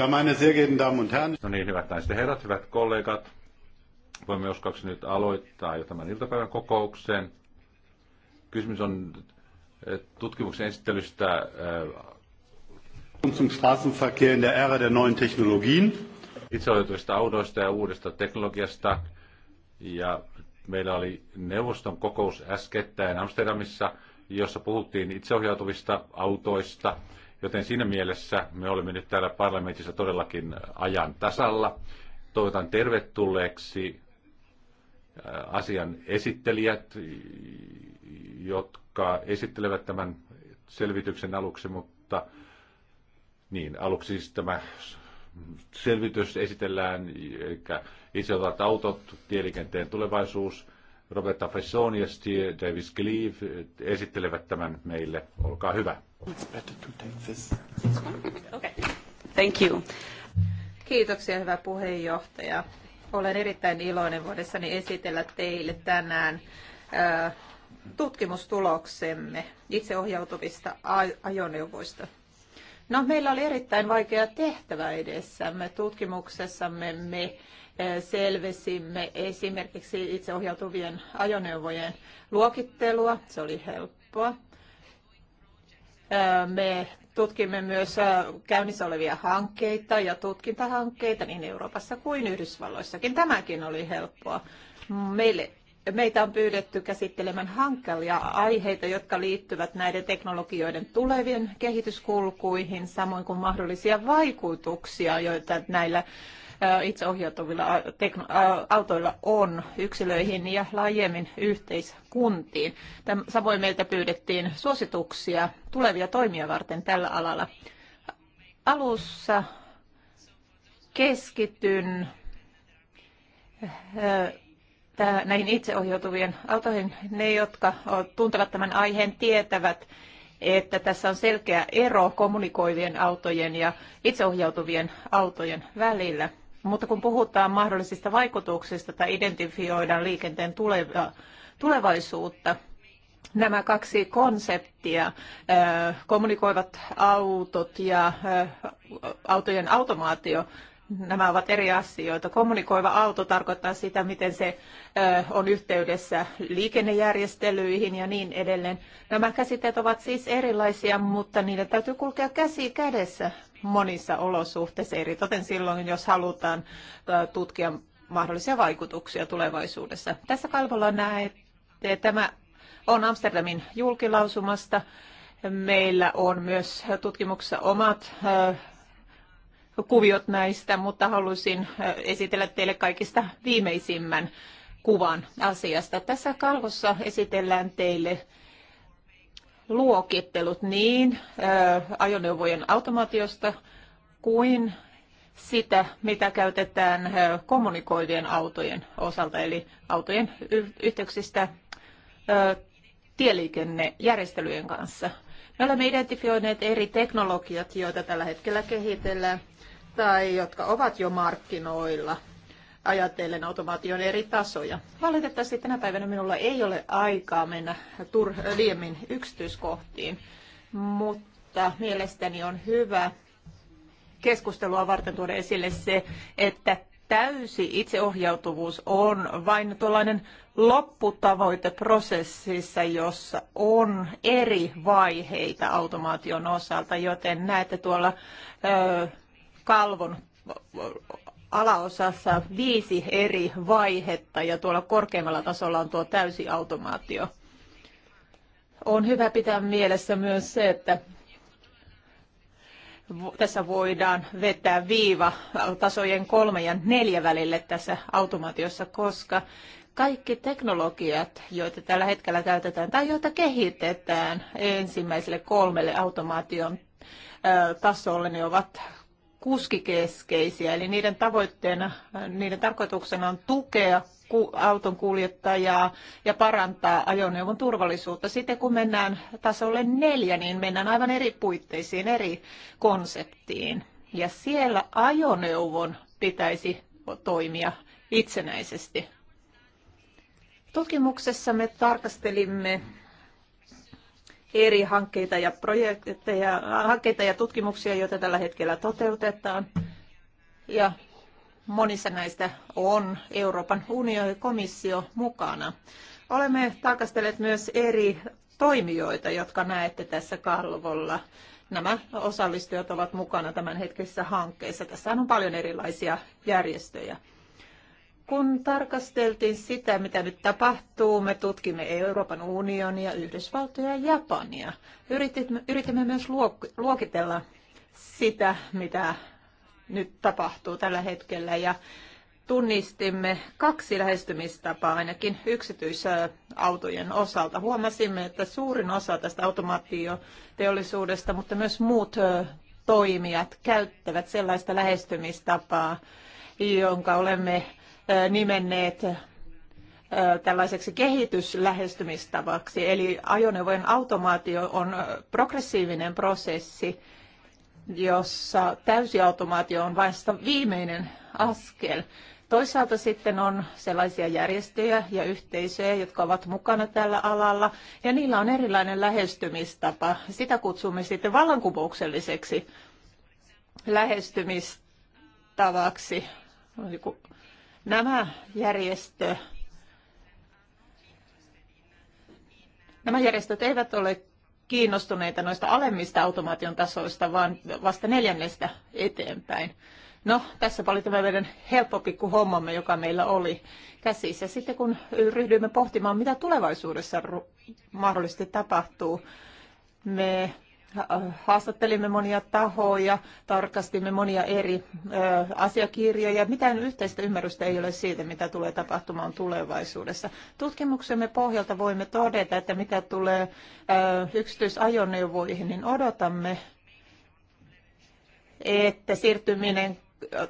Ja meine sehr geehrten Damen und Herren. No niin, hyvät naiset ja herrat, hyvät kollegat. Voimme joskaksi nyt aloittaa jo tämän iltapäivän kokouksen. Kysymys on eh, tutkimuksen esittelystä eh, zum Straßenverkehr in der Ära der neuen Technologien. Itseohjautuvista autoista ja uudesta teknologiasta. Ja meillä oli neuvoston kokous äskettäin Amsterdamissa, jossa puhuttiin itseohjautuvista autoista – Joten siinä mielessä me olemme nyt täällä parlamentissa todellakin ajan tasalla. Toivotan tervetulleeksi äh, asian esittelijät, jotka esittelevät tämän selvityksen aluksi, mutta niin, aluksi siis tämä selvitys esitellään, eli isovat autot, tieliikenteen tulevaisuus. Roberta Fessoni ja Steve Davis Cleave esittelevät tämän meille. Olkaa hyvä. Okay. Thank you. Kiitoksia, hyvä puheenjohtaja. Olen erittäin iloinen voidessani esitellä teille tänään tutkimustuloksemme itseohjautuvista ajoneuvoista. No, meillä oli erittäin vaikea tehtävä edessämme. Tutkimuksessamme me selvisimme esimerkiksi itseohjautuvien ajoneuvojen luokittelua. Se oli helppoa. Me tutkimme myös äh, käynnissä olevia hankkeita ja tutkintahankkeita niin Euroopassa kuin Yhdysvalloissakin. Tämäkin oli helppoa. Meille Meitä on pyydetty käsittelemään hankalia aiheita, jotka liittyvät näiden teknologioiden tulevien kehityskulkuihin, samoin kuin mahdollisia vaikutuksia, joita näillä itseohjautuvilla autoilla on yksilöihin ja laajemmin yhteiskuntiin. Täm, samoin meiltä pyydettiin suosituksia tulevia toimia varten tällä alalla. Alussa keskityn näihin itseohjautuvien autoihin. Ne, jotka tuntevat tämän aiheen, tietävät, että tässä on selkeä ero kommunikoivien autojen ja itseohjautuvien autojen välillä. Mutta kun puhutaan mahdollisista vaikutuksista tai identifioidaan liikenteen tulevaisuutta, nämä kaksi konseptia, kommunikoivat autot ja autojen automaatio, nämä ovat eri asioita. Kommunikoiva auto tarkoittaa sitä, miten se on yhteydessä liikennejärjestelyihin ja niin edelleen. Nämä käsitteet ovat siis erilaisia, mutta niiden täytyy kulkea käsi kädessä monissa olosuhteissa, eritoten silloin, jos halutaan tutkia mahdollisia vaikutuksia tulevaisuudessa. Tässä kalvolla näette, tämä on Amsterdamin julkilausumasta. Meillä on myös tutkimuksessa omat kuviot näistä, mutta halusin esitellä teille kaikista viimeisimmän kuvan asiasta. Tässä kalvossa esitellään teille luokittelut niin ajoneuvojen automaatiosta kuin sitä, mitä käytetään kommunikoivien autojen osalta, eli autojen yhteyksistä tieliikennejärjestelyjen kanssa. Me olemme identifioineet eri teknologiat, joita tällä hetkellä kehitellään tai jotka ovat jo markkinoilla – ajatellen automaation eri tasoja. Valitettavasti tänä päivänä minulla ei ole aikaa mennä tur- yksityiskohtiin, mutta mielestäni on hyvä keskustelua varten tuoda esille se, että täysi itseohjautuvuus on vain tuollainen lopputavoite prosessissa, jossa on eri vaiheita automaation osalta, joten näette tuolla ö, kalvon alaosassa viisi eri vaihetta ja tuolla korkeimmalla tasolla on tuo täysi automaatio. On hyvä pitää mielessä myös se, että tässä voidaan vetää viiva tasojen kolme ja neljä välille tässä automaatiossa, koska kaikki teknologiat, joita tällä hetkellä käytetään tai joita kehitetään ensimmäiselle kolmelle automaation tasolle, ne ovat kuskikeskeisiä, eli niiden tavoitteena, niiden tarkoituksena on tukea auton kuljettajaa ja parantaa ajoneuvon turvallisuutta. Sitten kun mennään tasolle neljä, niin mennään aivan eri puitteisiin, eri konseptiin. Ja siellä ajoneuvon pitäisi toimia itsenäisesti. Tutkimuksessa me tarkastelimme eri hankkeita ja projekteja, hankkeita ja tutkimuksia, joita tällä hetkellä toteutetaan. Ja monissa näistä on Euroopan unionin komissio mukana. Olemme tarkastelleet myös eri toimijoita, jotka näette tässä kalvolla. Nämä osallistujat ovat mukana tämänhetkisissä hankkeissa. Tässä on paljon erilaisia järjestöjä kun tarkasteltiin sitä, mitä nyt tapahtuu, me tutkimme Euroopan unionia, Yhdysvaltoja ja Japania. Yritimme, yritimme myös luokitella sitä, mitä nyt tapahtuu tällä hetkellä ja tunnistimme kaksi lähestymistapaa ainakin yksityisautojen osalta. Huomasimme, että suurin osa tästä automaatioteollisuudesta, mutta myös muut toimijat käyttävät sellaista lähestymistapaa, jonka olemme nimenneet tällaiseksi kehityslähestymistavaksi. Eli ajoneuvojen automaatio on progressiivinen prosessi, jossa täysiautomaatio on vain viimeinen askel. Toisaalta sitten on sellaisia järjestöjä ja yhteisöjä, jotka ovat mukana tällä alalla, ja niillä on erilainen lähestymistapa. Sitä kutsumme sitten vallankumoukselliseksi lähestymistavaksi. Nämä järjestö Nämä järjestöt eivät ole kiinnostuneita noista alemmista automaation tasoista, vaan vasta neljännestä eteenpäin. No, tässä oli tämä meidän helppo pikku hommamme, joka meillä oli käsissä. Sitten kun ryhdyimme pohtimaan, mitä tulevaisuudessa mahdollisesti tapahtuu, me Äh, haastattelimme monia tahoja, tarkastimme monia eri äh, asiakirjoja. Mitään yhteistä ymmärrystä ei ole siitä, mitä tulee tapahtumaan tulevaisuudessa. Tutkimuksemme pohjalta voimme todeta, että mitä tulee äh, yksityisajoneuvoihin, niin odotamme, että siirtyminen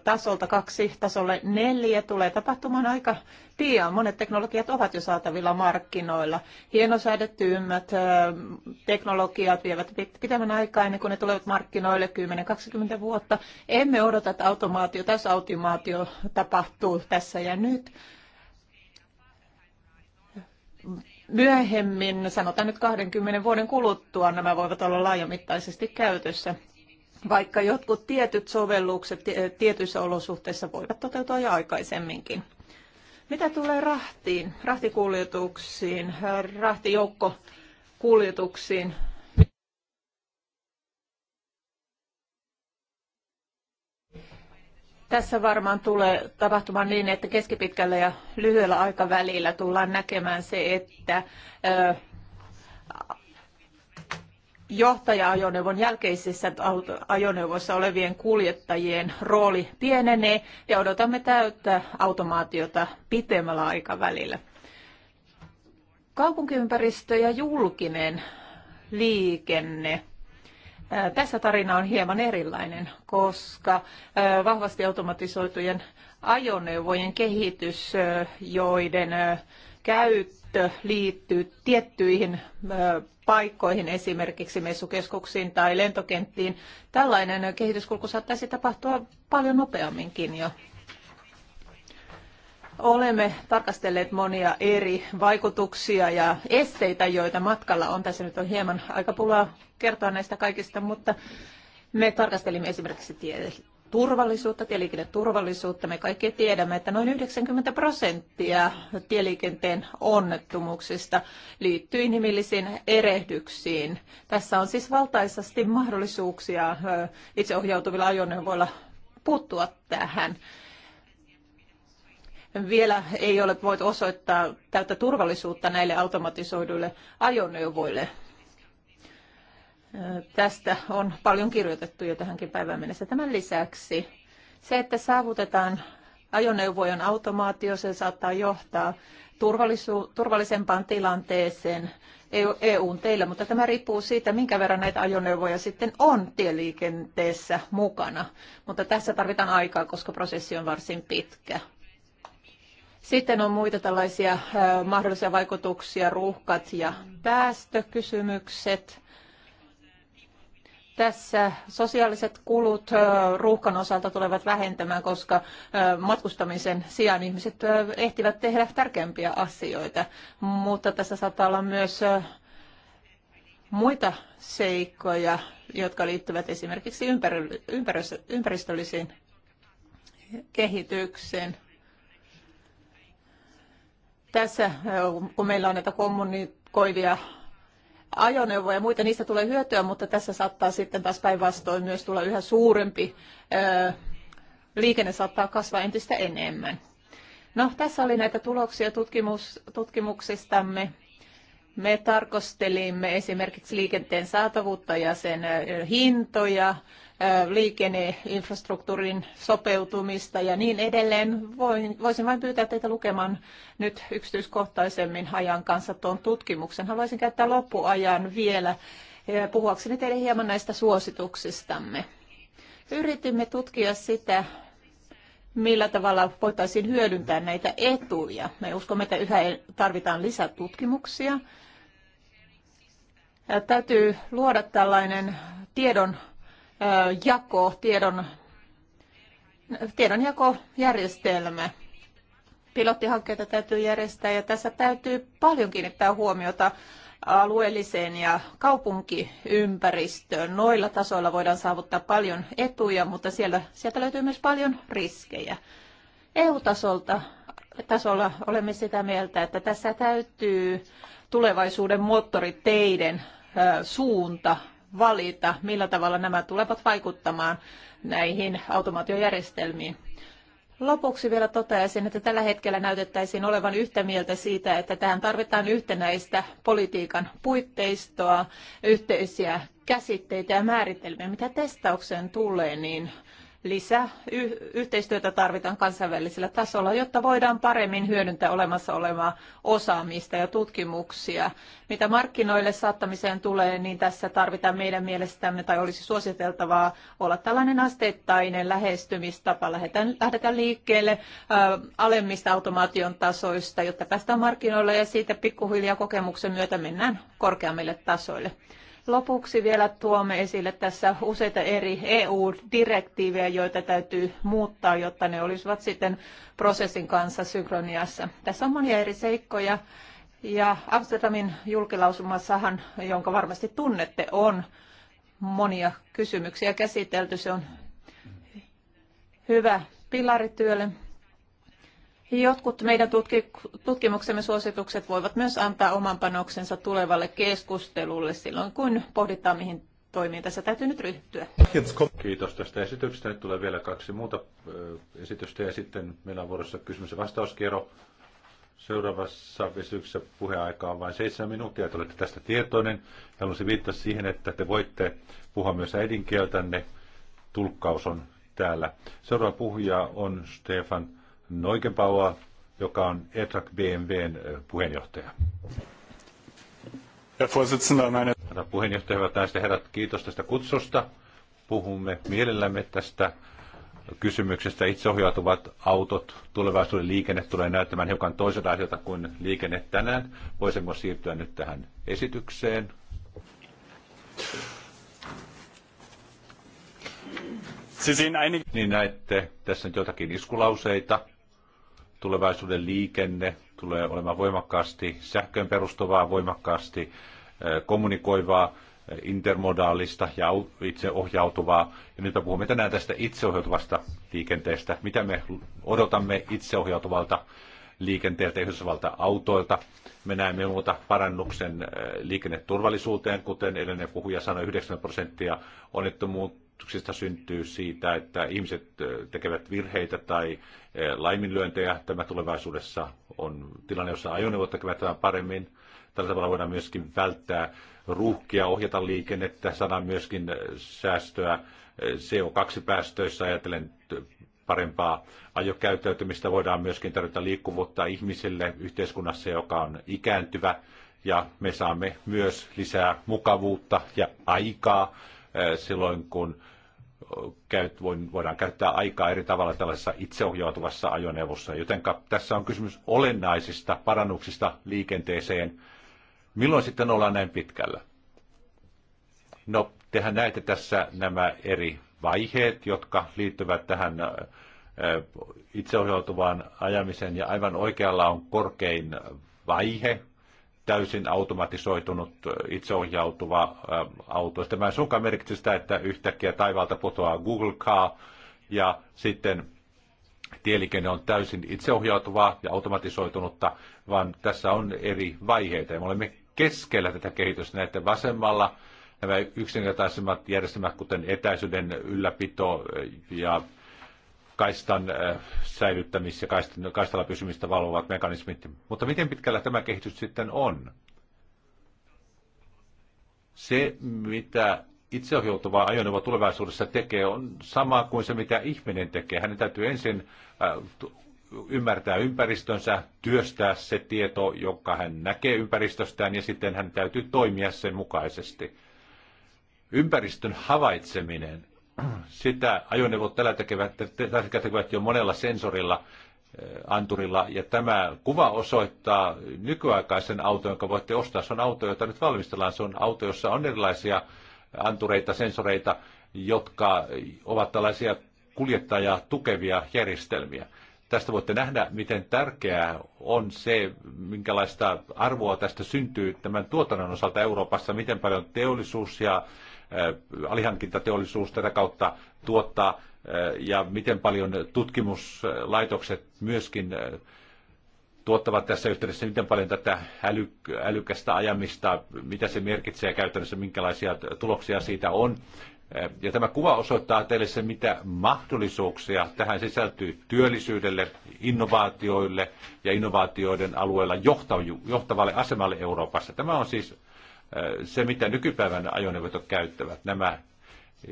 tasolta kaksi tasolle neljä tulee tapahtumaan aika pian. Monet teknologiat ovat jo saatavilla markkinoilla. Hienosäädettyimmät teknologiat vievät pitemmän aikaa ennen kuin ne tulevat markkinoille 10-20 vuotta. Emme odota, että automaatio, automaatio tapahtuu tässä ja nyt. Myöhemmin, sanotaan nyt 20 vuoden kuluttua, nämä voivat olla laajamittaisesti käytössä vaikka jotkut tietyt sovellukset tietyissä olosuhteissa voivat toteutua jo aikaisemminkin. Mitä tulee rahtiin, rahtikuljetuksiin, rahtijoukkokuljetuksiin, Tässä varmaan tulee tapahtumaan niin, että keskipitkällä ja lyhyellä aikavälillä tullaan näkemään se, että johtaja-ajoneuvon jälkeisessä ajoneuvossa olevien kuljettajien rooli pienenee ja odotamme täyttä automaatiota pitemmällä aikavälillä. Kaupunkiympäristö ja julkinen liikenne. Tässä tarina on hieman erilainen, koska vahvasti automatisoitujen ajoneuvojen kehitys, joiden käyttö liittyy tiettyihin paikkoihin, esimerkiksi messukeskuksiin tai lentokenttiin. Tällainen kehityskulku saattaisi tapahtua paljon nopeamminkin jo. Olemme tarkastelleet monia eri vaikutuksia ja esteitä, joita matkalla on. Tässä nyt on hieman aika pulaa kertoa näistä kaikista, mutta me tarkastelimme esimerkiksi turvallisuutta, tieliikenneturvallisuutta. Me kaikki tiedämme, että noin 90 prosenttia tieliikenteen onnettomuuksista liittyy inhimillisiin erehdyksiin. Tässä on siis valtaisasti mahdollisuuksia itseohjautuvilla ajoneuvoilla puuttua tähän. Vielä ei ole voitu osoittaa täyttä turvallisuutta näille automatisoiduille ajoneuvoille. Tästä on paljon kirjoitettu jo tähänkin päivään mennessä. Tämän lisäksi se, että saavutetaan ajoneuvojen automaatio, se saattaa johtaa turvallisempaan tilanteeseen EUn e teillä, mutta tämä riippuu siitä, minkä verran näitä ajoneuvoja sitten on tieliikenteessä mukana. Mutta tässä tarvitaan aikaa, koska prosessi on varsin pitkä. Sitten on muita tällaisia mahdollisia vaikutuksia, ruuhkat ja päästökysymykset. Tässä sosiaaliset kulut ruuhkan osalta tulevat vähentämään, koska matkustamisen sijaan ihmiset ehtivät tehdä tärkeämpiä asioita, mutta tässä saattaa olla myös muita seikkoja, jotka liittyvät esimerkiksi ympäristö, ympäristöllisiin kehitykseen. Tässä, kun meillä on näitä kommunikoivia ajoneuvoja ja muita, niistä tulee hyötyä, mutta tässä saattaa sitten taas päinvastoin myös tulla yhä suurempi liikenne saattaa kasvaa entistä enemmän. No, tässä oli näitä tuloksia tutkimus, tutkimuksistamme. Me tarkastelimme esimerkiksi liikenteen saatavuutta ja sen hintoja, liikenneinfrastruktuurin sopeutumista ja niin edelleen. Voisin vain pyytää teitä lukemaan nyt yksityiskohtaisemmin ajan kanssa tuon tutkimuksen. Haluaisin käyttää loppuajan vielä puhuakseni teille hieman näistä suosituksistamme. Yritimme tutkia sitä, millä tavalla voitaisiin hyödyntää näitä etuja. Me uskomme, että yhä tarvitaan lisätutkimuksia. Täytyy luoda tällainen tiedon jako, tiedon, tiedonjakojärjestelmä. Pilottihankkeita täytyy järjestää ja tässä täytyy paljon kiinnittää huomiota alueelliseen ja kaupunkiympäristöön. Noilla tasoilla voidaan saavuttaa paljon etuja, mutta siellä, sieltä löytyy myös paljon riskejä. EU-tasolta tasolla olemme sitä mieltä, että tässä täytyy tulevaisuuden moottoriteiden suunta valita, millä tavalla nämä tulevat vaikuttamaan näihin automaatiojärjestelmiin. Lopuksi vielä toteaisin, että tällä hetkellä näytettäisiin olevan yhtä mieltä siitä, että tähän tarvitaan yhtenäistä politiikan puitteistoa, yhteisiä käsitteitä ja määritelmiä. Mitä testaukseen tulee, niin lisää yhteistyötä tarvitaan kansainvälisellä tasolla, jotta voidaan paremmin hyödyntää olemassa olevaa osaamista ja tutkimuksia. Mitä markkinoille saattamiseen tulee, niin tässä tarvitaan meidän mielestämme tai olisi suositeltavaa olla tällainen asteittainen lähestymistapa. Lähdetään, lähdetään liikkeelle alemmista automaation tasoista, jotta päästään markkinoille ja siitä pikkuhiljaa kokemuksen myötä mennään korkeammille tasoille. Lopuksi vielä tuomme esille tässä useita eri EU-direktiivejä, joita täytyy muuttaa, jotta ne olisivat sitten prosessin kanssa synkroniassa. Tässä on monia eri seikkoja. Ja Amsterdamin julkilausumassahan, jonka varmasti tunnette, on monia kysymyksiä käsitelty. Se on hyvä pilarityölle. Jotkut meidän tutkimuksemme suositukset voivat myös antaa oman panoksensa tulevalle keskustelulle silloin, kun pohditaan, mihin toimiin tässä täytyy nyt ryhtyä. Kiitos tästä esityksestä. Nyt tulee vielä kaksi muuta esitystä ja sitten meillä on vuorossa kysymys- ja vastauskierro. Seuraavassa esityksessä puheaika on vain seitsemän minuuttia, että olette tästä tietoinen. Haluaisin viittaa siihen, että te voitte puhua myös äidinkieltänne. Tulkkaus on täällä. Seuraava puhuja on Stefan Noikepaua, joka on ETRAK BMWn äh, puheenjohtaja. Herra puheenjohtaja, hyvät naiset ja herrat, kiitos tästä kutsusta. Puhumme mielellämme tästä kysymyksestä. Itseohjautuvat autot, tulevaisuuden liikenne tulee näyttämään hiukan asioita kuin liikenne tänään. Voisimmeko siirtyä nyt tähän esitykseen? Niin näette tässä nyt jotakin iskulauseita tulevaisuuden liikenne tulee olemaan voimakkaasti sähköön perustuvaa, voimakkaasti kommunikoivaa, intermodaalista ja itseohjautuvaa. Ja nyt me puhumme tänään tästä itseohjautuvasta liikenteestä. Mitä me odotamme itseohjautuvalta liikenteeltä Yhdysvalta autoilta. Me näemme muuta parannuksen liikenneturvallisuuteen, kuten edellinen puhuja sanoi, 90 prosenttia onnettomuutta vaikutuksista syntyy siitä, että ihmiset tekevät virheitä tai laiminlyöntejä. Tämä tulevaisuudessa on tilanne, jossa ajoneuvot tekevät paremmin. Tällä tavalla voidaan myöskin välttää ruuhkia, ohjata liikennettä, saada myöskin säästöä CO2-päästöissä ajatellen parempaa ajokäyttäytymistä. Voidaan myöskin tarjota liikkuvuutta ihmisille yhteiskunnassa, joka on ikääntyvä ja me saamme myös lisää mukavuutta ja aikaa silloin, kun käyt, voidaan käyttää aikaa eri tavalla tällaisessa itseohjautuvassa ajoneuvossa. Joten tässä on kysymys olennaisista parannuksista liikenteeseen. Milloin sitten ollaan näin pitkällä? No, tehän näette tässä nämä eri vaiheet, jotka liittyvät tähän itseohjautuvaan ajamiseen, ja aivan oikealla on korkein vaihe, täysin automatisoitunut, itseohjautuva auto. Tämä ei suinkaan merkitse sitä, että yhtäkkiä taivaalta putoaa Google Car ja sitten tieliikenne on täysin itseohjautuvaa ja automatisoitunutta, vaan tässä on eri vaiheita. Ja me olemme keskellä tätä kehitystä näiden vasemmalla nämä yksinkertaisemmat järjestelmät, kuten etäisyyden ylläpito ja kaistan äh, säilyttämis- ja kaistalla pysymistä valvovat mekanismit. Mutta miten pitkällä tämä kehitys sitten on? Se, mitä itseohjautuva ajoneuvo tulevaisuudessa tekee, on sama kuin se, mitä ihminen tekee. Hänen täytyy ensin äh, ymmärtää ympäristönsä, työstää se tieto, jonka hän näkee ympäristöstään, ja sitten hän täytyy toimia sen mukaisesti. Ympäristön havaitseminen sitä ajoneuvot tällä tekevät, tällä tekevät jo monella sensorilla, eh, anturilla, ja tämä kuva osoittaa nykyaikaisen auton, jonka voitte ostaa. Se on auto, jota nyt valmistellaan. Se on auto, jossa on erilaisia antureita, sensoreita, jotka ovat tällaisia kuljettajaa tukevia järjestelmiä. Tästä voitte nähdä, miten tärkeää on se, minkälaista arvoa tästä syntyy tämän tuotannon osalta Euroopassa, miten paljon teollisuus ja Äh, alihankintateollisuus tätä kautta tuottaa äh, ja miten paljon tutkimuslaitokset myöskin äh, tuottavat tässä yhteydessä, miten paljon tätä äly, älykästä ajamista, mitä se merkitsee käytännössä, minkälaisia tuloksia siitä on. Ja tämä kuva osoittaa teille se, mitä mahdollisuuksia tähän sisältyy työllisyydelle, innovaatioille ja innovaatioiden alueella johtavalle asemalle Euroopassa. Tämä on siis se, mitä nykypäivän ajoneuvot käyttävät, nämä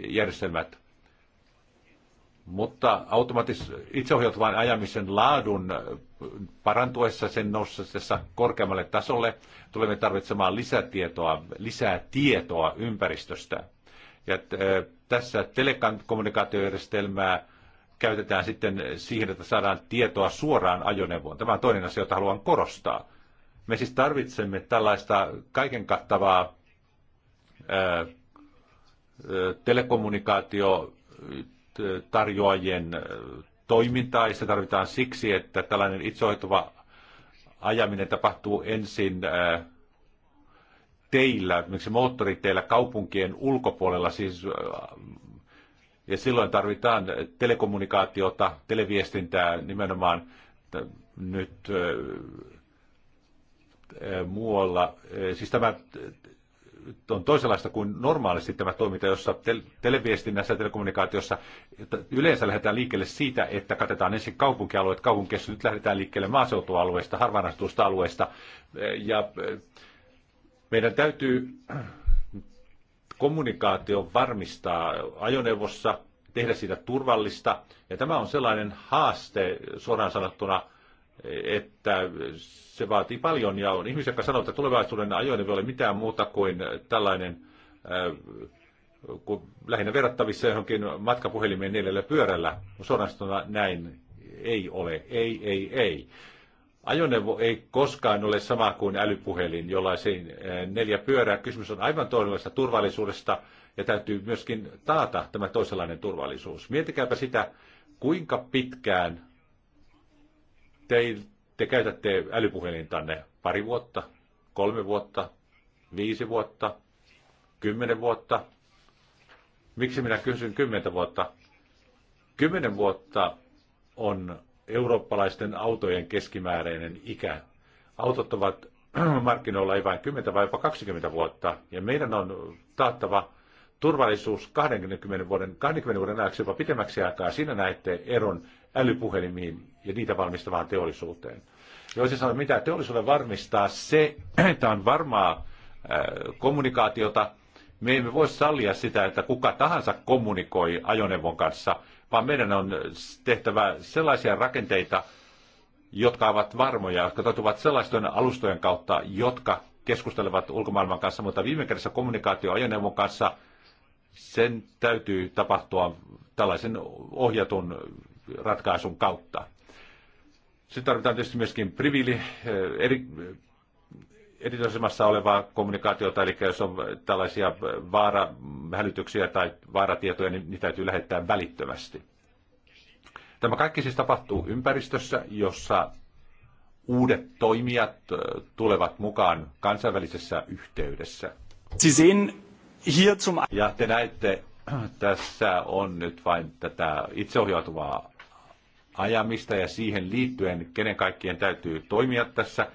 järjestelmät. Mutta automaattis, itseohjautuvan ajamisen laadun parantuessa sen noussessa korkeammalle tasolle tulemme tarvitsemaan lisätietoa, lisää tietoa ympäristöstä. Ja tässä telekommunikaatiojärjestelmää käytetään sitten siihen, että saadaan tietoa suoraan ajoneuvoon. Tämä on toinen asia, jota haluan korostaa me siis tarvitsemme tällaista kaiken kattavaa telekommunikaatiotarjoajien toimintaa, ja sitä tarvitaan siksi, että tällainen itseohjautuva ajaminen tapahtuu ensin teillä, esimerkiksi moottoriteillä kaupunkien ulkopuolella, siis, ja silloin tarvitaan telekommunikaatiota, televiestintää nimenomaan nyt Eh, muualla. Eh, siis tämä on toisenlaista kuin normaalisti tämä toiminta, jossa tel- televiestinnässä ja telekommunikaatiossa yleensä lähdetään liikkeelle siitä, että katetaan ensin kaupunkialueet, kaupunkeissa nyt lähdetään liikkeelle maaseutualueista, harvaan asutusta alueista. Eh, ja meidän täytyy kommunikaatio varmistaa ajoneuvossa, tehdä siitä turvallista. Ja tämä on sellainen haaste suoraan sanottuna – että se vaatii paljon ja on ihmisiä, jotka sanoo, että tulevaisuuden ajoin ei ole mitään muuta kuin tällainen äh, kun lähinnä verrattavissa johonkin matkapuhelimeen neljällä pyörällä. Suorastaan näin ei ole. Ei, ei, ei. Ajoneuvo ei koskaan ole sama kuin älypuhelin, jolla se äh, neljä pyörää. Kysymys on aivan toisenlaista turvallisuudesta ja täytyy myöskin taata tämä toisenlainen turvallisuus. Mietikääpä sitä, kuinka pitkään te, te käytätte älypuhelintanne pari vuotta, kolme vuotta, viisi vuotta, kymmenen vuotta. Miksi minä kysyn kymmentä vuotta? Kymmenen vuotta on eurooppalaisten autojen keskimääräinen ikä. Autot ovat markkinoilla ei vain 10 vai jopa 20 vuotta, ja meidän on taattava turvallisuus 20 vuoden, 20 vuoden ajaksi jopa pitemmäksi aikaa. Siinä näette eron älypuhelimiin ja niitä valmistavaan teollisuuteen. Jos ei saa mitään teollisuuden varmistaa se, että on varmaa äh, kommunikaatiota, me emme voi sallia sitä, että kuka tahansa kommunikoi ajoneuvon kanssa, vaan meidän on tehtävä sellaisia rakenteita, jotka ovat varmoja, jotka toteutuvat sellaisten alustojen kautta, jotka keskustelevat ulkomaailman kanssa, mutta viime kädessä kommunikaatio ajoneuvon kanssa, sen täytyy tapahtua tällaisen ohjatun ratkaisun kautta. Sitten tarvitaan tietysti myöskin privili, eh, eri, erityisemmassa olevaa kommunikaatiota, eli jos on tällaisia vaarahälytyksiä tai vaaratietoja, niin niitä täytyy lähettää välittömästi. Tämä kaikki siis tapahtuu ympäristössä, jossa uudet toimijat eh, tulevat mukaan kansainvälisessä yhteydessä. Ja te näette, tässä on nyt vain tätä itseohjautuvaa ajamista ja siihen liittyen, kenen kaikkien täytyy toimia tässä.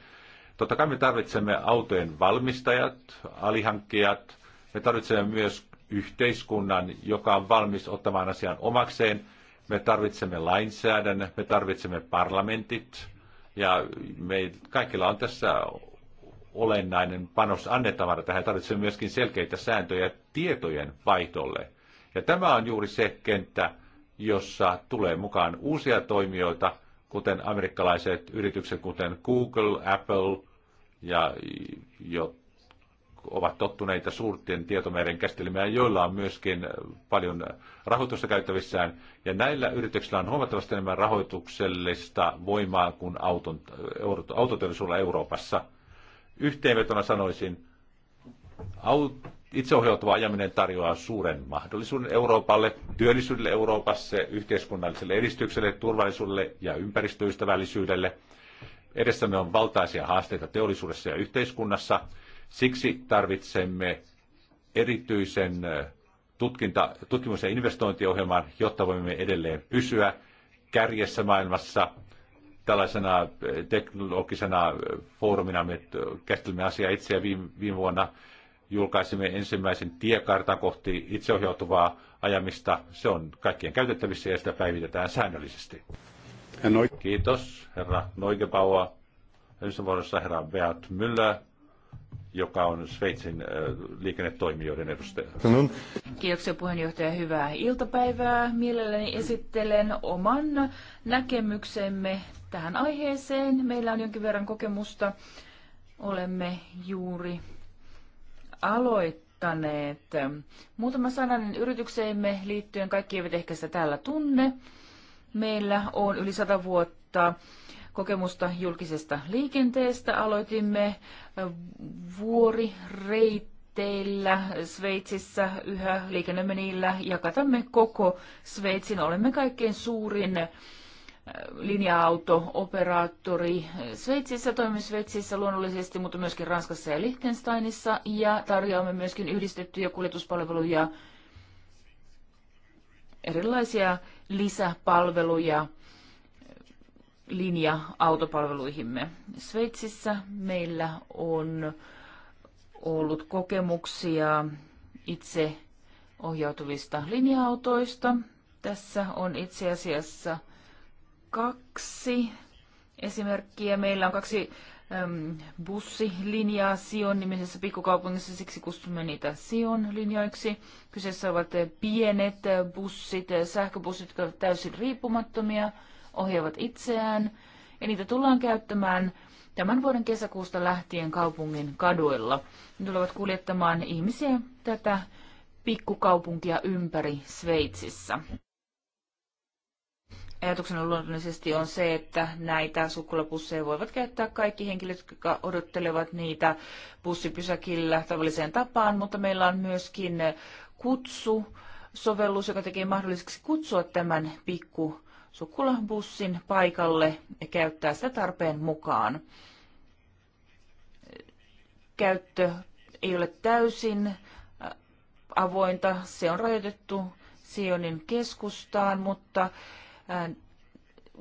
Totta kai me tarvitsemme autojen valmistajat, alihankkijat, me tarvitsemme myös yhteiskunnan, joka on valmis ottamaan asian omakseen. Me tarvitsemme lainsäädännön, me tarvitsemme parlamentit ja me kaikilla on tässä olennainen panos annettavana tähän. Tarvitsemme myöskin selkeitä sääntöjä tietojen vaihdolle. Ja tämä on juuri se kenttä, jossa tulee mukaan uusia toimijoita, kuten amerikkalaiset yritykset, kuten Google, Apple, ja jo ovat tottuneita suurten tietomeiden käsittelemään, joilla on myöskin paljon rahoitusta käyttävissään. Ja näillä yrityksillä on huomattavasti enemmän rahoituksellista voimaa kuin auton, autoteollisuudella Euroopassa. Yhteenvetona sanoisin, aut- Itseohjautuva ajaminen tarjoaa suuren mahdollisuuden Euroopalle, työllisyydelle Euroopassa, yhteiskunnalliselle edistykselle, turvallisuudelle ja ympäristöystävällisyydelle. Edessämme on valtaisia haasteita teollisuudessa ja yhteiskunnassa. Siksi tarvitsemme erityisen tutkinta, tutkimus- ja investointiohjelman, jotta voimme edelleen pysyä kärjessä maailmassa. Tällaisena teknologisena foorumina me käsittelimme asiaa itseä viime, viime vuonna julkaisimme ensimmäisen tiekartan kohti itseohjautuvaa ajamista. Se on kaikkien käytettävissä ja sitä päivitetään säännöllisesti. Kiitos, herra Noigebaua. Ensi vuorossa herra Beat Müller, joka on Sveitsin äh, liikennetoimijoiden edustaja. Kiitoksia puheenjohtaja. Hyvää iltapäivää. Mielelläni esittelen oman näkemyksemme tähän aiheeseen. Meillä on jonkin verran kokemusta. Olemme juuri aloittaneet. Muutama sananen yritykseemme liittyen, kaikki eivät ehkä sitä täällä tunne. Meillä on yli sata vuotta kokemusta julkisesta liikenteestä. Aloitimme teillä Sveitsissä, yhä liikennemme niillä ja katamme koko Sveitsin. Olemme kaikkein suurin linja-auto-operaattori Sveitsissä, toimi Sveitsissä luonnollisesti, mutta myöskin Ranskassa ja Liechtensteinissa ja tarjoamme myöskin yhdistettyjä kuljetuspalveluja, erilaisia lisäpalveluja linja-autopalveluihimme. Sveitsissä meillä on ollut kokemuksia itse ohjautuvista linja-autoista. Tässä on itse asiassa – kaksi esimerkkiä. Meillä on kaksi äm, bussilinjaa Sion nimisessä pikkukaupungissa, siksi kutsumme niitä Sion linjoiksi. Kyseessä ovat pienet bussit, sähköbussit, jotka ovat täysin riippumattomia, ohjaavat itseään. Ja niitä tullaan käyttämään tämän vuoden kesäkuusta lähtien kaupungin kaduilla. Ne tulevat kuljettamaan ihmisiä tätä pikkukaupunkia ympäri Sveitsissä. Ajatuksena luonnollisesti on se, että näitä sukkulapusseja voivat käyttää kaikki henkilöt, jotka odottelevat niitä bussipysäkillä tavalliseen tapaan, mutta meillä on myöskin kutsu, sovellus, joka tekee mahdolliseksi kutsua tämän pikku sukkulabussin paikalle ja käyttää sitä tarpeen mukaan. Käyttö ei ole täysin äh, avointa, se on rajoitettu Sionin keskustaan, mutta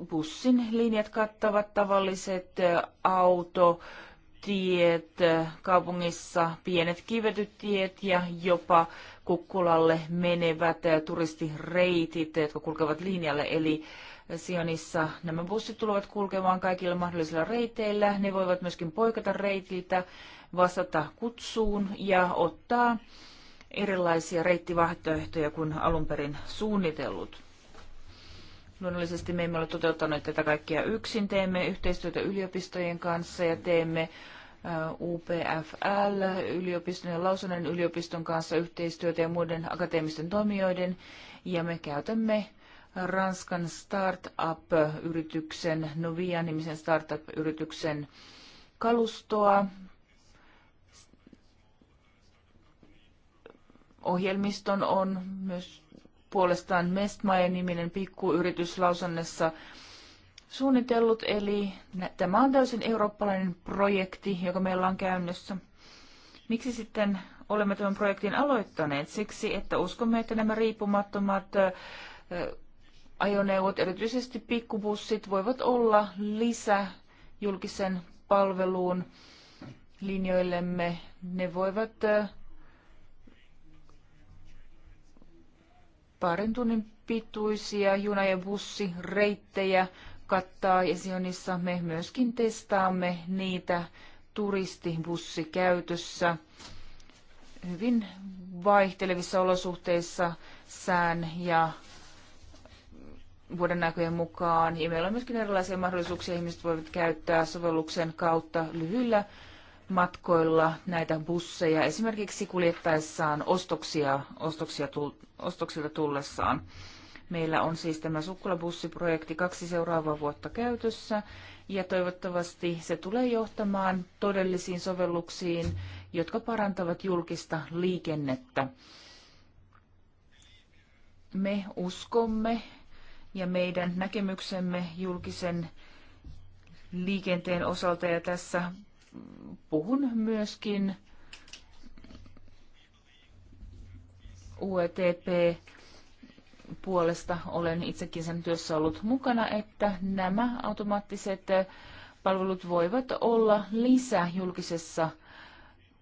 bussin linjat kattavat tavalliset auto, tiet, kaupungissa pienet kivetyt tiet ja jopa kukkulalle menevät turistireitit, jotka kulkevat linjalle. Eli Sionissa nämä bussit tulevat kulkemaan kaikilla mahdollisilla reiteillä. Ne voivat myöskin poikata reitiltä, vastata kutsuun ja ottaa erilaisia reittivaihtoehtoja kuin alun perin suunnitellut. Luonnollisesti me emme ole toteuttaneet tätä kaikkea yksin. Teemme yhteistyötä yliopistojen kanssa ja teemme UPFL, yliopiston ja Lausunnan yliopiston kanssa yhteistyötä ja muiden akateemisten toimijoiden. Ja me käytämme Ranskan startup-yrityksen, Novia-nimisen startup-yrityksen kalustoa, ohjelmiston on myös puolestaan Mestmajer-niminen pikkuyritys Lausannessa suunnitellut, eli tämä on täysin eurooppalainen projekti, joka meillä on käynnissä. Miksi sitten olemme tämän projektin aloittaneet? Siksi, että uskomme, että nämä riippumattomat ajoneuvot, erityisesti pikkubussit, voivat olla lisä julkisen palveluun linjoillemme. Ne voivat parin tunnin pituisia juna- ja bussireittejä kattaa esionissa. me myöskin testaamme niitä turistibussikäytössä hyvin vaihtelevissa olosuhteissa sään ja vuoden näköjen mukaan. Ja meillä on myöskin erilaisia mahdollisuuksia, ihmiset voivat käyttää sovelluksen kautta lyhyillä matkoilla näitä busseja, esimerkiksi kuljettaessaan ostoksia, ostoksia tull ostoksilta tullessaan. Meillä on siis tämä sukkulabussiprojekti kaksi seuraavaa vuotta käytössä ja toivottavasti se tulee johtamaan todellisiin sovelluksiin, jotka parantavat julkista liikennettä. Me uskomme ja meidän näkemyksemme julkisen liikenteen osalta ja tässä puhun myöskin UETP puolesta olen itsekin sen työssä ollut mukana, että nämä automaattiset palvelut voivat olla lisä julkisessa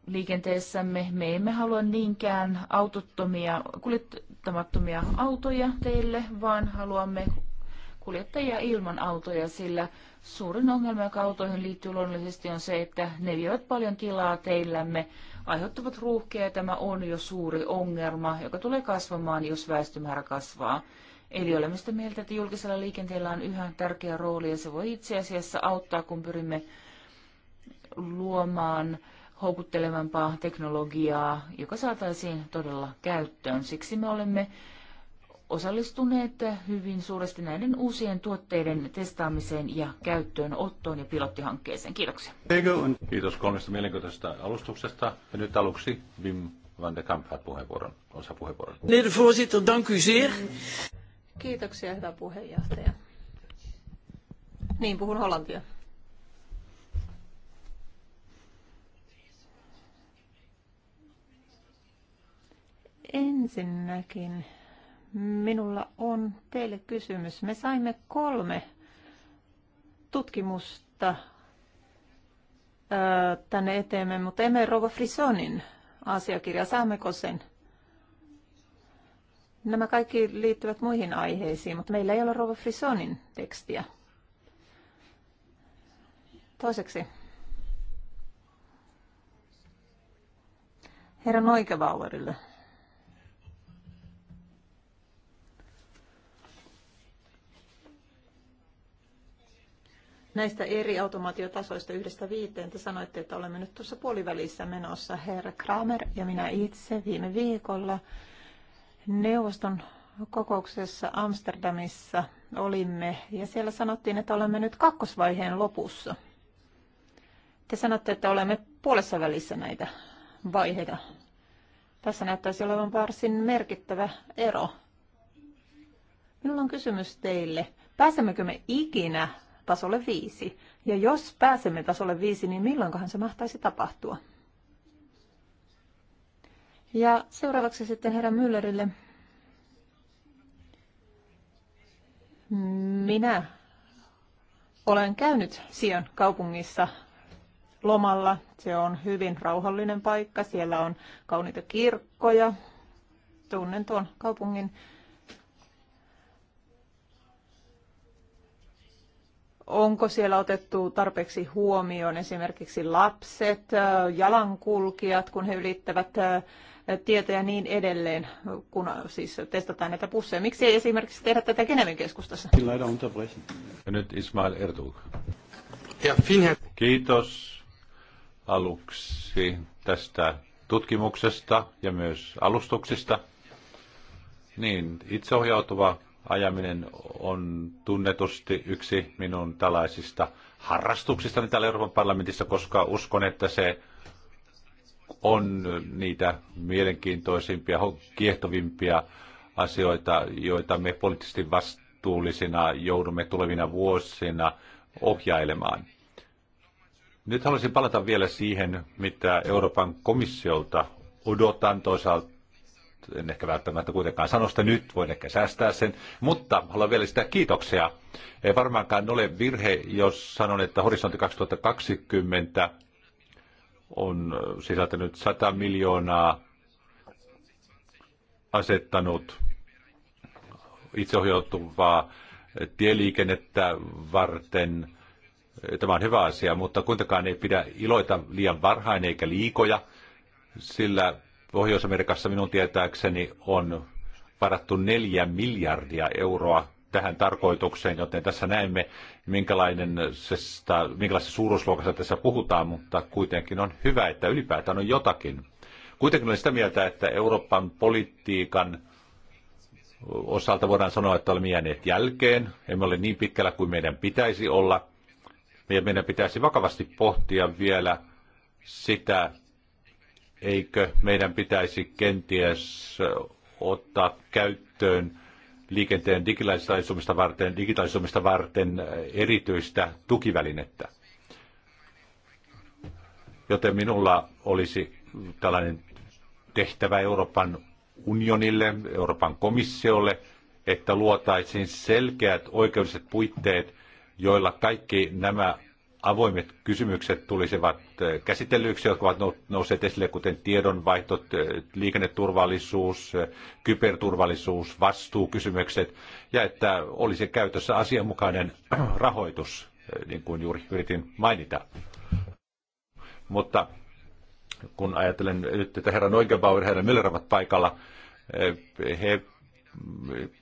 liikenteessämme. Me emme halua niinkään autottomia, kuljettamattomia autoja teille, vaan haluamme kuljettajia ilman autoja, sillä suurin ongelma, joka autoihin liittyy luonnollisesti, on se, että ne vievät paljon tilaa teillämme, aiheuttavat ruuhkia ja tämä on jo suuri ongelma, joka tulee kasvamaan, jos väestömäärä kasvaa. Eli olemme sitä mieltä, että julkisella liikenteellä on yhä tärkeä rooli ja se voi itse asiassa auttaa, kun pyrimme luomaan houkuttelevampaa teknologiaa, joka saataisiin todella käyttöön. Siksi me olemme osallistuneet hyvin suuresti näiden uusien tuotteiden testaamiseen ja käyttöönottoon ja pilottihankkeeseen. Kiitoksia. Kiitos kolmesta mielenkiintoisesta alustuksesta. Ja nyt aluksi Wim van de Kamp puheenvuoron, osa puheenvuoron. Kiitoksia, hyvä puheenjohtaja. Niin, puhun hollantia. Ensinnäkin Minulla on teille kysymys. Me saimme kolme tutkimusta tänne eteemme, mutta emme Rova Frisonin asiakirja. Saammeko sen? Nämä kaikki liittyvät muihin aiheisiin, mutta meillä ei ole Rova Frisonin tekstiä. Toiseksi. Herra Noikebauerille. Näistä eri automaatiotasoista yhdestä viiteen te sanoitte, että olemme nyt tuossa puolivälissä menossa. Herra Kramer ja minä itse viime viikolla neuvoston kokouksessa Amsterdamissa olimme ja siellä sanottiin, että olemme nyt kakkosvaiheen lopussa. Te sanotte, että olemme puolessa välissä näitä vaiheita. Tässä näyttäisi olevan varsin merkittävä ero. Minulla on kysymys teille. Pääsemmekö me ikinä tasolle viisi. Ja jos pääsemme tasolle viisi, niin milloinkohan se mahtaisi tapahtua? Ja seuraavaksi sitten herra Müllerille. Minä olen käynyt Sion kaupungissa lomalla. Se on hyvin rauhallinen paikka. Siellä on kauniita kirkkoja. Tunnen tuon kaupungin Onko siellä otettu tarpeeksi huomioon esimerkiksi lapset, jalankulkijat, kun he ylittävät tietoja ja niin edelleen, kun siis testataan näitä pusseja. Miksi ei esimerkiksi tehdä tätä Geneven keskustassa? Ja nyt Ismail Erdog. Ja Kiitos aluksi tästä tutkimuksesta ja myös alustuksista. Niin, itseohjautuva ajaminen on tunnetusti yksi minun tällaisista harrastuksistani täällä Euroopan parlamentissa, koska uskon, että se on niitä mielenkiintoisimpia, kiehtovimpia asioita, joita me poliittisesti vastuullisina joudumme tulevina vuosina ohjailemaan. Nyt haluaisin palata vielä siihen, mitä Euroopan komissiolta odotan toisaalta en ehkä välttämättä kuitenkaan sano sitä nyt, voin ehkä säästää sen, mutta haluan vielä sitä kiitoksia. Ei varmaankaan ole virhe, jos sanon, että horisontti 2020 on sisältänyt 100 miljoonaa asettanut itseohjautuvaa tieliikennettä varten. Tämä on hyvä asia, mutta kuitenkaan ei pidä iloita liian varhain eikä liikoja, sillä Pohjois-Amerikassa minun tietääkseni on varattu neljä miljardia euroa tähän tarkoitukseen, joten tässä näemme, minkälainen se, minkälaisessa suuruusluokassa tässä puhutaan, mutta kuitenkin on hyvä, että ylipäätään on jotakin. Kuitenkin olen sitä mieltä, että Euroopan politiikan osalta voidaan sanoa, että olemme jääneet jälkeen, emme ole niin pitkällä kuin meidän pitäisi olla. Meidän pitäisi vakavasti pohtia vielä sitä, eikö meidän pitäisi kenties ottaa käyttöön liikenteen digitalisoimista varten, digitalisoimista varten erityistä tukivälinettä. Joten minulla olisi tällainen tehtävä Euroopan unionille, Euroopan komissiolle, että luotaisiin selkeät oikeudelliset puitteet, joilla kaikki nämä avoimet kysymykset tulisivat eh, käsitellyiksi, jotka ovat nousseet esille, kuten tiedonvaihtot, eh, liikenneturvallisuus, eh, kyberturvallisuus, vastuukysymykset, ja että olisi käytössä asianmukainen rahoitus, niin kuin juuri yritin mainita. Mutta kun ajattelen nyt, että herran Neugebauer ja herran Müller ovat paikalla, he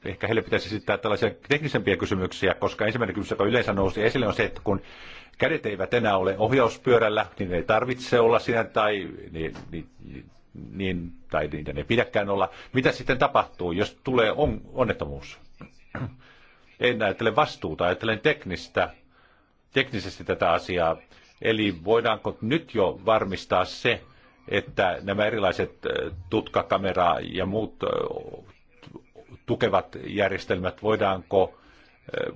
ehkä heille pitäisi esittää tällaisia teknisempiä kysymyksiä, koska ensimmäinen kysymys, joka yleensä nousi esille, on se, että kun Kädet eivät enää ole ohjauspyörällä, niin ei tarvitse olla siinä tai niin, niin, niin, tai niitä ei pidäkään olla. Mitä sitten tapahtuu, jos tulee on, onnettomuus? En ajattele vastuuta, ajattelen teknistä, teknisesti tätä asiaa. Eli voidaanko nyt jo varmistaa se, että nämä erilaiset äh, tutkakamera ja muut äh, tukevat järjestelmät, voidaanko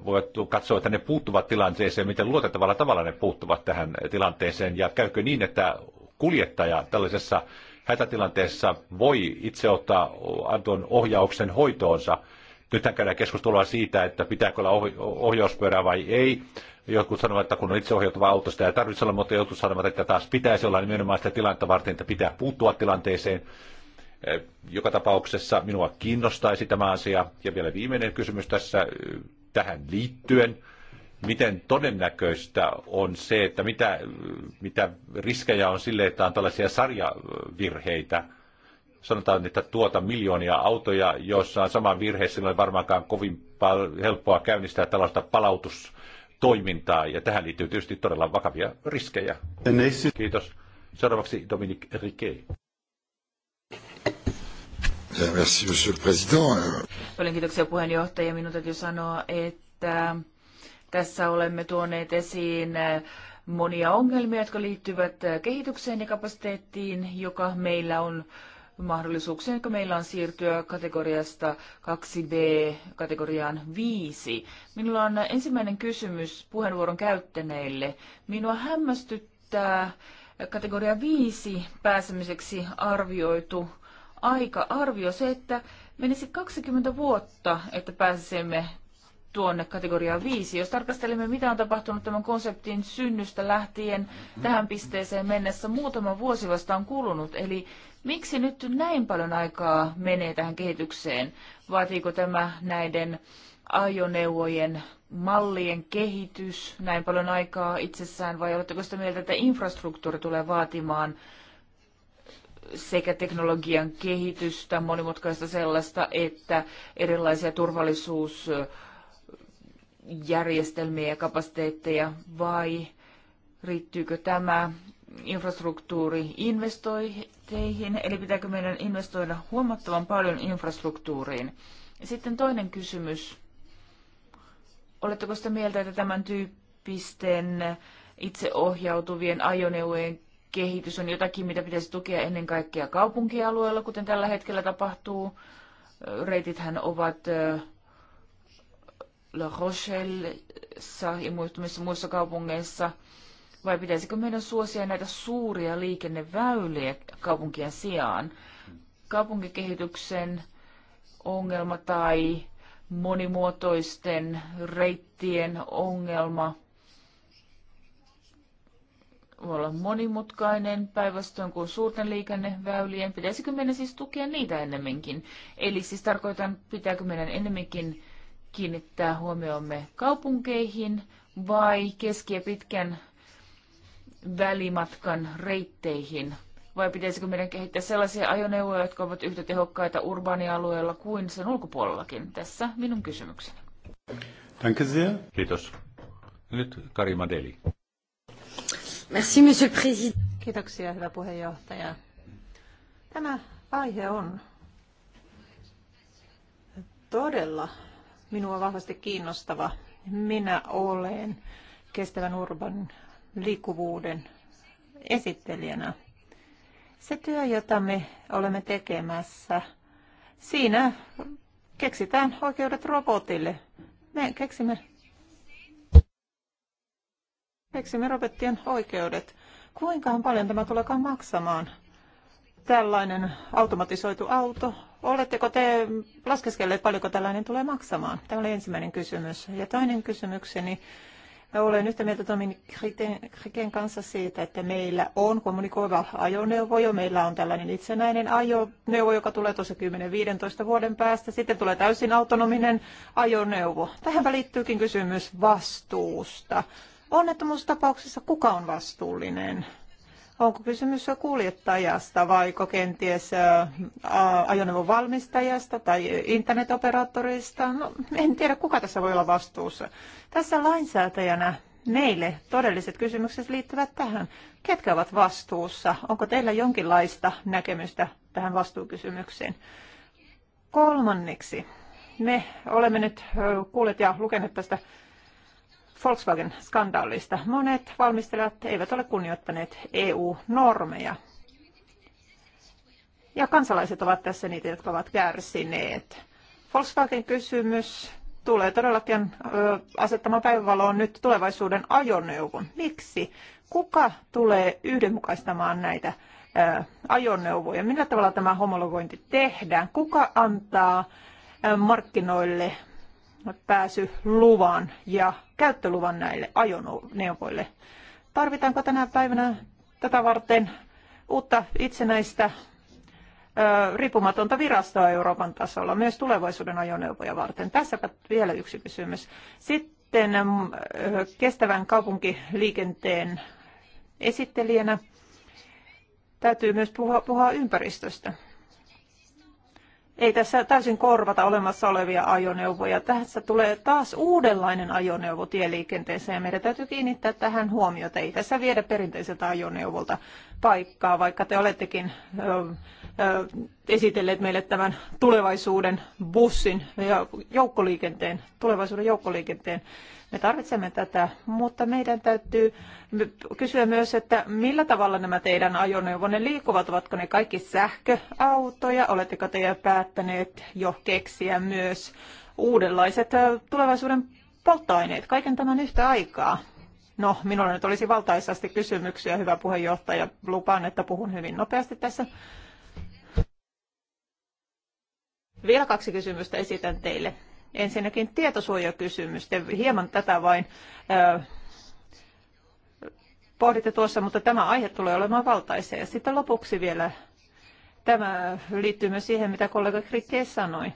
voivat katsoa, että ne puuttuvat tilanteeseen, miten luotettavalla tavalla ne puuttuvat tähän tilanteeseen, ja käykö niin, että kuljettaja tällaisessa hätätilanteessa voi itse ottaa tuon ohjauksen hoitoonsa. Nyt käydään keskustelua siitä, että pitääkö olla ohjauspyörää vai ei. Jotkut sanovat, että kun on itse auto, sitä ei tarvitse olla, mutta jotkut sanovat, että taas pitäisi olla nimenomaan sitä tilannetta varten, että pitää puuttua tilanteeseen. Joka tapauksessa minua kiinnostaisi tämä asia. Ja vielä viimeinen kysymys tässä tähän liittyen. Miten todennäköistä on se, että mitä, mitä riskejä on sille, että on tällaisia sarjavirheitä, sanotaan, että tuota miljoonia autoja, joissa on sama virhe, sillä on varmaankaan kovin helppoa käynnistää tällaista palautustoimintaa, ja tähän liittyy tietysti todella vakavia riskejä. Kiitos. Seuraavaksi Dominic Riquet. Eh, merci, monsieur le président. Euh, kiitoksia puheenjohtaja. Minun täytyy sanoa, että tässä olemme tuoneet esiin eh, monia ongelmia, jotka liittyvät eh, kehitykseen ja kapasiteettiin, joka meillä on mahdollisuuksien, jotka meillä on siirtyä kategoriasta 2B kategoriaan 5. Minulla on ensimmäinen kysymys puheenvuoron käyttäneille. Minua hämmästyttää kategoria 5 pääsemiseksi arvioitu aika-arvio, se, että menisi 20 vuotta, että pääsisimme tuonne kategoriaan 5. Jos tarkastelemme, mitä on tapahtunut tämän konseptin synnystä lähtien tähän pisteeseen mennessä, muutama vuosi vasta on kulunut. Eli miksi nyt näin paljon aikaa menee tähän kehitykseen? Vaatiiko tämä näiden ajoneuvojen mallien kehitys näin paljon aikaa itsessään vai oletteko sitä mieltä, että infrastruktuuri tulee vaatimaan sekä teknologian kehitystä, monimutkaista sellaista, että erilaisia turvallisuusjärjestelmiä ja kapasiteetteja, vai riittyykö tämä infrastruktuuri investointeihin, eli pitääkö meidän investoida huomattavan paljon infrastruktuuriin. Sitten toinen kysymys. Oletteko sitä mieltä, että tämän tyyppisten itseohjautuvien ajoneuvojen kehitys on jotakin, mitä pitäisi tukea ennen kaikkea kaupunkialueella, kuten tällä hetkellä tapahtuu. Reitithän ovat La Rochellessa ja muistumissa muissa kaupungeissa. Vai pitäisikö meidän suosia näitä suuria liikenneväyliä kaupunkien sijaan? Kaupunkikehityksen ongelma tai monimuotoisten reittien ongelma – voi olla monimutkainen päinvastoin kuin suurten liikenneväylien. Pitäisikö meidän siis tukea niitä ennemminkin? Eli siis tarkoitan, pitääkö meidän ennemminkin kiinnittää huomioomme kaupunkeihin vai keski- ja pitkän välimatkan reitteihin? Vai pitäisikö meidän kehittää sellaisia ajoneuvoja, jotka ovat yhtä tehokkaita urbaanialueella kuin sen ulkopuolellakin? Tässä minun kysymykseni. Kiitos. Nyt Karima Deli. Merci, monsieur le président. Kiitoksia, hyvä puheenjohtaja. Tämä aihe on todella minua vahvasti kiinnostava. Minä olen kestävän urban liikkuvuuden esittelijänä. Se työ, jota me olemme tekemässä, siinä keksitään oikeudet robotille. Me keksimme Peksimme robottien oikeudet. Kuinka paljon tämä tulekaan maksamaan? Tällainen automatisoitu auto. Oletteko te laskeskelleet, paljonko tällainen tulee maksamaan? Tämä oli ensimmäinen kysymys. Ja toinen kysymykseni. Olen yhtä mieltä Tomin Kriken kanssa siitä, että meillä on kommunikoiva ajoneuvo jo. Meillä on tällainen itsenäinen ajoneuvo, joka tulee tuossa 10-15 vuoden päästä. Sitten tulee täysin autonominen ajoneuvo. Tähän liittyykin kysymys vastuusta. Onnettomuustapauksessa kuka on vastuullinen? Onko kysymys kuljettajasta vai kenties ajoneuvon valmistajasta tai internetoperaattorista? No, en tiedä, kuka tässä voi olla vastuussa. Tässä lainsäätäjänä meille todelliset kysymykset liittyvät tähän. Ketkä ovat vastuussa? Onko teillä jonkinlaista näkemystä tähän vastuukysymykseen? Kolmanneksi, me olemme nyt kuulleet ja lukeneet tästä Volkswagen-skandaalista. Monet valmistelijat eivät ole kunnioittaneet EU-normeja. Ja kansalaiset ovat tässä niitä, jotka ovat kärsineet. Volkswagen-kysymys tulee todellakin asettamaan päivävaloon nyt tulevaisuuden ajoneuvon. Miksi? Kuka tulee yhdenmukaistamaan näitä ajoneuvoja? Millä tavalla tämä homologointi tehdään? Kuka antaa markkinoille pääsyluvan ja käyttöluvan näille ajoneuvoille. Tarvitaanko tänä päivänä tätä varten uutta itsenäistä riippumatonta virastoa Euroopan tasolla myös tulevaisuuden ajoneuvoja varten. Tässä vielä yksi kysymys. Sitten kestävän kaupunkiliikenteen esittelijänä täytyy myös puhua, puhua ympäristöstä. Ei tässä täysin korvata olemassa olevia ajoneuvoja. Tässä tulee taas uudenlainen ajoneuvo tieliikenteeseen ja meidän täytyy kiinnittää tähän huomiota. Ei tässä viedä perinteiseltä ajoneuvolta paikkaa, vaikka te olettekin ö, ö, esitelleet meille tämän tulevaisuuden bussin ja joukkoliikenteen, tulevaisuuden joukkoliikenteen me tarvitsemme tätä, mutta meidän täytyy kysyä myös, että millä tavalla nämä teidän ajoneuvonne liikkuvat, ovatko ne kaikki sähköautoja, oletteko te päättäneet jo keksiä myös uudenlaiset tulevaisuuden polttoaineet, kaiken tämän yhtä aikaa. No, minulla nyt olisi valtaisasti kysymyksiä, hyvä puheenjohtaja. Lupaan, että puhun hyvin nopeasti tässä. Vielä kaksi kysymystä esitän teille. Ensinnäkin tietosuojakysymys. hieman tätä vain pohditte tuossa, mutta tämä aihe tulee olemaan valtaisa. Ja sitten lopuksi vielä tämä liittyy myös siihen, mitä kollega Krikke sanoi.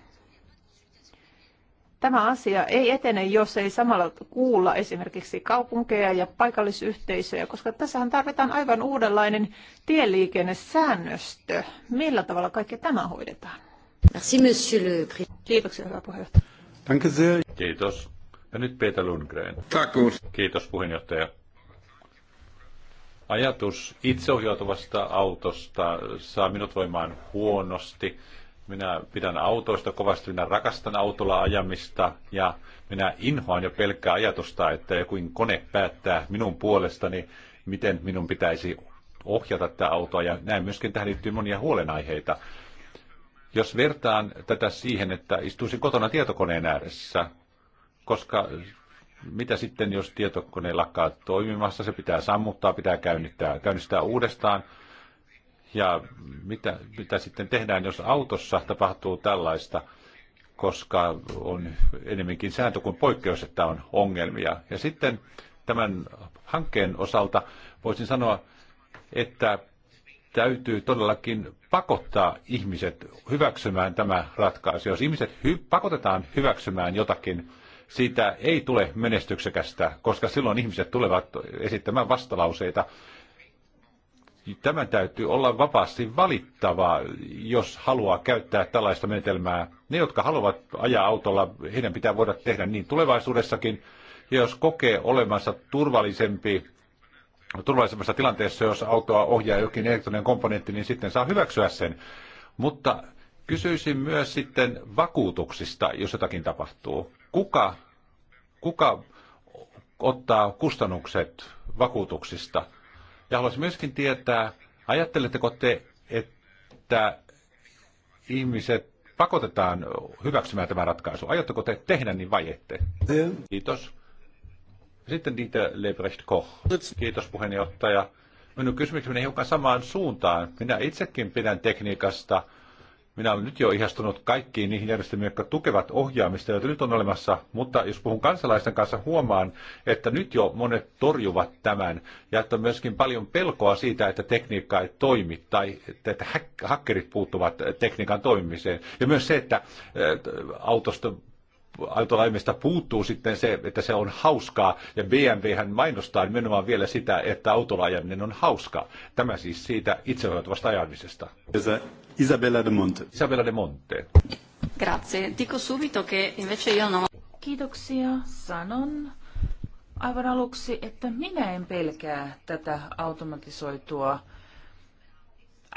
Tämä asia ei etene, jos ei samalla kuulla esimerkiksi kaupunkeja ja paikallisyhteisöjä, koska tässähän tarvitaan aivan uudenlainen tieliikennesäännöstö. Millä tavalla kaikki tämä hoidetaan? Merci, monsieur le Kiitoksia, hyvä puheenjohtaja. Danke sehr. Kiitos. Ja nyt Peter Lundgren. Takus. Kiitos puheenjohtaja. Ajatus itseohjautuvasta autosta saa minut voimaan huonosti. Minä pidän autoista kovasti, minä rakastan autolla ajamista ja minä inhoan jo pelkkää ajatusta, että joku kone päättää minun puolestani, miten minun pitäisi ohjata tätä autoa. Ja näin myöskin tähän liittyy monia huolenaiheita. Jos vertaan tätä siihen, että istuisin kotona tietokoneen ääressä, koska mitä sitten, jos tietokone lakkaa toimimassa, se pitää sammuttaa, pitää käynnistää, käynnistää uudestaan. Ja mitä, mitä sitten tehdään, jos autossa tapahtuu tällaista, koska on enemmänkin sääntö kuin poikkeus, että on ongelmia. Ja sitten tämän hankkeen osalta voisin sanoa, että täytyy todellakin pakottaa ihmiset hyväksymään tämä ratkaisu. Jos ihmiset hy- pakotetaan hyväksymään jotakin, siitä ei tule menestyksekästä, koska silloin ihmiset tulevat esittämään vastalauseita. Tämän täytyy olla vapaasti valittavaa, jos haluaa käyttää tällaista menetelmää. Ne, jotka haluavat ajaa autolla, heidän pitää voida tehdä niin tulevaisuudessakin. Ja jos kokee olemassa turvallisempi turvallisemmassa tilanteessa, jos autoa ohjaa jokin elektroninen komponentti, niin sitten saa hyväksyä sen. Mutta kysyisin myös sitten vakuutuksista, jos jotakin tapahtuu. Kuka, kuka ottaa kustannukset vakuutuksista? Ja haluaisin myöskin tietää, ajatteletteko te, että ihmiset pakotetaan hyväksymään tämä ratkaisu? Aiotteko te tehdä niin vai ette? Kiitos. Sitten Dieter Lebrecht Koch. Kiitos puheenjohtaja. Minun kysymykseni menee hiukan samaan suuntaan. Minä itsekin pidän tekniikasta. Minä olen nyt jo ihastunut kaikkiin niihin järjestelmiin, jotka tukevat ohjaamista, joita nyt on olemassa. Mutta jos puhun kansalaisten kanssa, huomaan, että nyt jo monet torjuvat tämän. Ja että on myöskin paljon pelkoa siitä, että tekniikka ei toimi tai että hakkerit puuttuvat tekniikan toimimiseen. Ja myös se, että autosta autolaimista puuttuu sitten se, että se on hauskaa, ja BMW hän mainostaa nimenomaan vielä sitä, että autolaajaminen on hauskaa. Tämä siis siitä itseohjautuvasta ajamisesta. Uh, Isabella de Monte. Isabella de Monte. Grazie. Dico subito che invece io non... Kiitoksia. Sanon aivan aluksi, että minä en pelkää tätä automatisoitua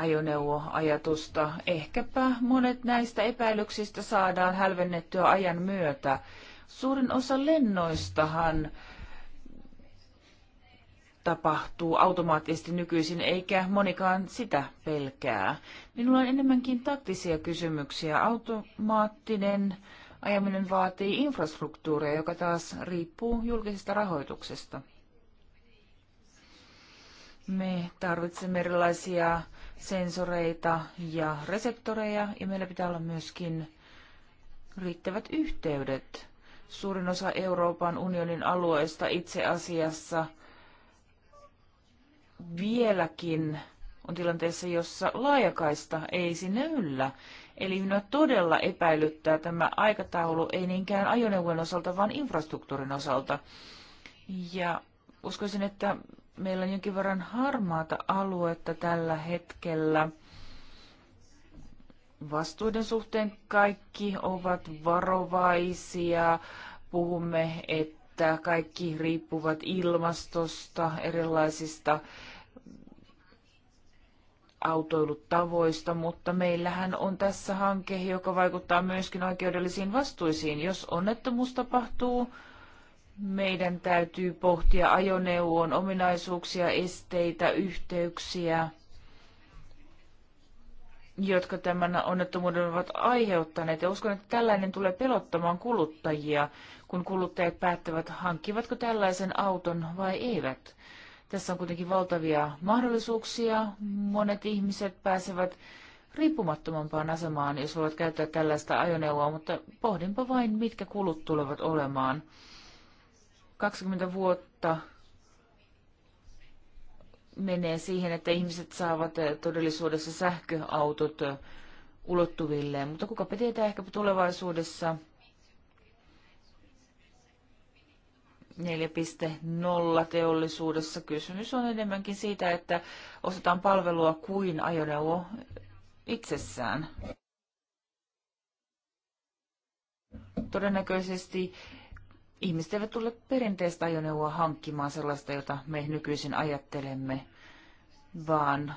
ajoneuvoajatusta. Ehkäpä monet näistä epäilyksistä saadaan hälvennettyä ajan myötä. Suurin osa lennoistahan tapahtuu automaattisesti nykyisin, eikä monikaan sitä pelkää. Minulla on enemmänkin taktisia kysymyksiä. Automaattinen ajaminen vaatii infrastruktuuria, joka taas riippuu julkisesta rahoituksesta. Me tarvitsemme erilaisia sensoreita ja reseptoreja, ja meillä pitää olla myöskin riittävät yhteydet. Suurin osa Euroopan unionin alueesta itse asiassa vieläkin on tilanteessa, jossa laajakaista ei sinne yllä. Eli minua todella epäilyttää tämä aikataulu, ei niinkään ajoneuvojen osalta, vaan infrastruktuurin osalta. Ja uskoisin, että meillä on jonkin verran harmaata aluetta tällä hetkellä. Vastuiden suhteen kaikki ovat varovaisia. Puhumme, että kaikki riippuvat ilmastosta, erilaisista autoilutavoista, mutta meillähän on tässä hanke, joka vaikuttaa myöskin oikeudellisiin vastuisiin. Jos onnettomuus tapahtuu, meidän täytyy pohtia ajoneuvon ominaisuuksia, esteitä, yhteyksiä, jotka tämän onnettomuuden ovat aiheuttaneet. Ja uskon, että tällainen tulee pelottamaan kuluttajia, kun kuluttajat päättävät, hankkivatko tällaisen auton vai eivät. Tässä on kuitenkin valtavia mahdollisuuksia. Monet ihmiset pääsevät riippumattomampaan asemaan, jos voivat käyttää tällaista ajoneuvoa, mutta pohdinpa vain, mitkä kulut tulevat olemaan. 20 vuotta menee siihen, että ihmiset saavat eh, todellisuudessa sähköautot eh, ulottuvilleen. Mutta kuka tietää, ehkäpä tulevaisuudessa 4.0 teollisuudessa kysymys on enemmänkin siitä, että osataan palvelua kuin ajoneuvo itsessään. Todennäköisesti ihmiset eivät tule perinteistä ajoneuvoa hankkimaan sellaista, jota me nykyisin ajattelemme, vaan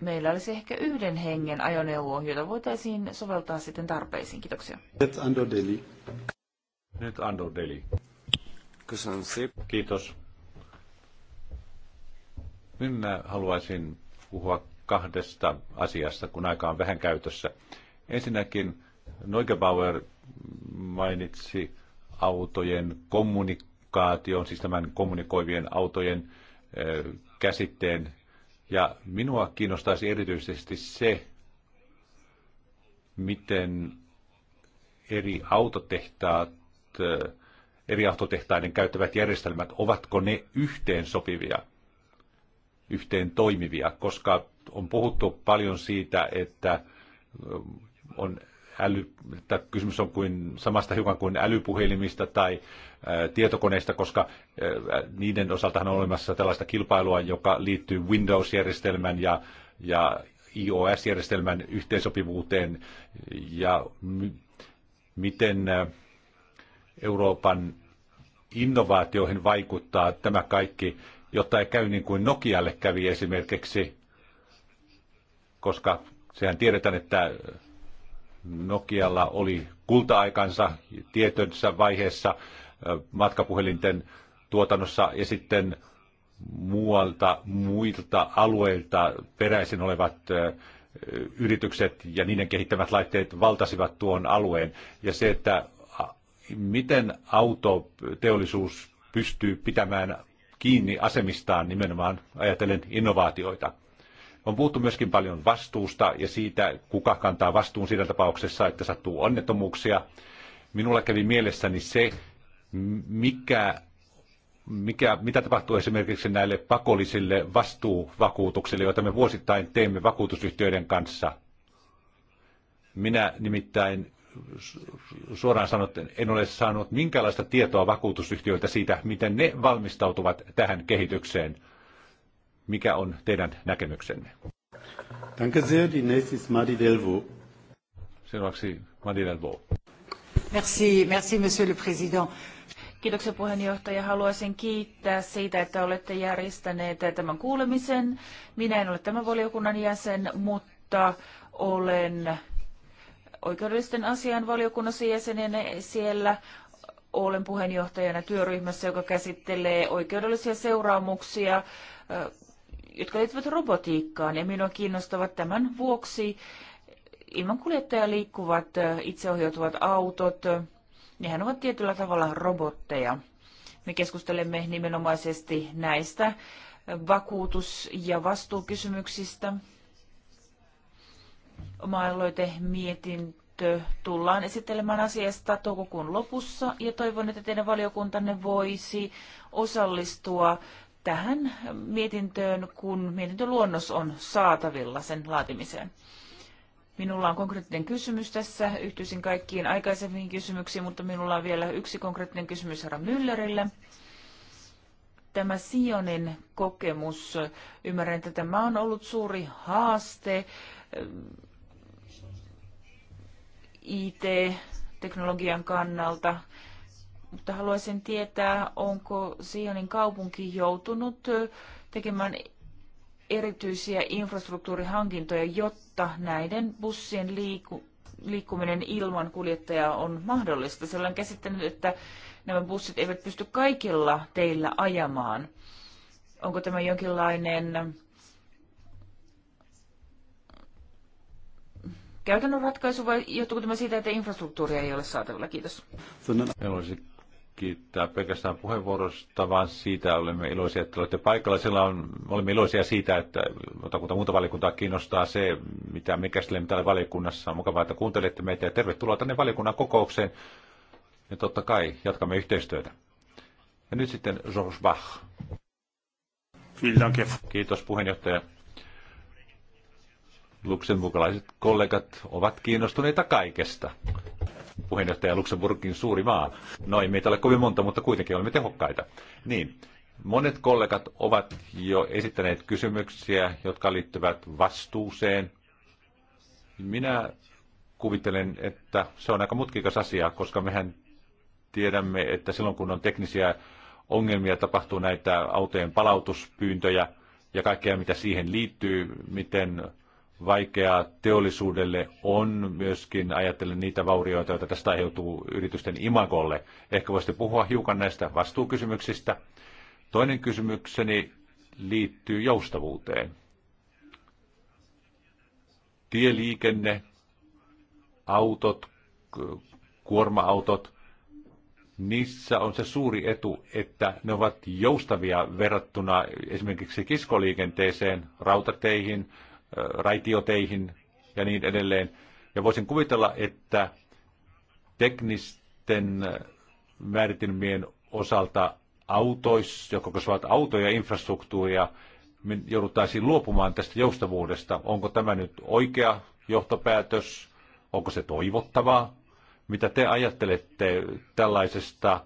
meillä olisi ehkä yhden hengen ajoneuvo, jota voitaisiin soveltaa sitten tarpeisiin. Kiitoksia. Nyt Ando Deli. Nyt Ando Deli. Kiitos. Minä haluaisin puhua kahdesta asiasta, kun aika on vähän käytössä. Ensinnäkin Neugebauer mainitsi autojen kommunikaation, siis tämän kommunikoivien autojen käsitteen. Ja minua kiinnostaisi erityisesti se, miten eri autotehtaat, eri autotehtaiden käyttävät järjestelmät, ovatko ne yhteen sopivia, yhteen toimivia, koska on puhuttu paljon siitä, että on äly, että kysymys on kuin, samasta hiukan kuin älypuhelimista tai ää, tietokoneista, koska ää, niiden osaltahan on olemassa tällaista kilpailua, joka liittyy Windows-järjestelmän ja, ja iOS-järjestelmän yhteensopivuuteen ja miten Euroopan innovaatioihin vaikuttaa tämä kaikki, jotta ei käy niin kuin Nokialle kävi esimerkiksi, koska sehän tiedetään, että Nokialla oli kulta-aikansa tietyssä vaiheessa matkapuhelinten tuotannossa ja sitten muualta muilta alueilta peräisin olevat yritykset ja niiden kehittämät laitteet valtasivat tuon alueen. Ja se, että miten autoteollisuus pystyy pitämään kiinni asemistaan nimenomaan ajatellen innovaatioita. On puhuttu myöskin paljon vastuusta ja siitä, kuka kantaa vastuun siinä tapauksessa, että sattuu onnettomuuksia. Minulla kävi mielessäni se, mikä, mikä, mitä tapahtuu esimerkiksi näille pakollisille vastuuvakuutuksille, joita me vuosittain teemme vakuutusyhtiöiden kanssa. Minä nimittäin suoraan sanottuna en ole saanut minkäänlaista tietoa vakuutusyhtiöiltä siitä, miten ne valmistautuvat tähän kehitykseen – mikä on teidän näkemyksenne? Danke sehr. Die nächste ist Madi Delvo. Seuraavaksi Madi Delvo. Merci, merci, monsieur le président. Kiitoksia puheenjohtaja. Haluaisin kiittää siitä, että olette järjestäneet tämän kuulemisen. Minä en ole tämän valiokunnan jäsen, mutta olen oikeudellisten asian valiokunnassa jäsenenä siellä. Olen puheenjohtajana työryhmässä, joka käsittelee oikeudellisia seuraamuksia jotka liittyvät robotiikkaan, ja minua kiinnostavat tämän vuoksi ilman kuljettajaa liikkuvat itseohjautuvat autot. Nehän ovat tietyllä tavalla robotteja. Me keskustelemme nimenomaisesti näistä vakuutus- ja vastuukysymyksistä. Oma mietintö tullaan esittelemään asiasta toukokuun lopussa ja toivon, että teidän valiokuntanne voisi osallistua tähän mietintöön, kun mietintöluonnos on saatavilla sen laatimiseen. Minulla on konkreettinen kysymys tässä. Yhtyisin kaikkiin aikaisempiin kysymyksiin, mutta minulla on vielä yksi konkreettinen kysymys herra Müllerille. Tämä Sionin kokemus, ymmärrän, että tämä on ollut suuri haaste ehm, IT-teknologian kannalta mutta haluaisin tietää, onko Sionin kaupunki joutunut tekemään erityisiä infrastruktuurihankintoja, jotta näiden bussien liiku- liikkuminen ilman kuljettajaa on mahdollista. Se on käsittänyt, että nämä bussit eivät pysty kaikilla teillä ajamaan. Onko tämä jonkinlainen käytännön ratkaisu vai johtuuko tämä siitä, että infrastruktuuria ei ole saatavilla? Kiitos. Meillä olisi kiittää pelkästään puheenvuorosta, vaan siitä olemme iloisia, että olette paikalla. Sillä on, olemme iloisia siitä, että otakunta muuta valiokuntaa kiinnostaa se, mitä me käsittelemme täällä valiokunnassa. On mukavaa, että kuuntelette meitä ja tervetuloa tänne valiokunnan kokoukseen. Ja totta kai jatkamme yhteistyötä. Ja nyt sitten Georges Bach. Kiitos puheenjohtaja. Luxemburgalaiset kollegat ovat kiinnostuneita kaikesta puheenjohtaja Luxemburgin suuri maa. No ei meitä ole kovin monta, mutta kuitenkin olemme tehokkaita. Niin, monet kollegat ovat jo esittäneet kysymyksiä, jotka liittyvät vastuuseen. Minä kuvittelen, että se on aika mutkikas asia, koska mehän tiedämme, että silloin kun on teknisiä ongelmia, tapahtuu näitä autojen palautuspyyntöjä ja kaikkea, mitä siihen liittyy, miten vaikeaa teollisuudelle on myöskin, ajatellen niitä vaurioita, joita tästä aiheutuu yritysten imagolle. Ehkä voisitte puhua hiukan näistä vastuukysymyksistä. Toinen kysymykseni liittyy joustavuuteen. Tieliikenne, autot, kuorma-autot, niissä on se suuri etu, että ne ovat joustavia verrattuna esimerkiksi kiskoliikenteeseen, rautateihin – raitioteihin ja niin edelleen. Ja voisin kuvitella, että teknisten määritelmien osalta autois, jotka koskevat autoja ja infrastruktuuria, jouduttaisiin luopumaan tästä joustavuudesta. Onko tämä nyt oikea johtopäätös? Onko se toivottavaa? Mitä te ajattelette tällaisesta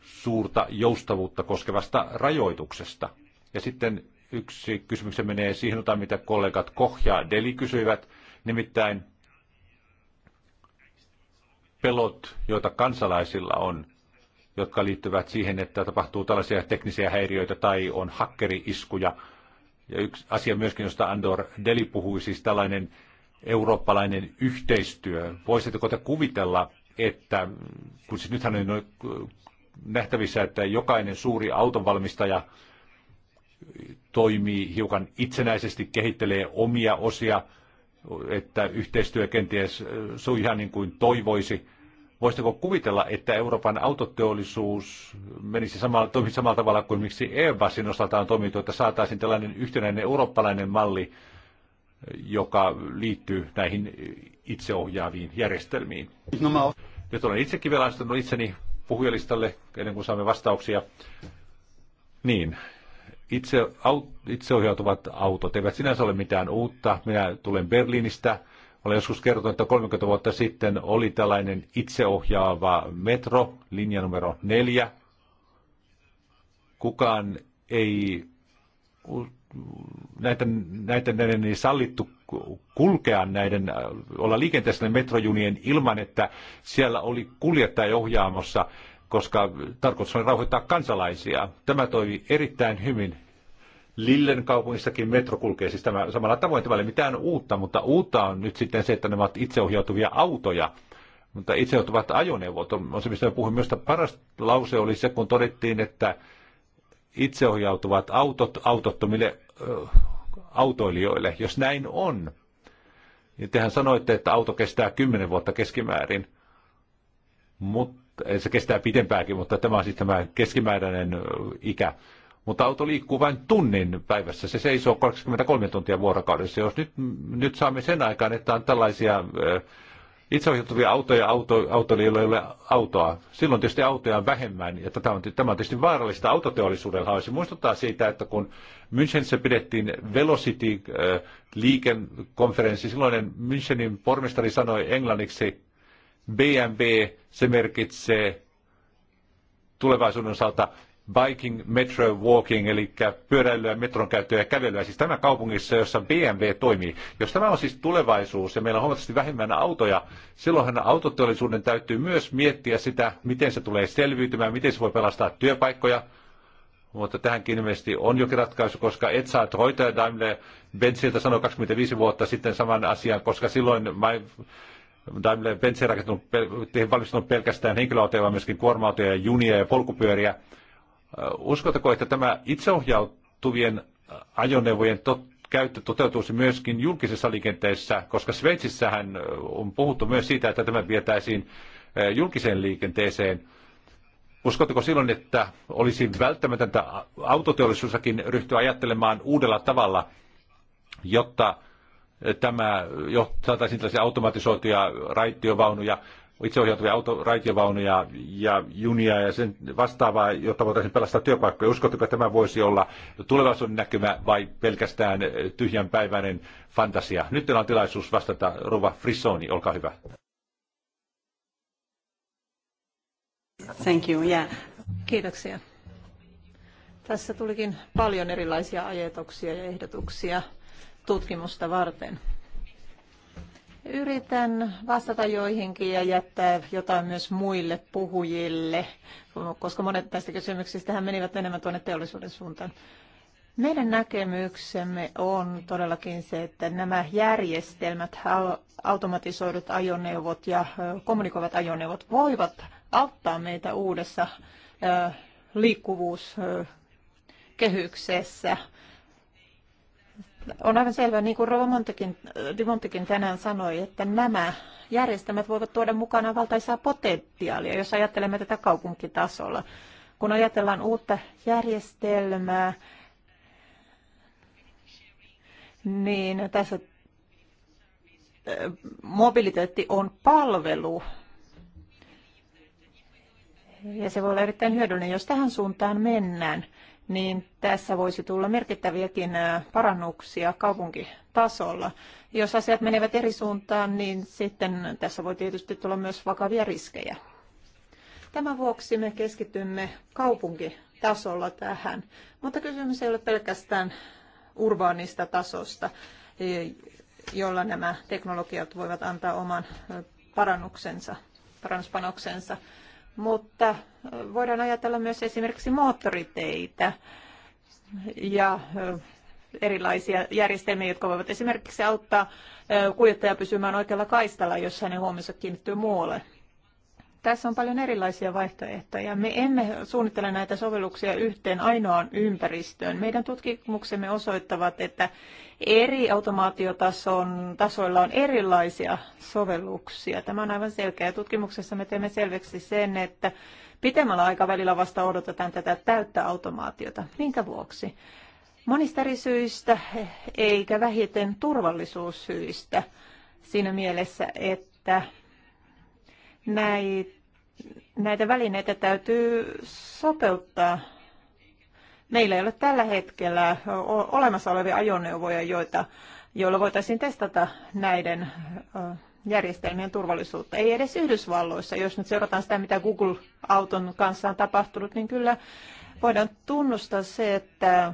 suurta joustavuutta koskevasta rajoituksesta? Ja sitten yksi kysymys menee siihen, mitä kollegat Koh ja Deli kysyivät, nimittäin pelot, joita kansalaisilla on, jotka liittyvät siihen, että tapahtuu tällaisia teknisiä häiriöitä tai on hakkeriiskuja. Ja yksi asia myöskin, josta Andor Deli puhui, siis tällainen eurooppalainen yhteistyö. Voisitteko te kuvitella, että kun siis nythän on nähtävissä, että jokainen suuri autonvalmistaja – toimii hiukan itsenäisesti, kehittelee omia osia, että yhteistyö kenties suu ihan niin kuin toivoisi. Voisitteko kuvitella, että Euroopan autoteollisuus menisi samalla, toimisi samalla tavalla kuin miksi Airbusin osalta on toimittu, että saataisiin tällainen yhtenäinen eurooppalainen malli, joka liittyy näihin itseohjaaviin järjestelmiin? No, mä... Nyt olen itsekin vielä itseni puhujalistalle ennen kuin saamme vastauksia. Niin, itse, aut, itseohjautuvat autot eivät sinänsä ole mitään uutta. Minä tulen Berliinistä. Olen joskus kertonut, että 30 vuotta sitten oli tällainen itseohjaava metro, linja numero neljä. Kukaan ei näitä, näitä, näiden niin sallittu kulkea näiden, olla liikenteessä metrojunien ilman, että siellä oli kuljettaja ohjaamossa koska tarkoitus oli rauhoittaa kansalaisia. Tämä toimi erittäin hyvin. Lillen kaupungissakin metro kulkee siis tämä, samalla tavoin. Tämä ei ole mitään uutta, mutta uutta on nyt sitten se, että nämä ovat itseohjautuvia autoja. Mutta itseohjautuvat ajoneuvot on, on se, mistä puhuin. myös, paras lause oli se, kun todettiin, että itseohjautuvat autot autottomille äh, autoilijoille. Jos näin on, ja niin tehän sanoitte, että auto kestää kymmenen vuotta keskimäärin. Mutta se kestää pitempäänkin, mutta tämä on siis tämä keskimääräinen ikä. Mutta auto liikkuu vain tunnin päivässä. Se seisoo 23 tuntia vuorokaudessa. Jos nyt, nyt saamme sen aikaan, että on tällaisia itseohjautuvia autoja auto, autoilijoilla ei ole autoa. Silloin tietysti autoja on vähemmän, ja tätä on, tämä on tietysti vaarallista autoteollisuudelle. Haluaisin muistuttaa siitä, että kun Münchenissä pidettiin Velocity-liikenkonferenssi, silloinen Münchenin pormestari sanoi englanniksi, BNB, se merkitsee tulevaisuuden osalta biking, metro, walking, eli pyöräilyä, metron käyttöä ja kävelyä, siis tämä kaupungissa, jossa BMW toimii. Jos tämä on siis tulevaisuus ja meillä on huomattavasti vähemmän autoja, silloinhan autoteollisuuden täytyy myös miettiä sitä, miten se tulee selviytymään, miten se voi pelastaa työpaikkoja, mutta tähänkin ilmeisesti on jokin ratkaisu, koska et saa hoitaa Daimler Benziltä sanoi 25 vuotta sitten saman asian, koska silloin Daimler Benz rakentunut, valmistunut pelkästään henkilöautoja, vaan myöskin kuorma ja junia ja polkupyöriä. Uskotteko, että tämä itseohjautuvien ajoneuvojen tot, käyttö toteutuisi myöskin julkisessa liikenteessä, koska Sveitsissähän on puhuttu myös siitä, että tämä vietäisiin julkiseen liikenteeseen. Uskotteko silloin, että olisi välttämätöntä autoteollisuussakin ryhtyä ajattelemaan uudella tavalla, jotta tämä jo saataisiin tällaisia automatisoituja raitiovaunuja, itseohjautuvia auto, raitiovaunuja ja junia ja sen vastaavaa, jotta voitaisiin pelastaa työpaikkoja. Uskotteko, että tämä voisi olla tulevaisuuden näkymä vai pelkästään tyhjänpäiväinen fantasia? Nyt teillä on tilaisuus vastata. Rova Frissoni, olkaa hyvä. Thank you, yeah. Kiitoksia. Tässä tulikin paljon erilaisia ajatuksia ja ehdotuksia tutkimusta varten. Yritän vastata joihinkin ja jättää jotain myös muille puhujille, koska monet tästä kysymyksistä menivät enemmän tuonne teollisuuden suuntaan. Meidän näkemyksemme on todellakin se, että nämä järjestelmät, automatisoidut ajoneuvot ja kommunikoivat ajoneuvot voivat auttaa meitä uudessa liikkuvuuskehyksessä on aivan selvää, niin kuin Rova Montekin, äh, Montekin tänään sanoi, että nämä järjestelmät voivat tuoda mukanaan valtaisaa potentiaalia, jos ajattelemme tätä kaupunkitasolla. Kun ajatellaan uutta järjestelmää, niin tässä äh, mobiliteetti on palvelu. Ja se voi olla erittäin hyödyllinen, jos tähän suuntaan mennään niin tässä voisi tulla merkittäviäkin parannuksia kaupunkitasolla. Jos asiat menevät eri suuntaan, niin sitten tässä voi tietysti tulla myös vakavia riskejä. Tämän vuoksi me keskitymme kaupunkitasolla tähän, mutta kysymys ei ole pelkästään urbaanista tasosta, e, jolla nämä teknologiat voivat antaa oman parannuksensa, parannuspanoksensa mutta voidaan ajatella myös esimerkiksi moottoriteitä ja erilaisia järjestelmiä, jotka voivat esimerkiksi auttaa kuljettaja pysymään oikealla kaistalla, jos hänen huomionsa kiinnittyy muualle. Tässä on paljon erilaisia vaihtoehtoja. Me emme suunnittele näitä sovelluksia yhteen ainoaan ympäristöön. Meidän tutkimuksemme osoittavat, että eri automaatiotason tasoilla on erilaisia sovelluksia. Tämä on aivan selkeä. Tutkimuksessa me teemme selväksi sen, että pitemmällä aikavälillä vasta odotetaan tätä täyttä automaatiota. Minkä vuoksi? Monista eri syistä, eikä vähiten turvallisuussyistä siinä mielessä, että näitä välineitä täytyy sopeuttaa. Meillä ei ole tällä hetkellä olemassa olevia ajoneuvoja, joita, joilla voitaisiin testata näiden järjestelmien turvallisuutta. Ei edes Yhdysvalloissa. Jos nyt seurataan sitä, mitä Google-auton kanssa on tapahtunut, niin kyllä voidaan tunnustaa se, että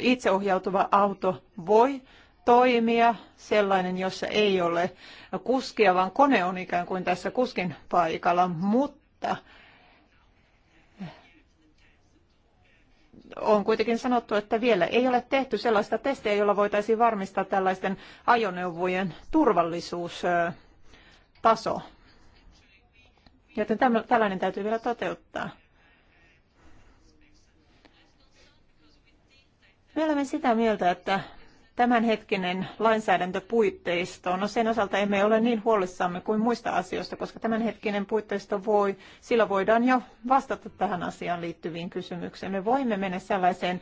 itseohjautuva auto voi toimija, sellainen, jossa ei ole kuskia, vaan kone on ikään kuin tässä kuskin paikalla, mutta on kuitenkin sanottu, että vielä ei ole tehty sellaista testiä, jolla voitaisiin varmistaa tällaisten ajoneuvojen turvallisuustaso. Joten tällainen täytyy vielä toteuttaa. Me olemme sitä mieltä, että tämänhetkinen lainsäädäntöpuitteisto, no sen osalta emme ole niin huolissamme kuin muista asioista, koska tämänhetkinen puitteisto voi, sillä voidaan jo vastata tähän asiaan liittyviin kysymyksiin. Me voimme mennä sellaiseen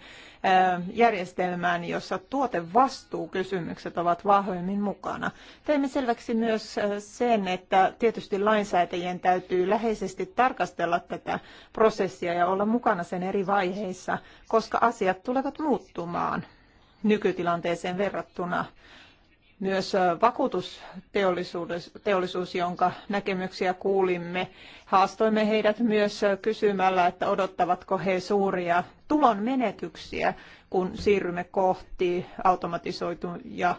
järjestelmään, jossa tuotevastuukysymykset ovat vahvemmin mukana. Teimme selväksi myös sen, että tietysti lainsäätäjien täytyy läheisesti tarkastella tätä prosessia ja olla mukana sen eri vaiheissa, koska asiat tulevat muuttumaan nykytilanteeseen verrattuna. Myös vakuutusteollisuus, teollisuus, jonka näkemyksiä kuulimme, haastoimme heidät myös kysymällä, että odottavatko he suuria tulon menetyksiä, kun siirrymme kohti automatisoituja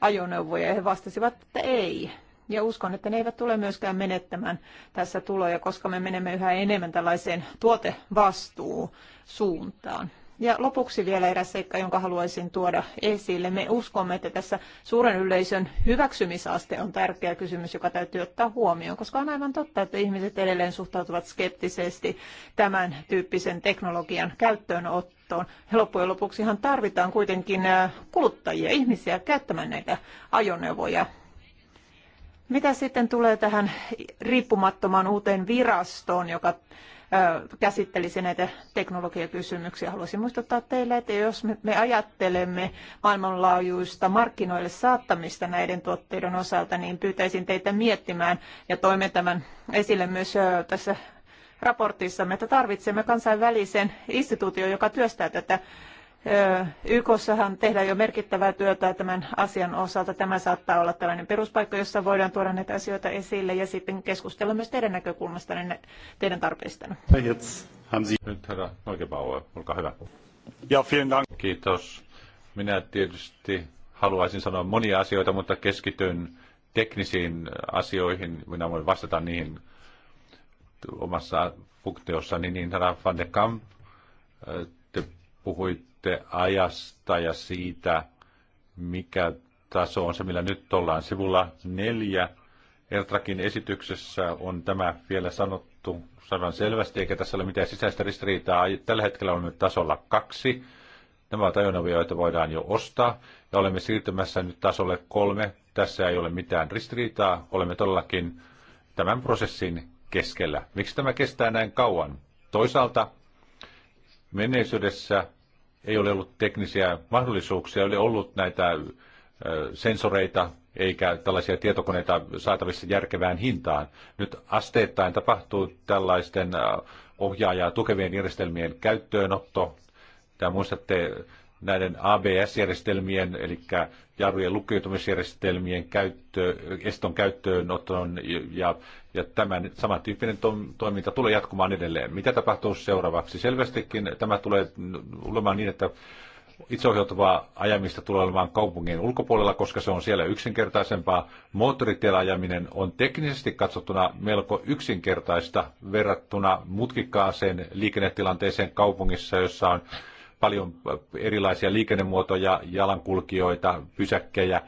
ajoneuvoja. He vastasivat, että ei. Ja uskon, että ne eivät tule myöskään menettämään tässä tuloja, koska me menemme yhä enemmän tällaiseen tuotevastuu suuntaan. Ja lopuksi vielä eräs seikka, jonka haluaisin tuoda esille. Me uskomme, että tässä suuren yleisön hyväksymisaste on tärkeä kysymys, joka täytyy ottaa huomioon, koska on aivan totta, että ihmiset edelleen suhtautuvat skeptisesti tämän tyyppisen teknologian käyttöönottoon. Ja loppujen lopuksihan tarvitaan kuitenkin äh, kuluttajia, ihmisiä käyttämään näitä ajoneuvoja. Mitä sitten tulee tähän riippumattomaan uuteen virastoon, joka käsittelisi näitä teknologiakysymyksiä. Haluaisin muistuttaa teille, että jos me ajattelemme maailmanlaajuista markkinoille saattamista näiden tuotteiden osalta, niin pyytäisin teitä miettimään ja toimme tämän esille myös tässä raportissamme, että tarvitsemme kansainvälisen instituution, joka työstää tätä YKssahan tehdään jo merkittävää työtä tämän asian osalta. Tämä saattaa olla tällainen peruspaikka, jossa voidaan tuoda näitä asioita esille ja sitten keskustella myös teidän näkökulmastanne, niin teidän tarpeistanne. Nyt herra Neugebauer, olkaa hyvä. Ja, vielen dank. Kiitos. Minä tietysti haluaisin sanoa monia asioita, mutta keskityn teknisiin asioihin. Minä voin vastata niihin omassa funktiossani. Niin herra Van de Kamp, te puhuit sitten ajasta ja siitä, mikä taso on se, millä nyt ollaan. Sivulla neljä Ertrakin esityksessä on tämä vielä sanottu sanan selvästi, eikä tässä ole mitään sisäistä ristiriitaa. Tällä hetkellä olemme tasolla kaksi. Nämä ovat ajoneuvoja, joita voidaan jo ostaa, ja olemme siirtymässä nyt tasolle kolme. Tässä ei ole mitään ristiriitaa. Olemme todellakin tämän prosessin keskellä. Miksi tämä kestää näin kauan? Toisaalta menneisyydessä ei ole ollut teknisiä mahdollisuuksia, ei ole ollut näitä sensoreita eikä tällaisia tietokoneita saatavissa järkevään hintaan. Nyt asteittain tapahtuu tällaisten ohjaajaa tukevien järjestelmien käyttöönotto. Tämä muistatte näiden ABS-järjestelmien, eli jarrujen lukkiutumisjärjestelmien käyttö, eston käyttöönoton ja, ja tämän samantyyppinen to, toiminta tulee jatkumaan edelleen. Mitä tapahtuu seuraavaksi? Selvästikin tämä tulee olemaan niin, että itseohjautuvaa ajamista tulee olemaan kaupungin ulkopuolella, koska se on siellä yksinkertaisempaa. Moottoritiellä ajaminen on teknisesti katsottuna melko yksinkertaista verrattuna mutkikkaaseen liikennetilanteeseen kaupungissa, jossa on paljon erilaisia liikennemuotoja, jalankulkijoita, pysäkkejä,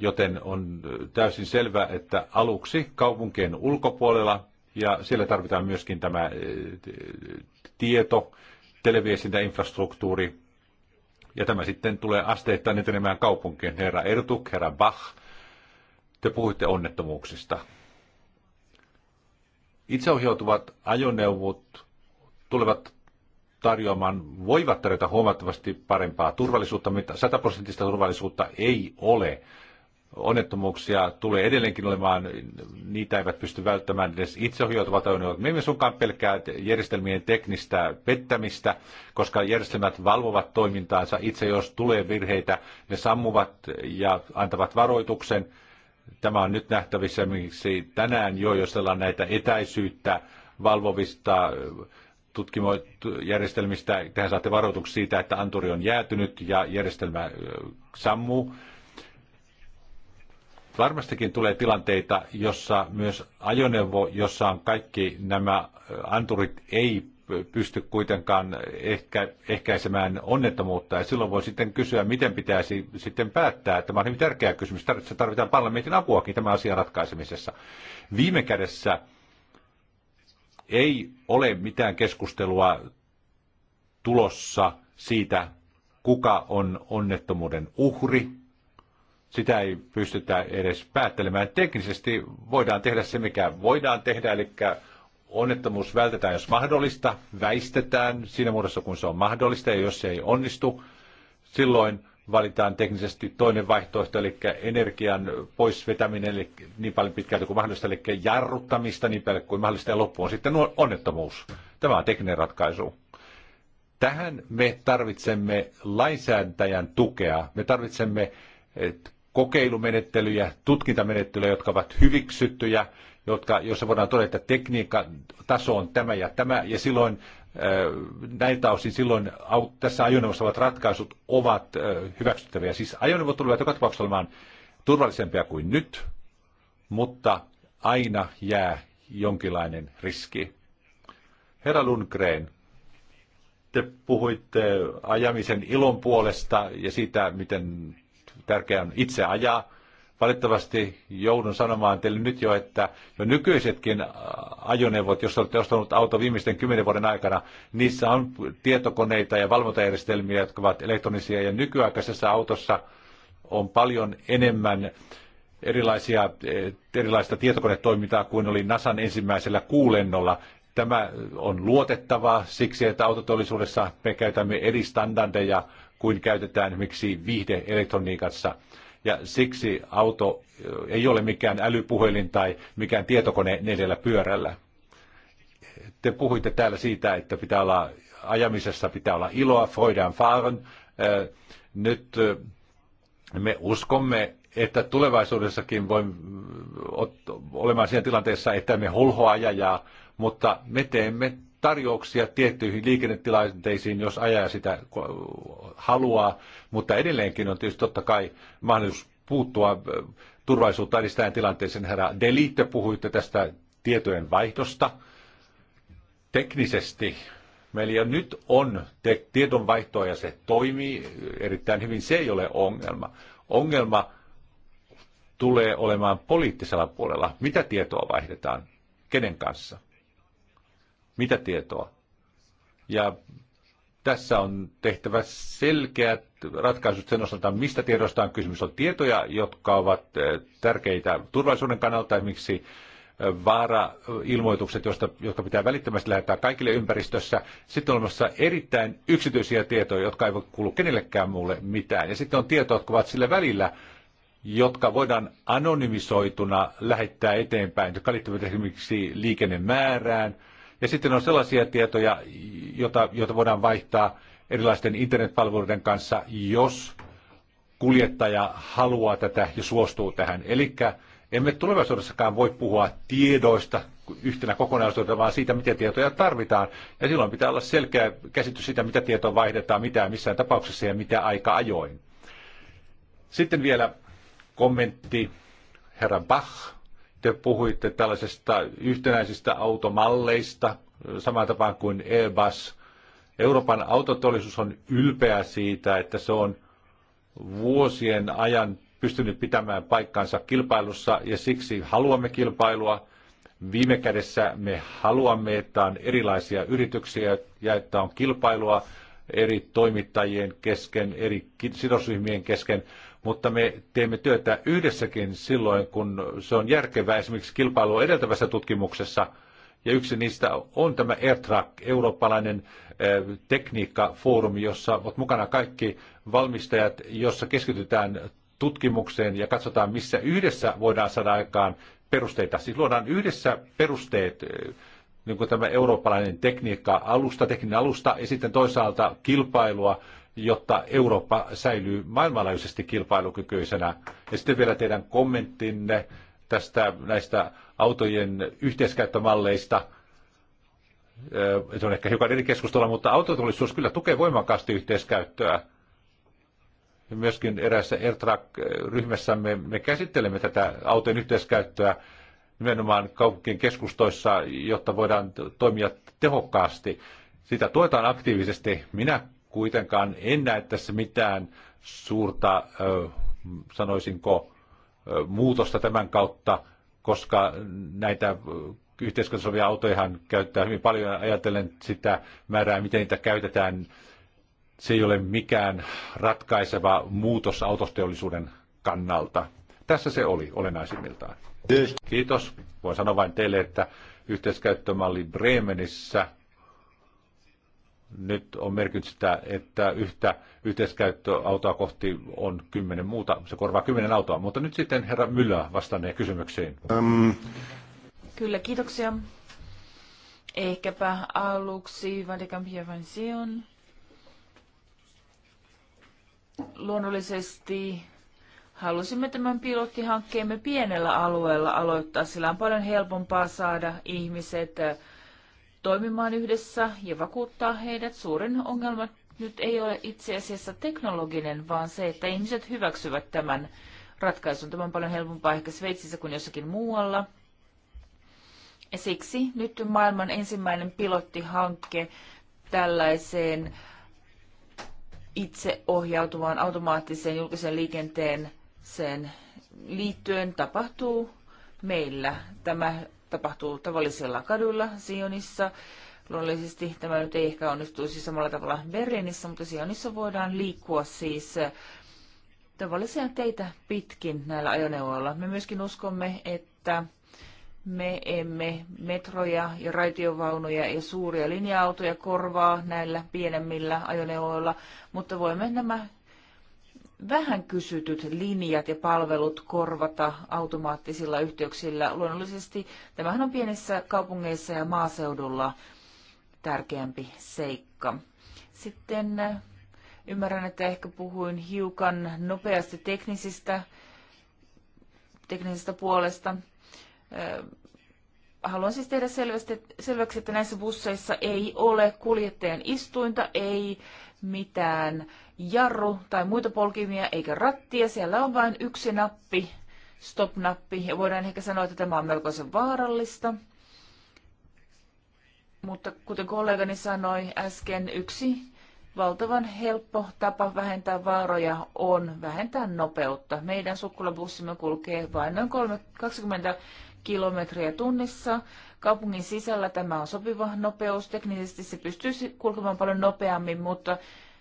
joten on täysin selvä, että aluksi kaupunkien ulkopuolella ja siellä tarvitaan myöskin tämä eh, tieto, televiesintäinfrastruktuuri, ja tämä sitten tulee asteittain etenemään kaupunkien. Herra Ertuk, herra Bach, te puhuitte onnettomuuksista. Itseohjautuvat ajoneuvot tulevat tarjoamaan, voivat tarjota huomattavasti parempaa turvallisuutta, mutta sataprosenttista turvallisuutta ei ole. Onnettomuuksia tulee edelleenkin olemaan, niitä eivät pysty välttämään edes itseohjautuvat ajoneuvot. Me emme suinkaan pelkää järjestelmien teknistä pettämistä, koska järjestelmät valvovat toimintaansa itse, jos tulee virheitä, ne sammuvat ja antavat varoituksen. Tämä on nyt nähtävissä miksi tänään jo, jos näitä etäisyyttä valvovista tutkimojärjestelmistä. Tehän saatte varoituksia siitä, että anturi on jäätynyt ja järjestelmä sammuu. Varmastikin tulee tilanteita, jossa myös ajoneuvo, jossa on kaikki nämä anturit, ei pysty kuitenkaan ehkä, ehkäisemään onnettomuutta. Ja silloin voi sitten kysyä, miten pitäisi sitten päättää. Tämä on hyvin tärkeä kysymys. tarvitaan parlamentin apuakin tämän asian ratkaisemisessa. Viime kädessä ei ole mitään keskustelua tulossa siitä, kuka on onnettomuuden uhri. Sitä ei pystytä edes päättelemään. Teknisesti voidaan tehdä se, mikä voidaan tehdä, eli onnettomuus vältetään, jos mahdollista, väistetään siinä muodossa, kun se on mahdollista, ja jos se ei onnistu, silloin valitaan teknisesti toinen vaihtoehto, eli energian pois vetäminen eli niin paljon pitkälti kuin mahdollista, eli jarruttamista niin paljon kuin mahdollista, ja loppu on sitten onnettomuus. Tämä on tekninen ratkaisu. Tähän me tarvitsemme lainsäätäjän tukea. Me tarvitsemme kokeilumenettelyjä, tutkintamenettelyjä, jotka ovat hyviksyttyjä, jotka, joissa voidaan todeta, että tekniikan taso on tämä ja tämä, ja silloin näiltä osin silloin tässä ajoneuvossa ovat ratkaisut ovat hyväksyttäviä. Siis ajoneuvot tulevat joka tapauksessa olemaan turvallisempia kuin nyt, mutta aina jää jonkinlainen riski. Herra Lundgren, te puhuitte ajamisen ilon puolesta ja siitä, miten tärkeää on itse ajaa. Valitettavasti joudun sanomaan teille nyt jo, että jo nykyisetkin äh, ajoneuvot, jos olette ostanut auto viimeisten kymmenen vuoden aikana, niissä on tietokoneita ja valvontajärjestelmiä, jotka ovat elektronisia. Ja nykyaikaisessa autossa on paljon enemmän erilaisia, äh, erilaista tietokonetoimintaa kuin oli NASAn ensimmäisellä kuulennolla. Tämä on luotettavaa siksi, että autoteollisuudessa me käytämme eri standardeja kuin käytetään esimerkiksi elektroniikassa ja siksi auto ei ole mikään älypuhelin tai mikään tietokone neljällä pyörällä. Te puhuitte täällä siitä, että pitää olla ajamisessa pitää olla iloa, Freudean faaren. Nyt me uskomme, että tulevaisuudessakin voimme olemaan siinä tilanteessa, että me holhoa mutta me teemme tarjouksia tiettyihin liikennetilanteisiin, jos ajaa sitä haluaa, mutta edelleenkin on tietysti totta kai mahdollisuus puuttua turvallisuutta edistään tilanteeseen. Herra Delitte, puhuitte tästä tietojen vaihdosta. Teknisesti meillä nyt on te- tiedonvaihtoa ja se toimii erittäin hyvin. Se ei ole ongelma. Ongelma tulee olemaan poliittisella puolella. Mitä tietoa vaihdetaan? Kenen kanssa? Mitä tietoa? Ja tässä on tehtävä selkeät ratkaisut sen osalta, mistä tiedosta on kysymys. On tietoja, jotka ovat eh, tärkeitä turvallisuuden kannalta, esimerkiksi eh, vaara-ilmoitukset, joista, jotka pitää välittömästi lähettää kaikille ympäristössä. Sitten on olemassa erittäin yksityisiä tietoja, jotka eivät kuulu kenellekään muulle mitään. Ja sitten on tietoja, jotka ovat sillä välillä, jotka voidaan anonymisoituna lähettää eteenpäin, jotka liittyvät esimerkiksi liikennemäärään, ja sitten on sellaisia tietoja, joita, joita voidaan vaihtaa erilaisten internetpalveluiden kanssa, jos kuljettaja haluaa tätä ja suostuu tähän. Eli emme tulevaisuudessakaan voi puhua tiedoista yhtenä kokonaisuudesta, vaan siitä, mitä tietoja tarvitaan. Ja silloin pitää olla selkeä käsitys siitä, mitä tietoa vaihdetaan, mitä missään tapauksessa ja mitä aika ajoin. Sitten vielä kommentti herra Bach te puhuitte tällaisesta yhtenäisistä automalleista, samaan tapaan kuin Airbus. Euroopan autoteollisuus on ylpeä siitä, että se on vuosien ajan pystynyt pitämään paikkansa kilpailussa ja siksi haluamme kilpailua. Viime kädessä me haluamme, että on erilaisia yrityksiä ja että on kilpailua eri toimittajien kesken, eri sidosryhmien kesken, mutta me teemme työtä yhdessäkin silloin, kun se on järkevää esimerkiksi kilpailua edeltävässä tutkimuksessa. Ja yksi niistä on tämä AirTrack, eurooppalainen tekniikkafoorumi, jossa ovat mukana kaikki valmistajat, jossa keskitytään tutkimukseen ja katsotaan, missä yhdessä voidaan saada aikaan perusteita. Siis luodaan yhdessä perusteet, niin kuin tämä eurooppalainen tekniikka, alusta, tekninen alusta ja sitten toisaalta kilpailua jotta Eurooppa säilyy maailmanlaajuisesti kilpailukykyisenä. Ja sitten vielä teidän kommenttinne tästä näistä autojen yhteiskäyttömalleista. Se on ehkä hiukan eri keskustella, mutta autotullisuus kyllä tukee voimakkaasti yhteiskäyttöä. Myöskin eräässä airtrack ryhmässämme me käsittelemme tätä autojen yhteiskäyttöä nimenomaan kaupunkien keskustoissa, jotta voidaan toimia tehokkaasti. Sitä tuetaan aktiivisesti. Minä kuitenkaan en näe tässä mitään suurta, sanoisinko, muutosta tämän kautta, koska näitä yhteiskunnallisia autojahan käyttää hyvin paljon ajatellen sitä määrää, miten niitä käytetään. Se ei ole mikään ratkaiseva muutos autosteollisuuden kannalta. Tässä se oli olennaisimmiltaan. Kiitos. Voin sanoa vain teille, että yhteiskäyttömalli Bremenissä – nyt on merkitty sitä, että yhtä yhteiskäyttöautoa kohti on kymmenen muuta, se korvaa kymmenen autoa. Mutta nyt sitten herra Myllä vastannee kysymyksiin. Um. Kyllä, kiitoksia. Ehkäpä aluksi Vadekampia Van Sion. Luonnollisesti halusimme tämän pilottihankkeemme pienellä alueella aloittaa, sillä on paljon helpompaa saada ihmiset toimimaan yhdessä ja vakuuttaa heidät. Suurin ongelma nyt ei ole itse asiassa teknologinen, vaan se, että ihmiset hyväksyvät tämän ratkaisun. Tämä on paljon helpompaa ehkä Sveitsissä kuin jossakin muualla. Ja siksi nyt maailman ensimmäinen pilottihanke tällaiseen itseohjautuvaan automaattiseen julkisen liikenteen sen liittyen tapahtuu meillä. Tämä tapahtuu tavallisella kadulla Sionissa. Luonnollisesti tämä nyt ei ehkä onnistuisi samalla tavalla Berliinissä, mutta Sionissa voidaan liikkua siis eh, tavallisia teitä pitkin näillä ajoneuvoilla. Me myöskin uskomme, että me emme metroja ja raitiovaunuja ja suuria linja-autoja korvaa näillä pienemmillä ajoneuvoilla, mutta voimme nämä vähän kysytyt linjat ja palvelut korvata automaattisilla yhteyksillä. Luonnollisesti tämähän on pienissä kaupungeissa ja maaseudulla tärkeämpi seikka. Sitten äh, ymmärrän, että ehkä puhuin hiukan nopeasti teknisistä, teknisestä puolesta. Äh, haluan siis tehdä selvästi, selväksi, että näissä busseissa ei ole kuljettajan istuinta, ei mitään jarru- tai muita polkimia eikä rattia. Siellä on vain yksi nappi, stop-nappi, ja voidaan ehkä sanoa, että tämä on melkoisen vaarallista. Mutta kuten kollegani sanoi äsken, yksi valtavan helppo tapa vähentää vaaroja on vähentää nopeutta. Meidän sukkulabussimme kulkee vain noin 20 kilometriä tunnissa. Kaupungin sisällä tämä on sopiva nopeus. Teknisesti se pystyisi kulkemaan paljon nopeammin, mutta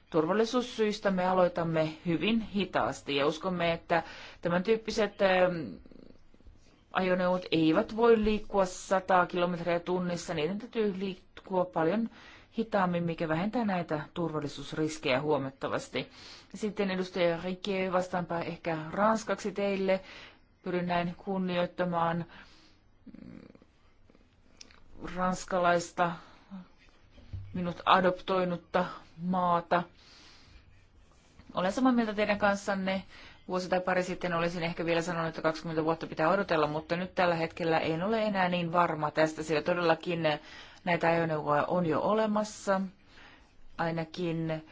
turvallisuussyistä me aloitamme hyvin hitaasti ja uskomme, että tämän tyyppiset ähm, ajoneuvot eivät voi liikkua 100 kilometriä tunnissa, niiden täytyy liikkua paljon hitaammin, mikä vähentää näitä turvallisuusriskejä huomattavasti. Sitten edustaja Rikki, vastaanpa ehkä ranskaksi teille. Pyrin näin kunnioittamaan ranskalaista minut adoptoinutta maata. Olen samaa mieltä teidän kanssanne. Vuosi tai pari sitten olisin ehkä vielä sanonut, että 20 vuotta pitää odotella, mutta nyt tällä hetkellä en ole enää niin varma tästä, sillä todellakin näitä ajoneuvoja on jo olemassa. Ainakin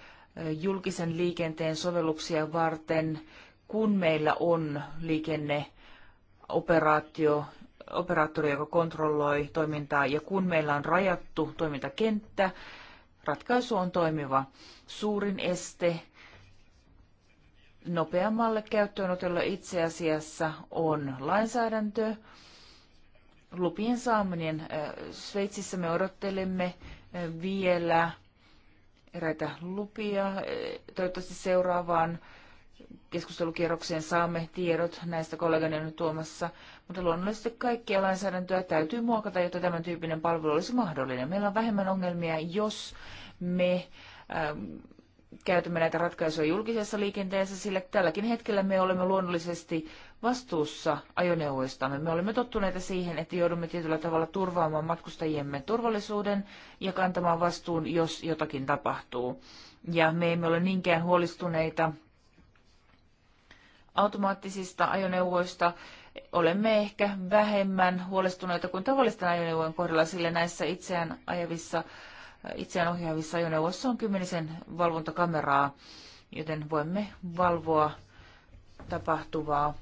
julkisen liikenteen sovelluksia varten, kun meillä on liikenneoperaatio operaattori, joka kontrolloi toimintaa, ja kun meillä on rajattu toimintakenttä, ratkaisu on toimiva. Suurin este nopeammalle käyttöönotolle itse asiassa on lainsäädäntö, lupien saaminen. Sveitsissä me odottelemme vielä eräitä lupia, toivottavasti seuraavaan keskustelukierrokseen saamme tiedot näistä kollegani on nyt tuomassa, mutta luonnollisesti kaikkia lainsäädäntöä täytyy muokata, jotta tämän tyyppinen palvelu olisi mahdollinen. Meillä on vähemmän ongelmia, jos me ähm, käytämme näitä ratkaisuja julkisessa liikenteessä, sillä tälläkin hetkellä me olemme luonnollisesti vastuussa ajoneuvoistamme. Me olemme tottuneita siihen, että joudumme tietyllä tavalla turvaamaan matkustajiemme turvallisuuden ja kantamaan vastuun, jos jotakin tapahtuu. Ja me emme ole niinkään huolestuneita automaattisista ajoneuvoista olemme ehkä vähemmän huolestuneita kuin tavallisten ajoneuvojen kohdalla, sillä näissä itseään ajavissa, itseään ohjaavissa ajoneuvoissa on kymmenisen valvontakameraa, joten voimme valvoa tapahtuvaa.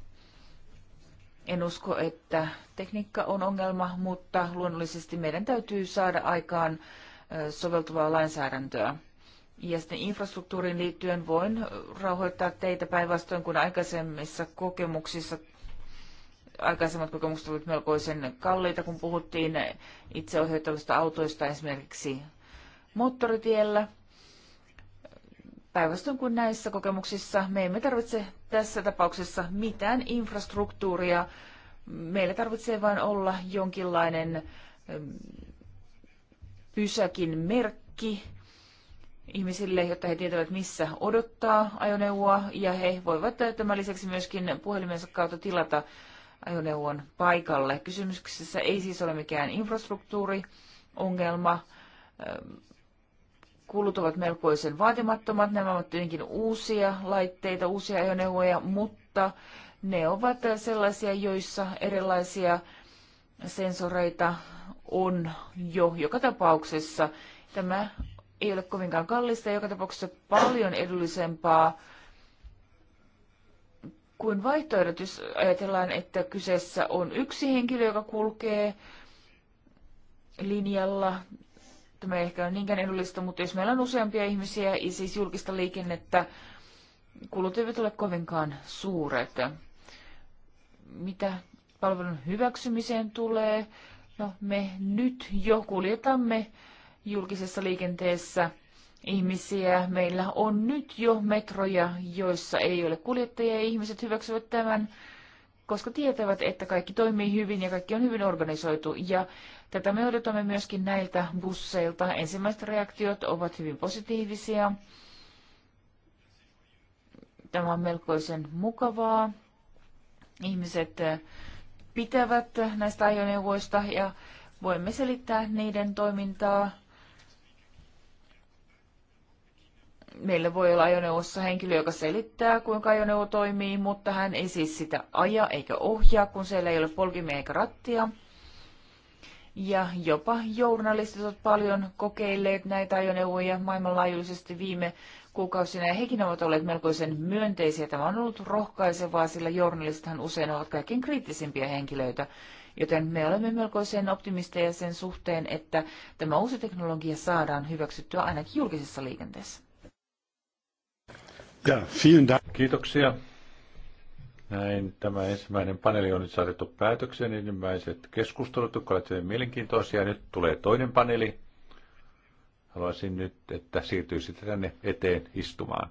En usko, että tekniikka on ongelma, mutta luonnollisesti meidän täytyy saada aikaan soveltuvaa lainsäädäntöä. Ja sitten infrastruktuuriin liittyen voin rauhoittaa teitä päinvastoin kuin aikaisemmissa kokemuksissa. Aikaisemmat kokemukset olivat melkoisen kalliita, kun puhuttiin itseohjautuvista autoista esimerkiksi moottoritiellä. Päinvastoin kuin näissä kokemuksissa, me emme tarvitse tässä tapauksessa mitään infrastruktuuria. Meillä tarvitsee vain olla jonkinlainen mm, pysäkin merkki, ihmisille, jotta he tietävät, missä odottaa ajoneuvoa, ja he voivat tämän lisäksi myöskin puhelimensa kautta tilata ajoneuvon paikalle. Kysymyksessä ei siis ole mikään infrastruktuuriongelma. Ähm, kulut ovat melkoisen vaatimattomat. Nämä ovat tietenkin uusia laitteita, uusia ajoneuvoja, mutta ne ovat sellaisia, joissa erilaisia sensoreita on jo joka tapauksessa. Tämä ei ole kovinkaan kallista ja joka tapauksessa paljon edullisempaa kuin vaihtoehdot, jos ajatellaan, että kyseessä on yksi henkilö, joka kulkee linjalla. Tämä ei ehkä ole niinkään edullista, mutta jos meillä on useampia ihmisiä ja siis julkista liikennettä, kulut eivät ole kovinkaan suuret. Mitä palvelun hyväksymiseen tulee? No, me nyt jo kuljetamme julkisessa liikenteessä ihmisiä. Meillä on nyt jo metroja, joissa ei ole kuljettajia ja ihmiset hyväksyvät tämän, koska tietävät, että kaikki toimii hyvin ja kaikki on hyvin organisoitu. Ja tätä me odotamme myöskin näiltä busseilta. Ensimmäiset reaktiot ovat hyvin positiivisia. Tämä on melkoisen mukavaa. Ihmiset eh, pitävät näistä ajoneuvoista ja voimme selittää niiden toimintaa meillä voi olla ajoneuvossa henkilö, joka selittää, kuinka ajoneuvo toimii, mutta hän ei siis sitä aja eikä ohjaa, kun siellä ei ole polkimia eikä rattia. Ja jopa journalistit ovat paljon kokeilleet näitä ajoneuvoja maailmanlaajuisesti viime kuukausina, ja hekin ovat olleet melkoisen myönteisiä. Tämä on ollut rohkaisevaa, sillä journalistithan usein ovat kaikkein kriittisimpiä henkilöitä, joten me olemme melkoisen optimisteja sen suhteen, että tämä uusi teknologia saadaan hyväksyttyä ainakin julkisessa liikenteessä. Ja, vielen Dank. Kiitoksia. Näin tämä ensimmäinen paneeli on nyt saatettu päätökseen. Ensimmäiset keskustelut, jotka olivat hyvin mielenkiintoisia. Nyt tulee toinen paneeli. Haluaisin nyt, että siirtyisitte tänne eteen istumaan.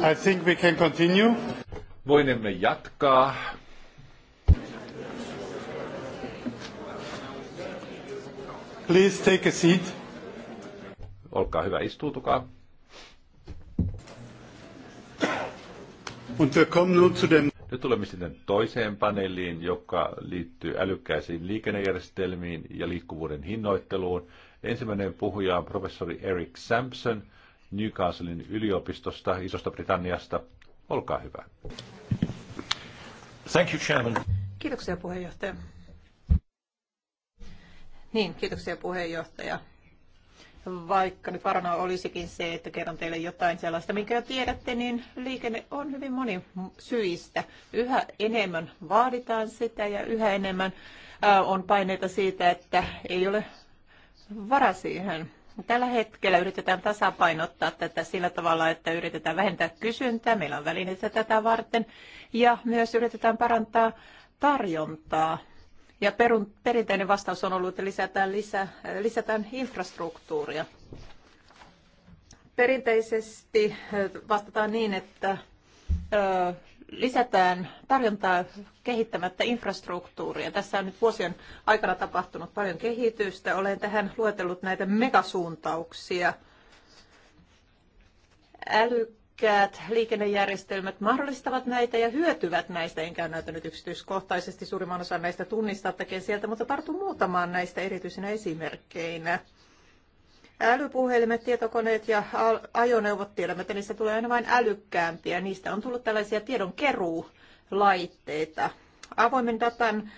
I think we can continue. Voinemme jatkaa. Please take a seat. Olkaa hyvä, istuutukaa. Und wir kommen nun zu dem nyt tulemme sitten toiseen paneeliin, joka liittyy älykkäisiin liikennejärjestelmiin ja liikkuvuuden hinnoitteluun. Ensimmäinen puhuja on professori Eric Sampson – Newcastlein yliopistosta Isosta Britanniasta. Olkaa hyvä. Thank you, Chairman. Kiitoksia puheenjohtaja. Niin, kiitoksia puheenjohtaja. Vaikka nyt varana olisikin se, että kerron teille jotain sellaista, minkä jo tiedätte, niin liikenne on hyvin moni syistä. Yhä enemmän vaaditaan sitä ja yhä enemmän on paineita siitä, että ei ole vara siihen. Tällä hetkellä yritetään tasapainottaa tätä sillä tavalla, että yritetään vähentää kysyntää, meillä on välineitä tätä varten, ja myös yritetään parantaa tarjontaa. Ja perun, perinteinen vastaus on ollut, että lisätään, lisä, lisätään infrastruktuuria. Perinteisesti vastataan niin, että lisätään tarjontaa kehittämättä infrastruktuuria. Tässä on nyt vuosien aikana tapahtunut paljon kehitystä. Olen tähän luetellut näitä megasuuntauksia. Älykkäät liikennejärjestelmät mahdollistavat näitä ja hyötyvät näistä. En käy näitä nyt yksityiskohtaisesti. Suurimman osan näistä tunnistattekin sieltä, mutta tartun muutamaan näistä erityisenä esimerkkeinä. Älypuhelimet, tietokoneet ja ajoneuvot tiedämme, että niistä tulee aina vain älykkäämpiä. Niistä on tullut tällaisia tiedonkeruulaitteita. Avoimen datan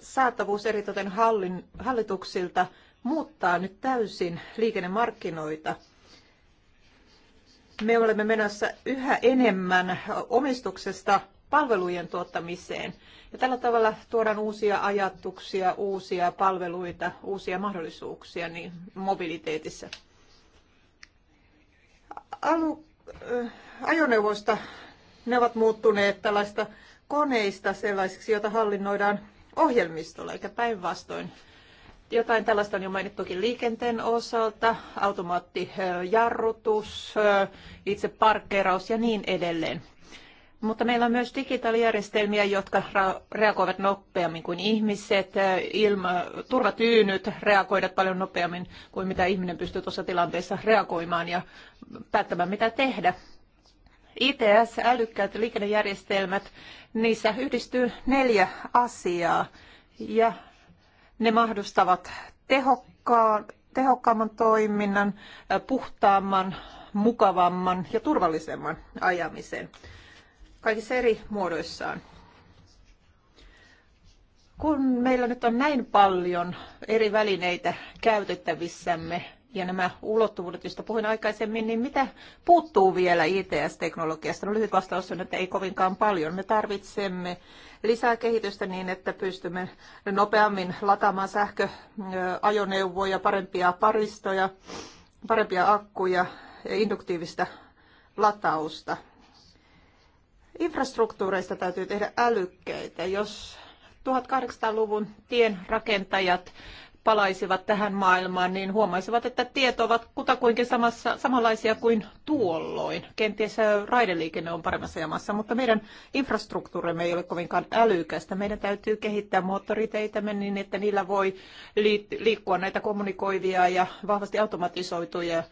saatavuus eritoten hallin, hallituksilta muuttaa nyt täysin liikennemarkkinoita. Me olemme menossa yhä enemmän omistuksesta palvelujen tuottamiseen. Ja tällä tavalla tuodaan uusia ajatuksia, uusia palveluita, uusia mahdollisuuksia niin mobiliteetissä. Alu, äh, ajoneuvoista ne ovat muuttuneet tällaista koneista sellaisiksi, joita hallinnoidaan ohjelmistolla, eikä päinvastoin. Jotain tällaista on jo mainittukin liikenteen osalta, automaattijarrutus, itse parkkeeraus ja niin edelleen. Mutta meillä on myös digitaalijärjestelmiä, jotka reagoivat nopeammin kuin ihmiset. Ilma, turvatyynyt reagoivat paljon nopeammin kuin mitä ihminen pystyy tuossa tilanteessa reagoimaan ja päättämään, mitä tehdä. ITS, älykkäät liikennejärjestelmät, niissä yhdistyy neljä asiaa ja ne mahdollistavat tehokkaan, tehokkaamman toiminnan, puhtaamman, mukavamman ja turvallisemman ajamisen kaikissa eri muodoissaan. Kun meillä nyt on näin paljon eri välineitä käytettävissämme ja nämä ulottuvuudet, joista puhuin aikaisemmin, niin mitä puuttuu vielä ITS-teknologiasta? No lyhyt vastaus on, että ei kovinkaan paljon. Me tarvitsemme lisää kehitystä niin, että pystymme nopeammin lataamaan sähköajoneuvoja, parempia paristoja, parempia akkuja ja induktiivista latausta. Infrastruktuureista täytyy tehdä älykkeitä. Jos 1800-luvun tien rakentajat palaisivat tähän maailmaan, niin huomaisivat, että tiet ovat kutakuinkin samassa, samanlaisia kuin tuolloin. Kenties raideliikenne on paremmassa jamassa, mutta meidän infrastruktuurimme ei ole kovinkaan älykästä. Meidän täytyy kehittää moottoriteitämme niin, että niillä voi liikkua näitä kommunikoivia ja vahvasti automatisoituja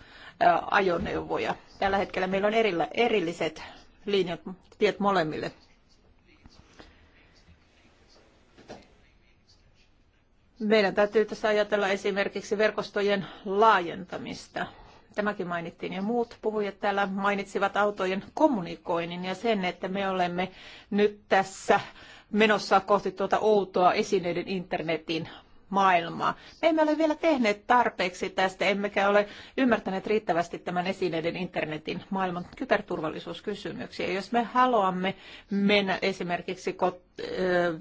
ajoneuvoja. Tällä hetkellä meillä on erillä, erilliset linjat, tiet molemmille. Meidän täytyy tässä ajatella esimerkiksi verkostojen laajentamista. Tämäkin mainittiin ja muut puhujat täällä mainitsivat autojen kommunikoinnin ja sen, että me olemme nyt tässä menossa kohti tuota outoa esineiden internetin maailmaa. Me emme ole vielä tehneet tarpeeksi tästä, emmekä ole ymmärtäneet riittävästi tämän esineiden internetin maailman kyberturvallisuuskysymyksiä. Jos me haluamme mennä esimerkiksi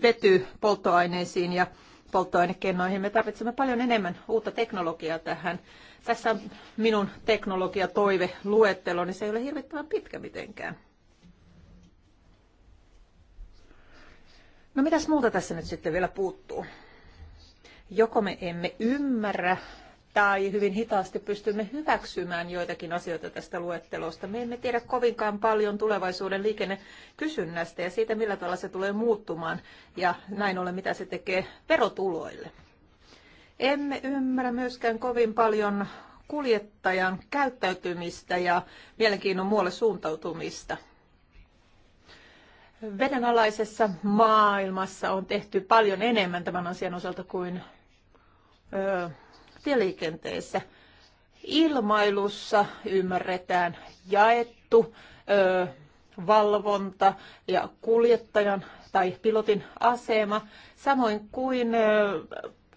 vetypolttoaineisiin ja polttoainekennoihin. Me tarvitsemme paljon enemmän uutta teknologiaa tähän. Tässä minun teknologiatoive luettelo, niin se ei ole hirvittävän pitkä mitenkään. No mitäs muuta tässä nyt sitten vielä puuttuu? joko me emme ymmärrä tai hyvin hitaasti pystymme hyväksymään joitakin asioita tästä luettelosta. Me emme tiedä kovinkaan paljon tulevaisuuden liikennekysynnästä ja siitä, millä tavalla se tulee muuttumaan ja näin ollen, mitä se tekee verotuloille. Emme ymmärrä myöskään kovin paljon kuljettajan käyttäytymistä ja mielenkiinnon muualle suuntautumista. Vedenalaisessa maailmassa on tehty paljon enemmän tämän asian osalta kuin tieliikenteessä. Ilmailussa ymmärretään jaettu ö, valvonta ja kuljettajan tai pilotin asema, samoin kuin ö,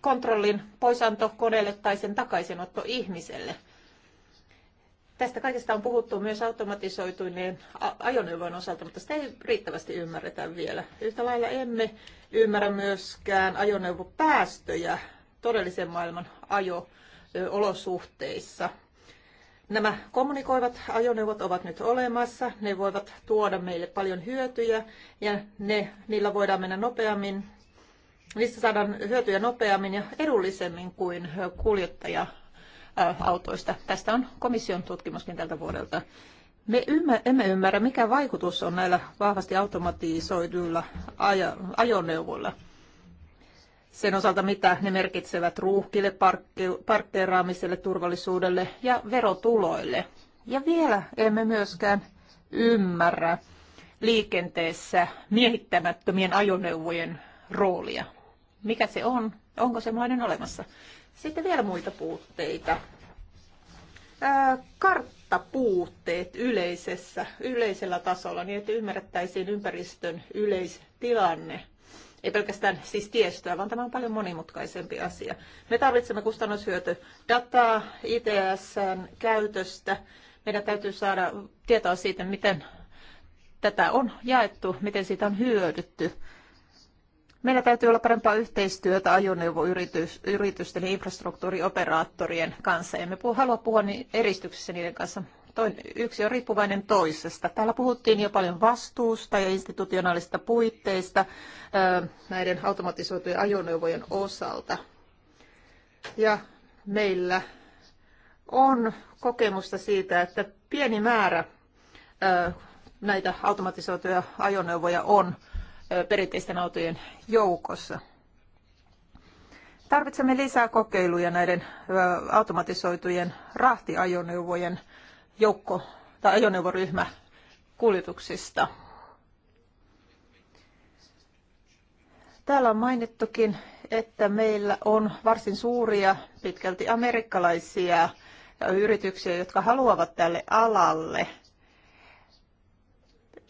kontrollin poisanto koneelle tai sen takaisinotto ihmiselle. Tästä kaikesta on puhuttu myös automatisoituineen ajoneuvon osalta, mutta sitä ei riittävästi ymmärretä vielä. Yhtä lailla emme ymmärrä myöskään ajoneuvopäästöjä todellisen maailman ajo-olosuhteissa. Nämä kommunikoivat ajoneuvot ovat nyt olemassa, ne voivat tuoda meille paljon hyötyjä ja ne, niillä voidaan mennä nopeammin, niissä saadaan hyötyjä nopeammin ja edullisemmin kuin kuljettaja autoista. Tästä on komission tutkimuskin tältä vuodelta. Me emme ymmärrä, mikä vaikutus on näillä vahvasti automatisoiduilla ajoneuvoilla sen osalta, mitä ne merkitsevät ruuhkille, parkkeeraamiselle, turvallisuudelle ja verotuloille. Ja vielä emme myöskään ymmärrä liikenteessä miehittämättömien ajoneuvojen roolia. Mikä se on? Onko semmoinen olemassa? Sitten vielä muita puutteita. karttapuutteet yleisessä, yleisellä tasolla, niin että ymmärrettäisiin ympäristön yleistilanne – ei pelkästään siis tiestöä, vaan tämä on paljon monimutkaisempi asia. Me tarvitsemme kustannushyötydataa ITSn käytöstä. Meidän täytyy saada tietoa siitä, miten tätä on jaettu, miten siitä on hyödytty. Meillä täytyy olla parempaa yhteistyötä ajoneuvoyritysten ja infrastruktuurioperaattorien kanssa. Emme halua puhua eristyksessä niiden kanssa yksi on riippuvainen toisesta. Täällä puhuttiin jo paljon vastuusta ja institutionaalista puitteista näiden automatisoitujen ajoneuvojen osalta. Ja meillä on kokemusta siitä, että pieni määrä näitä automatisoituja ajoneuvoja on perinteisten autojen joukossa. Tarvitsemme lisää kokeiluja näiden automatisoitujen rahtiajoneuvojen joukko- tai ajoneuvoryhmä kuljetuksista. Täällä on mainittukin, että meillä on varsin suuria, pitkälti amerikkalaisia yrityksiä, jotka haluavat tälle alalle.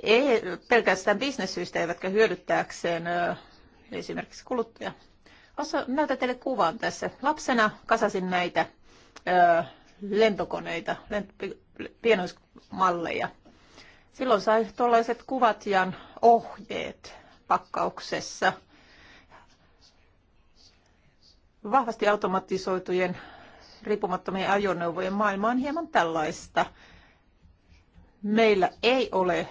Ei pelkästään bisnessyistä eivätkä hyödyttääkseen esimerkiksi kuluttaja. Osa, näytän teille kuvan tässä. Lapsena kasasin näitä lentokoneita, pienoismalleja. Silloin sai tuollaiset kuvat ja ohjeet pakkauksessa. Vahvasti automatisoitujen riippumattomien ajoneuvojen maailma on hieman tällaista. Meillä ei ole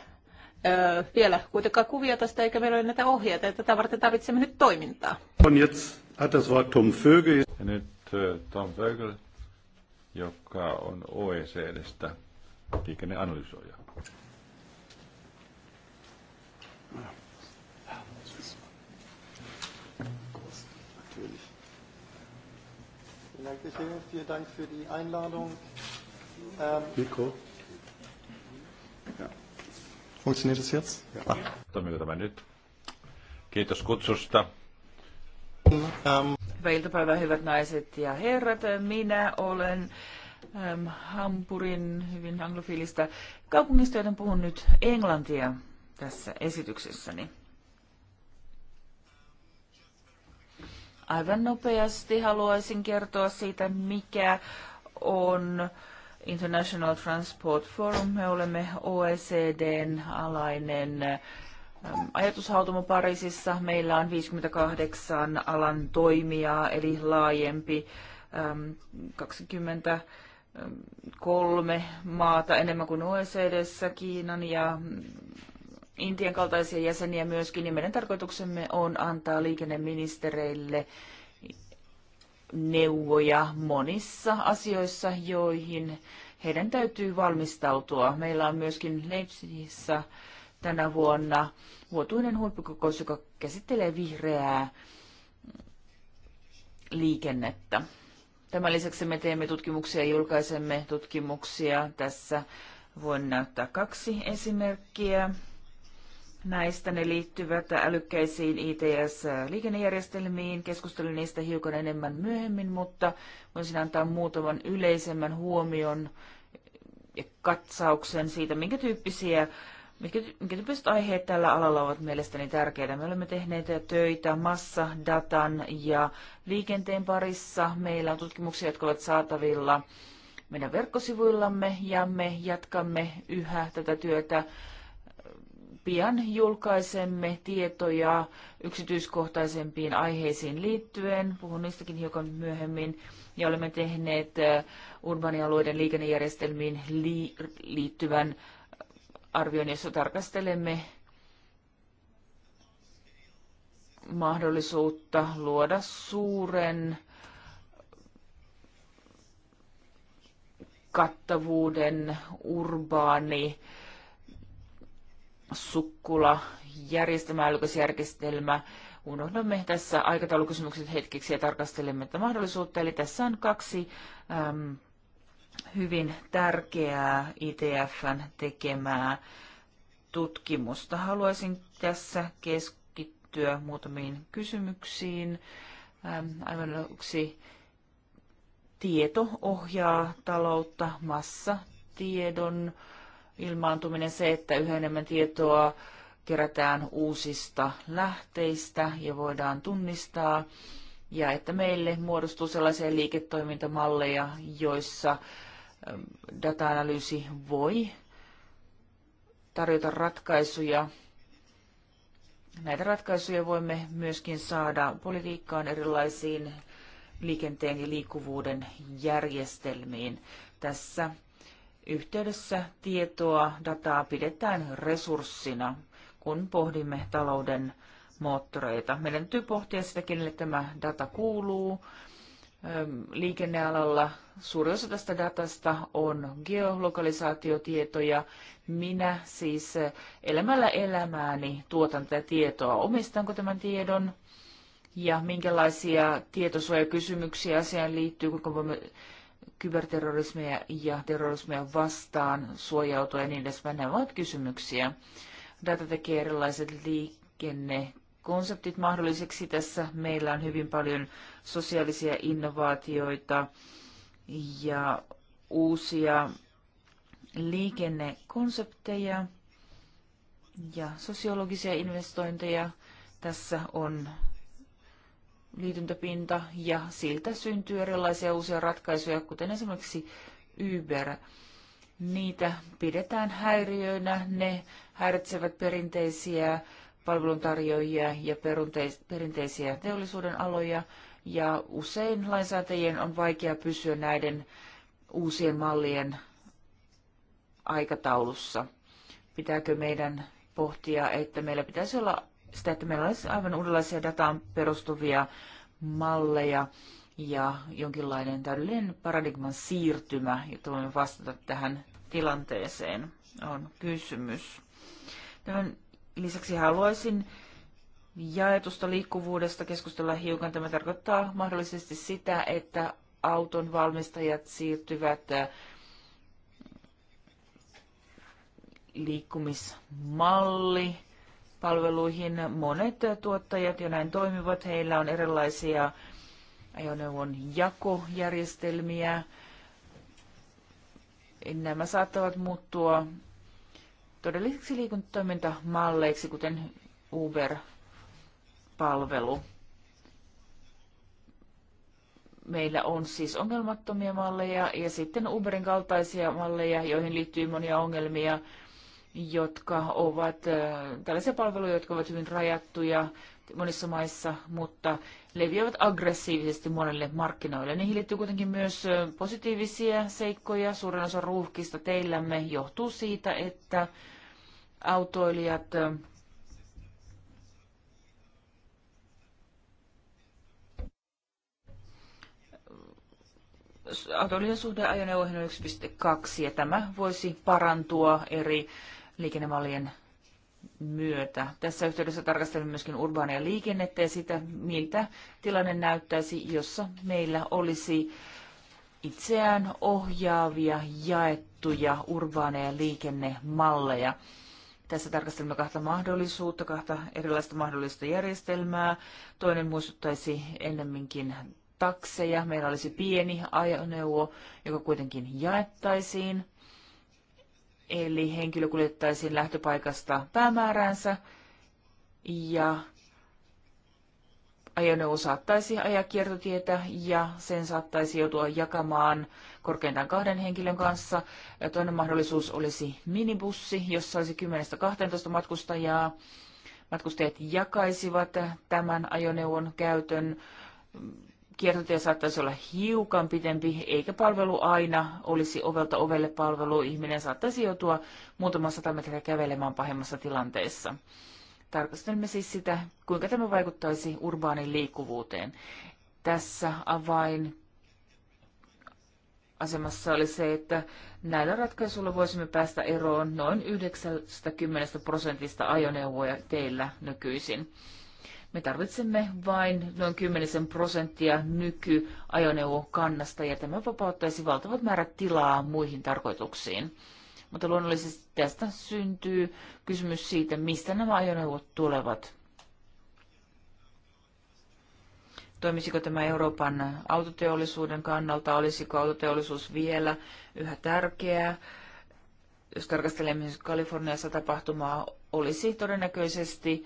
ö, vielä kuitenkaan kuvia tästä, eikä meillä ole näitä ohjeita, ja tätä varten tarvitsemme nyt toimintaa. Ja nyt Tom Vögel joka on OECDstä liikenneanalysoija. Natürlich. Vielen Vielen Dank für die Einladung. Ähm, Mikro. Ja. Funktioniert es jetzt? Ja. Ah. Kiitos kutsusta. Ähm. Hyvää iltapäivää, hyvät naiset ja herrat. Minä olen äm, Hampurin hyvin anglofiilista kaupungista, joten puhun nyt englantia tässä esityksessäni. Aivan nopeasti haluaisin kertoa siitä, mikä on International Transport Forum. Me olemme OECDn alainen ajatushautomo Pariisissa. Meillä on 58 alan toimijaa, eli laajempi 23 maata enemmän kuin OECDssä, Kiinan ja Intian kaltaisia jäseniä myöskin, niin meidän tarkoituksemme on antaa liikenneministereille neuvoja monissa asioissa, joihin heidän täytyy valmistautua. Meillä on myöskin Leipzigissä tänä vuonna vuotuinen huippukokous, joka käsittelee vihreää liikennettä. Tämän lisäksi me teemme tutkimuksia ja julkaisemme tutkimuksia. Tässä voin näyttää kaksi esimerkkiä. Näistä ne liittyvät älykkäisiin ITS-liikennejärjestelmiin. Keskustelin niistä hiukan enemmän myöhemmin, mutta voisin antaa muutaman yleisemmän huomion ja katsauksen siitä, minkä tyyppisiä Mitkä, mitkä tyyppiset aiheet tällä alalla ovat mielestäni tärkeitä? Me olemme tehneet töitä massa, datan ja liikenteen parissa. Meillä on tutkimuksia, jotka ovat saatavilla meidän verkkosivuillamme ja me jatkamme yhä tätä työtä. Pian julkaisemme tietoja yksityiskohtaisempiin aiheisiin liittyen. Puhun niistäkin hiukan myöhemmin. Ja olemme tehneet eh, urbanialueiden liikennejärjestelmiin liittyvän Arvioin, jossa tarkastelemme mahdollisuutta luoda suuren kattavuuden urbaani sukkula järjestelmä, älykäs järjestelmä. Unohdamme tässä aikataulukysymykset hetkeksi ja tarkastelemme tätä mahdollisuutta. Eli tässä on kaksi ähm, hyvin tärkeää ITFn tekemää tutkimusta. Haluaisin tässä keskittyä muutamiin kysymyksiin. Ähm, aivan aluksi tieto ohjaa taloutta, massatiedon ilmaantuminen, se, että yhä enemmän tietoa kerätään uusista lähteistä ja voidaan tunnistaa, ja että meille muodostuu sellaisia liiketoimintamalleja, joissa data-analyysi voi tarjota ratkaisuja. Näitä ratkaisuja voimme myöskin saada politiikkaan erilaisiin liikenteen ja liikkuvuuden järjestelmiin. Tässä yhteydessä tietoa, dataa pidetään resurssina, kun pohdimme talouden moottoreita. Meidän täytyy pohtia sitä, kenelle tämä data kuuluu, liikennealalla suuri osa tästä datasta on geolokalisaatiotietoja. Minä siis elämällä elämääni tuotan tätä tietoa. Omistanko tämän tiedon? Ja minkälaisia tietosuojakysymyksiä asiaan liittyy, kuinka voimme kyberterrorismia ja terrorismia vastaan suojautua ja niin edespäin. Nämä ovat kysymyksiä. Data tekee erilaiset liikenne konseptit mahdolliseksi. Tässä meillä on hyvin paljon sosiaalisia innovaatioita ja uusia liikennekonsepteja ja sosiologisia investointeja. Tässä on liityntäpinta ja siltä syntyy erilaisia uusia ratkaisuja, kuten esimerkiksi Uber. Niitä pidetään häiriöinä, ne häiritsevät perinteisiä palveluntarjoajia ja perinteisiä teollisuuden aloja, ja usein lainsäätäjien on vaikea pysyä näiden uusien mallien aikataulussa. Pitääkö meidän pohtia, että meillä pitäisi olla sitä, että meillä olisi aivan uudenlaisia dataan perustuvia malleja ja jonkinlainen täydellinen paradigman siirtymä, jotta voimme vastata tähän tilanteeseen, on kysymys. Tämän Lisäksi haluaisin jaetusta liikkuvuudesta keskustella hiukan. Tämä tarkoittaa mahdollisesti sitä, että auton valmistajat siirtyvät äh, liikkumismalli palveluihin. Monet tuottajat jo näin toimivat. Heillä on erilaisia ajoneuvon jakojärjestelmiä. Nämä saattavat muuttua todellisiksi liikuntatoimintamalleiksi, kuten Uber-palvelu. Meillä on siis ongelmattomia malleja ja sitten Uberin kaltaisia malleja, joihin liittyy monia ongelmia, jotka ovat äh, tällaisia palveluja, jotka ovat hyvin rajattuja monissa maissa, mutta leviävät aggressiivisesti monelle markkinoille. Niihin liittyy kuitenkin myös äh, positiivisia seikkoja. Suurin osa ruuhkista teillämme johtuu siitä, että autoilijat autoilijan suhde ajoneuvoihin on 1,2 ja tämä voisi parantua eri liikennemallien myötä. Tässä yhteydessä tarkastelemme myöskin urbaania liikennettä ja sitä, miltä tilanne näyttäisi, jossa meillä olisi itseään ohjaavia jaettuja urbaaneja liikennemalleja. Tässä tarkastelemme kahta mahdollisuutta, kahta erilaista mahdollista järjestelmää. Toinen muistuttaisi ennemminkin takseja. Meillä olisi pieni ajoneuvo, joka kuitenkin jaettaisiin. Eli henkilö kuljettaisiin lähtöpaikasta päämääräänsä ja ajoneuvo saattaisi ajaa kiertotietä ja sen saattaisi joutua jakamaan korkeintaan kahden henkilön kanssa. Toinen mahdollisuus olisi minibussi, jossa olisi 10-12 matkustajaa. Matkustajat jakaisivat tämän ajoneuvon käytön. Kiertotie saattaisi olla hiukan pitempi, eikä palvelu aina olisi ovelta ovelle palvelu. Ihminen saattaisi joutua muutaman sata metriä kävelemään pahemmassa tilanteessa. Tarkastelemme siis sitä, kuinka tämä vaikuttaisi urbaaniin liikkuvuuteen. Tässä avain asemassa oli se, että näillä ratkaisuilla voisimme päästä eroon noin 90 prosentista ajoneuvoja teillä nykyisin. Me tarvitsemme vain noin 10 prosenttia nykyajoneuvokannasta ja tämä vapauttaisi valtavat määrät tilaa muihin tarkoituksiin. Mutta luonnollisesti tästä syntyy kysymys siitä, mistä nämä ajoneuvot tulevat. Toimisiko tämä Euroopan autoteollisuuden kannalta? Olisiko autoteollisuus vielä yhä tärkeää? Jos tarkastelemme Kaliforniassa tapahtumaa, olisi todennäköisesti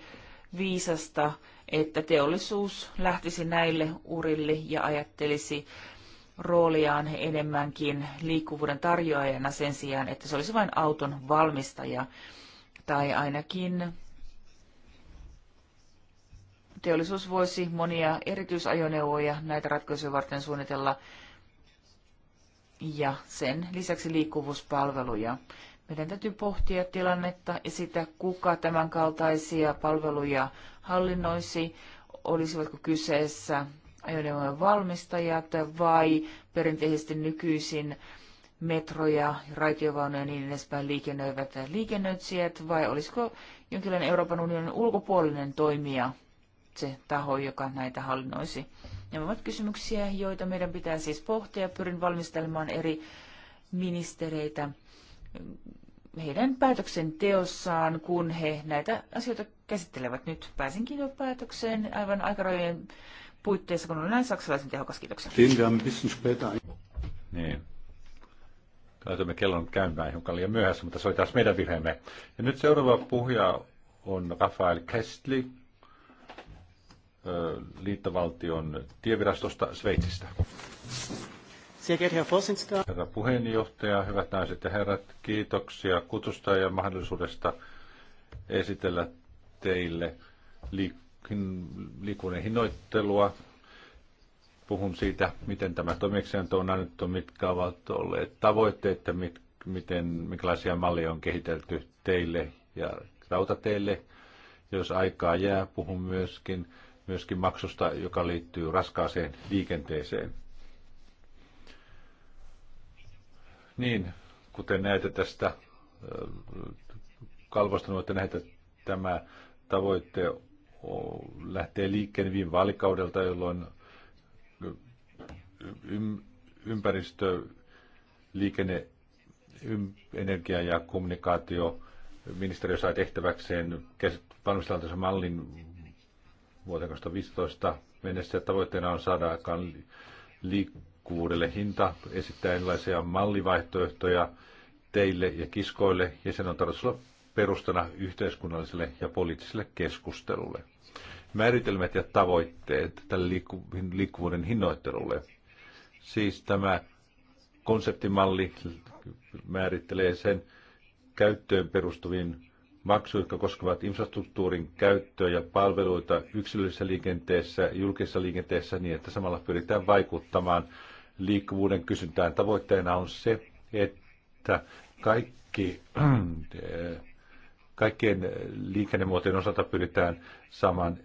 viisasta, että teollisuus lähtisi näille urille ja ajattelisi rooliaan enemmänkin liikkuvuuden tarjoajana sen sijaan, että se olisi vain auton valmistaja tai ainakin teollisuus voisi monia erityisajoneuvoja näitä ratkaisuja varten suunnitella ja sen lisäksi liikkuvuuspalveluja. Meidän täytyy pohtia tilannetta ja sitä, kuka tämän kaltaisia palveluja hallinnoisi, olisivatko kyseessä ajoneuvojen valmistajat vai perinteisesti nykyisin metroja, raitiovaunuja ja niin edespäin liikennöivät liikennöitsijät, vai olisiko jonkinlainen Euroopan unionin ulkopuolinen toimija se taho, joka näitä hallinnoisi? Nämä ovat kysymyksiä, joita meidän pitää siis pohtia. Pyrin valmistelemaan eri ministereitä heidän päätöksenteossaan, kun he näitä asioita käsittelevät. Nyt pääsinkin jo päätökseen aivan aikarajojen puitteissa, kun oli näin saksalaisen tehokas. Kiitoksia. Niin. Laitamme kellon käymään hiukan liian myöhässä, mutta se oli taas meidän virheemme. Ja nyt seuraava puhuja on Rafael Kestli liittovaltion tievirastosta Sveitsistä. Herra puheenjohtaja, hyvät naiset ja herrat, kiitoksia kutsusta ja mahdollisuudesta esitellä teille liikkuvuutta liikunnan hinnoittelua. Puhun siitä, miten tämä toimeksianto on annettu, mitkä ovat olleet tavoitteet ja mit, miten, minkälaisia malleja on kehitelty teille ja rautateille. Jos aikaa jää, puhun myöskin, myöskin maksusta, joka liittyy raskaaseen liikenteeseen. Niin, kuten näitä tästä kalvosta, että näitä tämä tavoitte lähtee liikkeen viime vaalikaudelta, jolloin ympäristö, liikenne, energia ja kommunikaatio ministeriö sai tehtäväkseen valmisteltaisen mallin vuoteen 2015 mennessä. Tavoitteena on saada aikaan liikkuvuudelle hinta, esittää erilaisia mallivaihtoehtoja teille ja kiskoille, ja sen on tarkoitus olla perustana yhteiskunnalliselle ja poliittiselle keskustelulle määritelmät ja tavoitteet tälle liikku, liikkuvuuden hinnoittelulle. Siis tämä konseptimalli määrittelee sen käyttöön perustuvin maksuja, jotka koskevat infrastruktuurin käyttöä ja palveluita yksilöllisessä liikenteessä ja julkisessa liikenteessä niin, että samalla pyritään vaikuttamaan liikkuvuuden kysyntään. Tavoitteena on se, että kaikki, eh, kaikkien liikennemuotojen osalta pyritään saamaan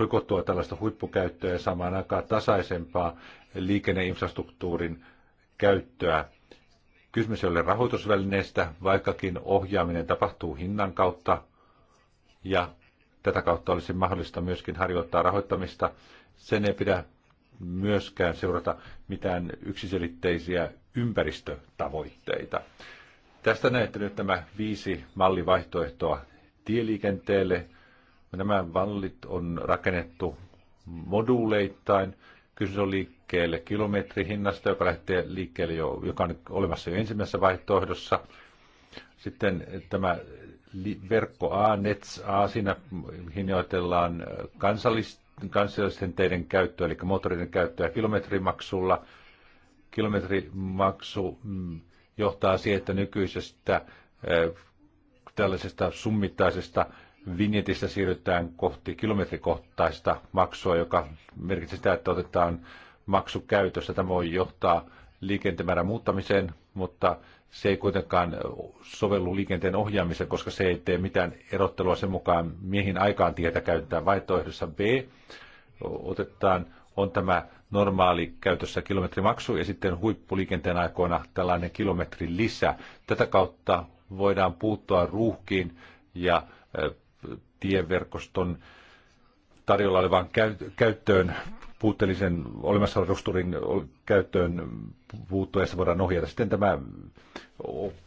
rikottua tällaista huippukäyttöä ja samaan aikaan tasaisempaa liikenneinfrastruktuurin käyttöä. Kysymys ei ole rahoitusvälineestä, vaikkakin ohjaaminen tapahtuu hinnan kautta ja tätä kautta olisi mahdollista myöskin harjoittaa rahoittamista. Sen ei pidä myöskään seurata mitään yksiselitteisiä ympäristötavoitteita. Tästä näette nyt nämä viisi mallivaihtoehtoa tieliikenteelle – Nämä vallit on rakennettu moduuleittain. Kysymys on liikkeelle kilometrihinnasta, joka lähtee liikkeelle jo, joka on olemassa jo ensimmäisessä vaihtoehdossa. Sitten tämä verkko A, NETS A, siinä hinnoitellaan kansallisten teiden käyttöä, eli moottoriden käyttöä kilometrimaksulla. Kilometrimaksu mm, johtaa siihen, että nykyisestä eh, tällaisesta summittaisesta vinjetistä siirrytään kohti kilometrikohtaista maksua, joka merkitsee sitä, että otetaan maksu käytössä. Tämä voi johtaa liikentemäärän muuttamiseen, mutta se ei kuitenkaan sovellu liikenteen ohjaamiseen, koska se ei tee mitään erottelua sen mukaan, mihin aikaan tietä käytetään. Vaihtoehdossa B otetaan, on tämä normaali käytössä kilometrimaksu ja sitten huippuliikenteen aikoina tällainen kilometrin lisä. Tätä kautta voidaan puuttua ruuhkiin ja tieverkoston tarjolla olevan käyttöön puutteellisen olemassa rosturin käyttöön puuttuessa voidaan ohjata. Sitten tämä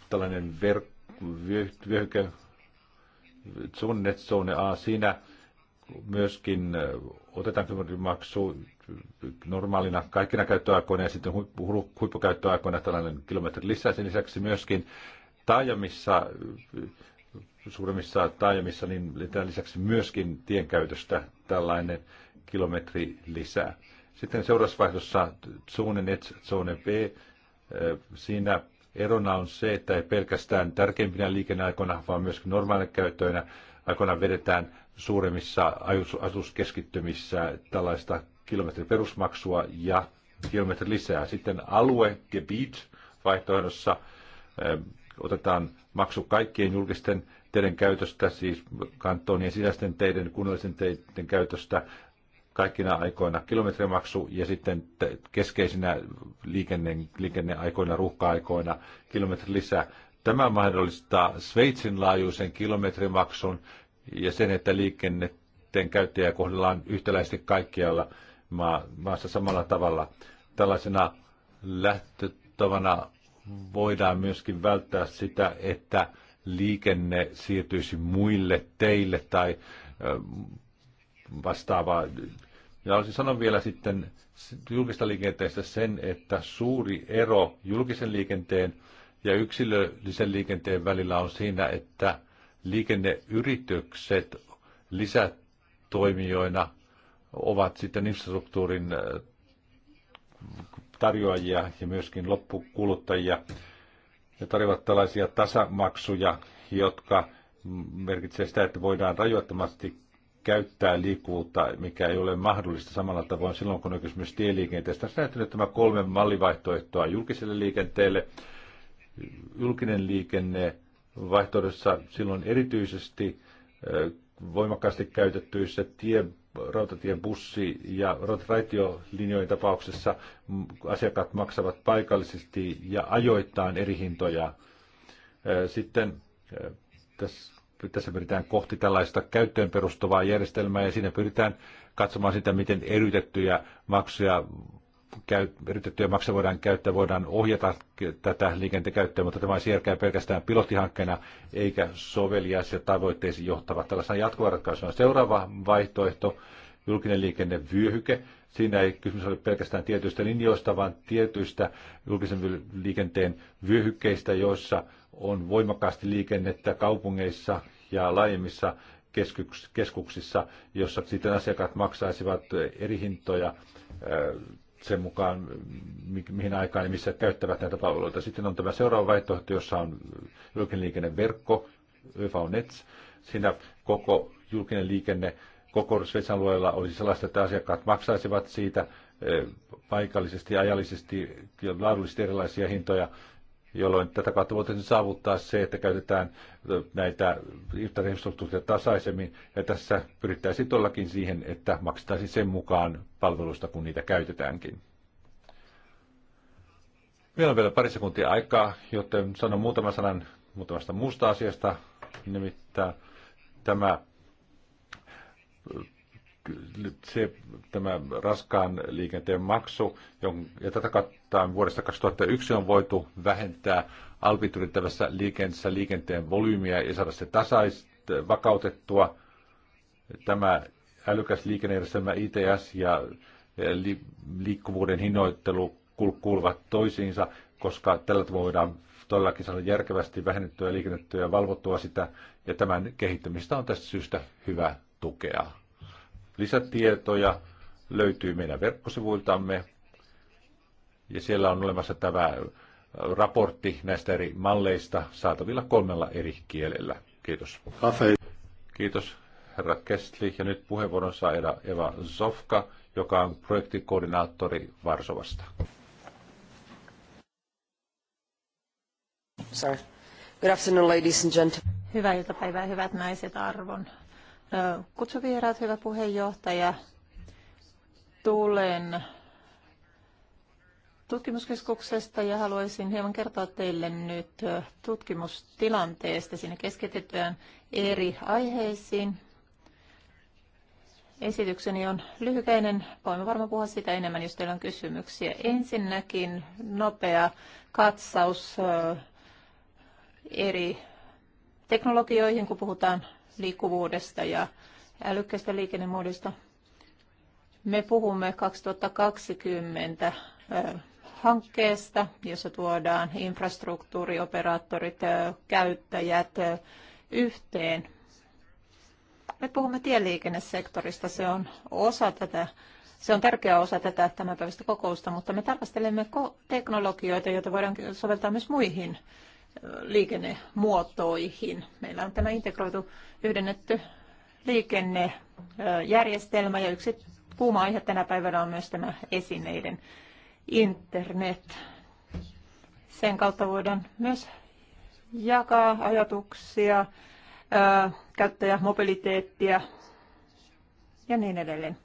tällainen verk- Zone Zone A, siinä myöskin otetaan kilometrimaksu normaalina kaikkina käyttöaikoina ja sitten huippukäyttöaikoina tällainen kilometri lisää. Sen lisäksi myöskin taajamissa suuremmissa taajamissa, niin lisäksi myöskin tienkäytöstä tällainen kilometri lisää. Sitten seuraavassa vaihdossa zone net, zone B. Siinä erona on se, että ei pelkästään tärkeimpinä liikenneaikoina, vaan myöskin normaalina käyttöinä aikoina vedetään suuremmissa asuskeskittymissä tällaista kilometrin perusmaksua ja kilometri lisää. Sitten alue, vaihtoehdossa otetaan maksu kaikkien julkisten teiden käytöstä, siis kantonien sisäisten teiden, kunnallisten teiden käytöstä kaikkina aikoina kilometrimaksu ja sitten keskeisinä liikenne, liikenneaikoina, ruuhka-aikoina kilometri lisää. Tämä mahdollistaa Sveitsin laajuisen kilometrimaksun ja sen, että liikenneiden käyttäjä kohdellaan yhtäläisesti kaikkialla maassa samalla tavalla. Tällaisena lähtötavana voidaan myöskin välttää sitä, että liikenne siirtyisi muille teille tai vastaavaa. Ja olisin sanon vielä sitten julkista liikenteestä sen, että suuri ero julkisen liikenteen ja yksilöllisen liikenteen välillä on siinä, että liikenneyritykset lisätoimijoina ovat sitten infrastruktuurin tarjoajia ja myöskin loppukuluttajia. Ne tarjoavat tällaisia tasamaksuja, jotka merkitsevät sitä, että voidaan rajoittamasti käyttää liikkuvuutta, mikä ei ole mahdollista samalla tavoin silloin, kun on kysymys tieliikenteestä. Tässä näyttänyt tämä kolme mallivaihtoehtoa julkiselle liikenteelle. Julkinen liikenne vaihtoehdossa silloin erityisesti voimakkaasti käytettyissä tien rautatien bussi- ja raitiolinjojen tapauksessa asiakkaat maksavat paikallisesti ja ajoittain eri hintoja. Sitten tässä, tässä pyritään kohti tällaista käyttöön perustuvaa järjestelmää ja siinä pyritään katsomaan sitä, miten eriytettyjä maksuja yritettyjä maksuja voidaan käyttää, voidaan ohjata tätä liikenteen käyttöä, mutta tämä on pelkästään pilottihankkeena eikä sovelias ja tavoitteisiin johtava tällaisena jatkuvaratkaisuna. Seuraava vaihtoehto, julkinen liikennevyöhyke. Siinä ei kysymys ole pelkästään tietyistä linjoista, vaan tietyistä julkisen liikenteen vyöhykkeistä, joissa on voimakkaasti liikennettä kaupungeissa ja laajemmissa keskuksissa, jossa sitten asiakkaat maksaisivat eri hintoja sen mukaan, mihin aikaan ja missä käyttävät näitä palveluita. Sitten on tämä seuraava vaihtoehto, jossa on julkinen liikenneverkko, ÖVNets. Siinä koko julkinen liikenne koko Sveitsin alueella olisi sellaista, että asiakkaat maksaisivat siitä paikallisesti, ajallisesti ja laadullisesti erilaisia hintoja jolloin tätä kautta voitaisiin saavuttaa se, että käytetään näitä infrastruktuuria tasaisemmin, ja tässä pyrittäisiin todellakin siihen, että maksettaisiin sen mukaan palveluista, kun niitä käytetäänkin. Meillä on vielä pari sekuntia aikaa, joten sanon muutaman sanan muutamasta muusta asiasta, nimittäin tämä se, tämä raskaan liikenteen maksu, ja tätä kattaa vuodesta 2001 on voitu vähentää alvit liikenteessä liikenteen volyymiä ja saada se tasaista, vakautettua. Tämä älykäs liikennejärjestelmä ITS ja li, liikkuvuuden hinnoittelu kuuluvat toisiinsa, koska tällä tavalla voidaan todellakin saada järkevästi vähennettyä liikennettyä ja valvottua sitä, ja tämän kehittämistä on tästä syystä hyvä tukea. Lisätietoja löytyy meidän verkkosivuiltamme ja siellä on olemassa tämä raportti näistä eri malleista saatavilla kolmella eri kielellä. Kiitos. Rafael. Kiitos herra Kestli ja nyt puheenvuoron saa Eva Zofka, joka on projektikoordinaattori Varsovasta. Sorry. Good afternoon, ladies and gentlemen. Hyvää iltapäivää, hyvät naiset, arvon kutsuvieraat, hyvä puheenjohtaja. Tulen tutkimuskeskuksesta ja haluaisin hieman kertoa teille nyt tutkimustilanteesta. Siinä keskitytään eri aiheisiin. Esitykseni on lyhykäinen. Voimme varmaan puhua sitä enemmän, jos teillä on kysymyksiä. Ensinnäkin nopea katsaus eri teknologioihin, kun puhutaan liikkuvuudesta ja älykkäistä liikennemuodoista. Me puhumme 2020 hankkeesta, jossa tuodaan infrastruktuurioperaattorit, käyttäjät yhteen. Me puhumme tieliikennesektorista. Se on osa tätä se on tärkeä osa tätä tämänpäiväistä kokousta, mutta me tarkastelemme teknologioita, joita voidaan soveltaa myös muihin liikennemuotoihin. Meillä on tämä integroitu yhdennetty liikennejärjestelmä ja yksi kuuma aihe tänä päivänä on myös tämä esineiden internet. Sen kautta voidaan myös jakaa ajatuksia, käyttäjämobiliteettia ja niin edelleen.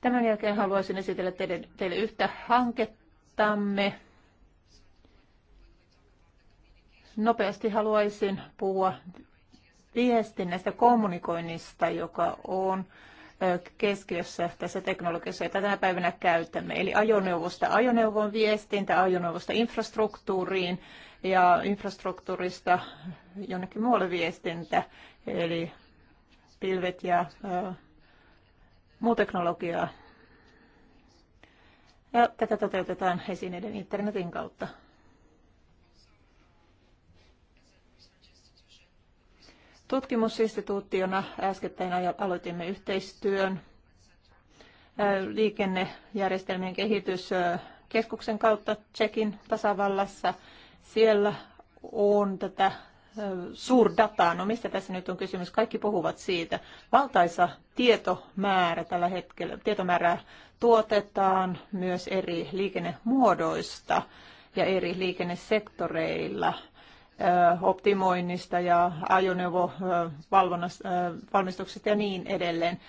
Tämän jälkeen haluaisin esitellä teille, teille yhtä hankettamme, Nopeasti haluaisin puhua viestinnästä, kommunikoinnista, joka on keskiössä tässä teknologiassa, jota tänä päivänä käytämme. Eli ajoneuvosta ajoneuvon viestintä, ajoneuvosta infrastruktuuriin ja infrastruktuurista jonnekin muualle viestintä, eli pilvet ja ää, muu teknologiaa. Ja tätä toteutetaan esineiden internetin kautta. Tutkimusinstituuttiona äskettäin aloitimme yhteistyön liikennejärjestelmien kehityskeskuksen kautta Tsekin tasavallassa. Siellä on tätä suurdataa. No mistä tässä nyt on kysymys? Kaikki puhuvat siitä. Valtaisa tietomäärä tällä hetkellä. Tietomäärää tuotetaan myös eri liikennemuodoista ja eri liikennesektoreilla – optimoinnista ja ajoneuvovalmistuksesta ja niin edelleen.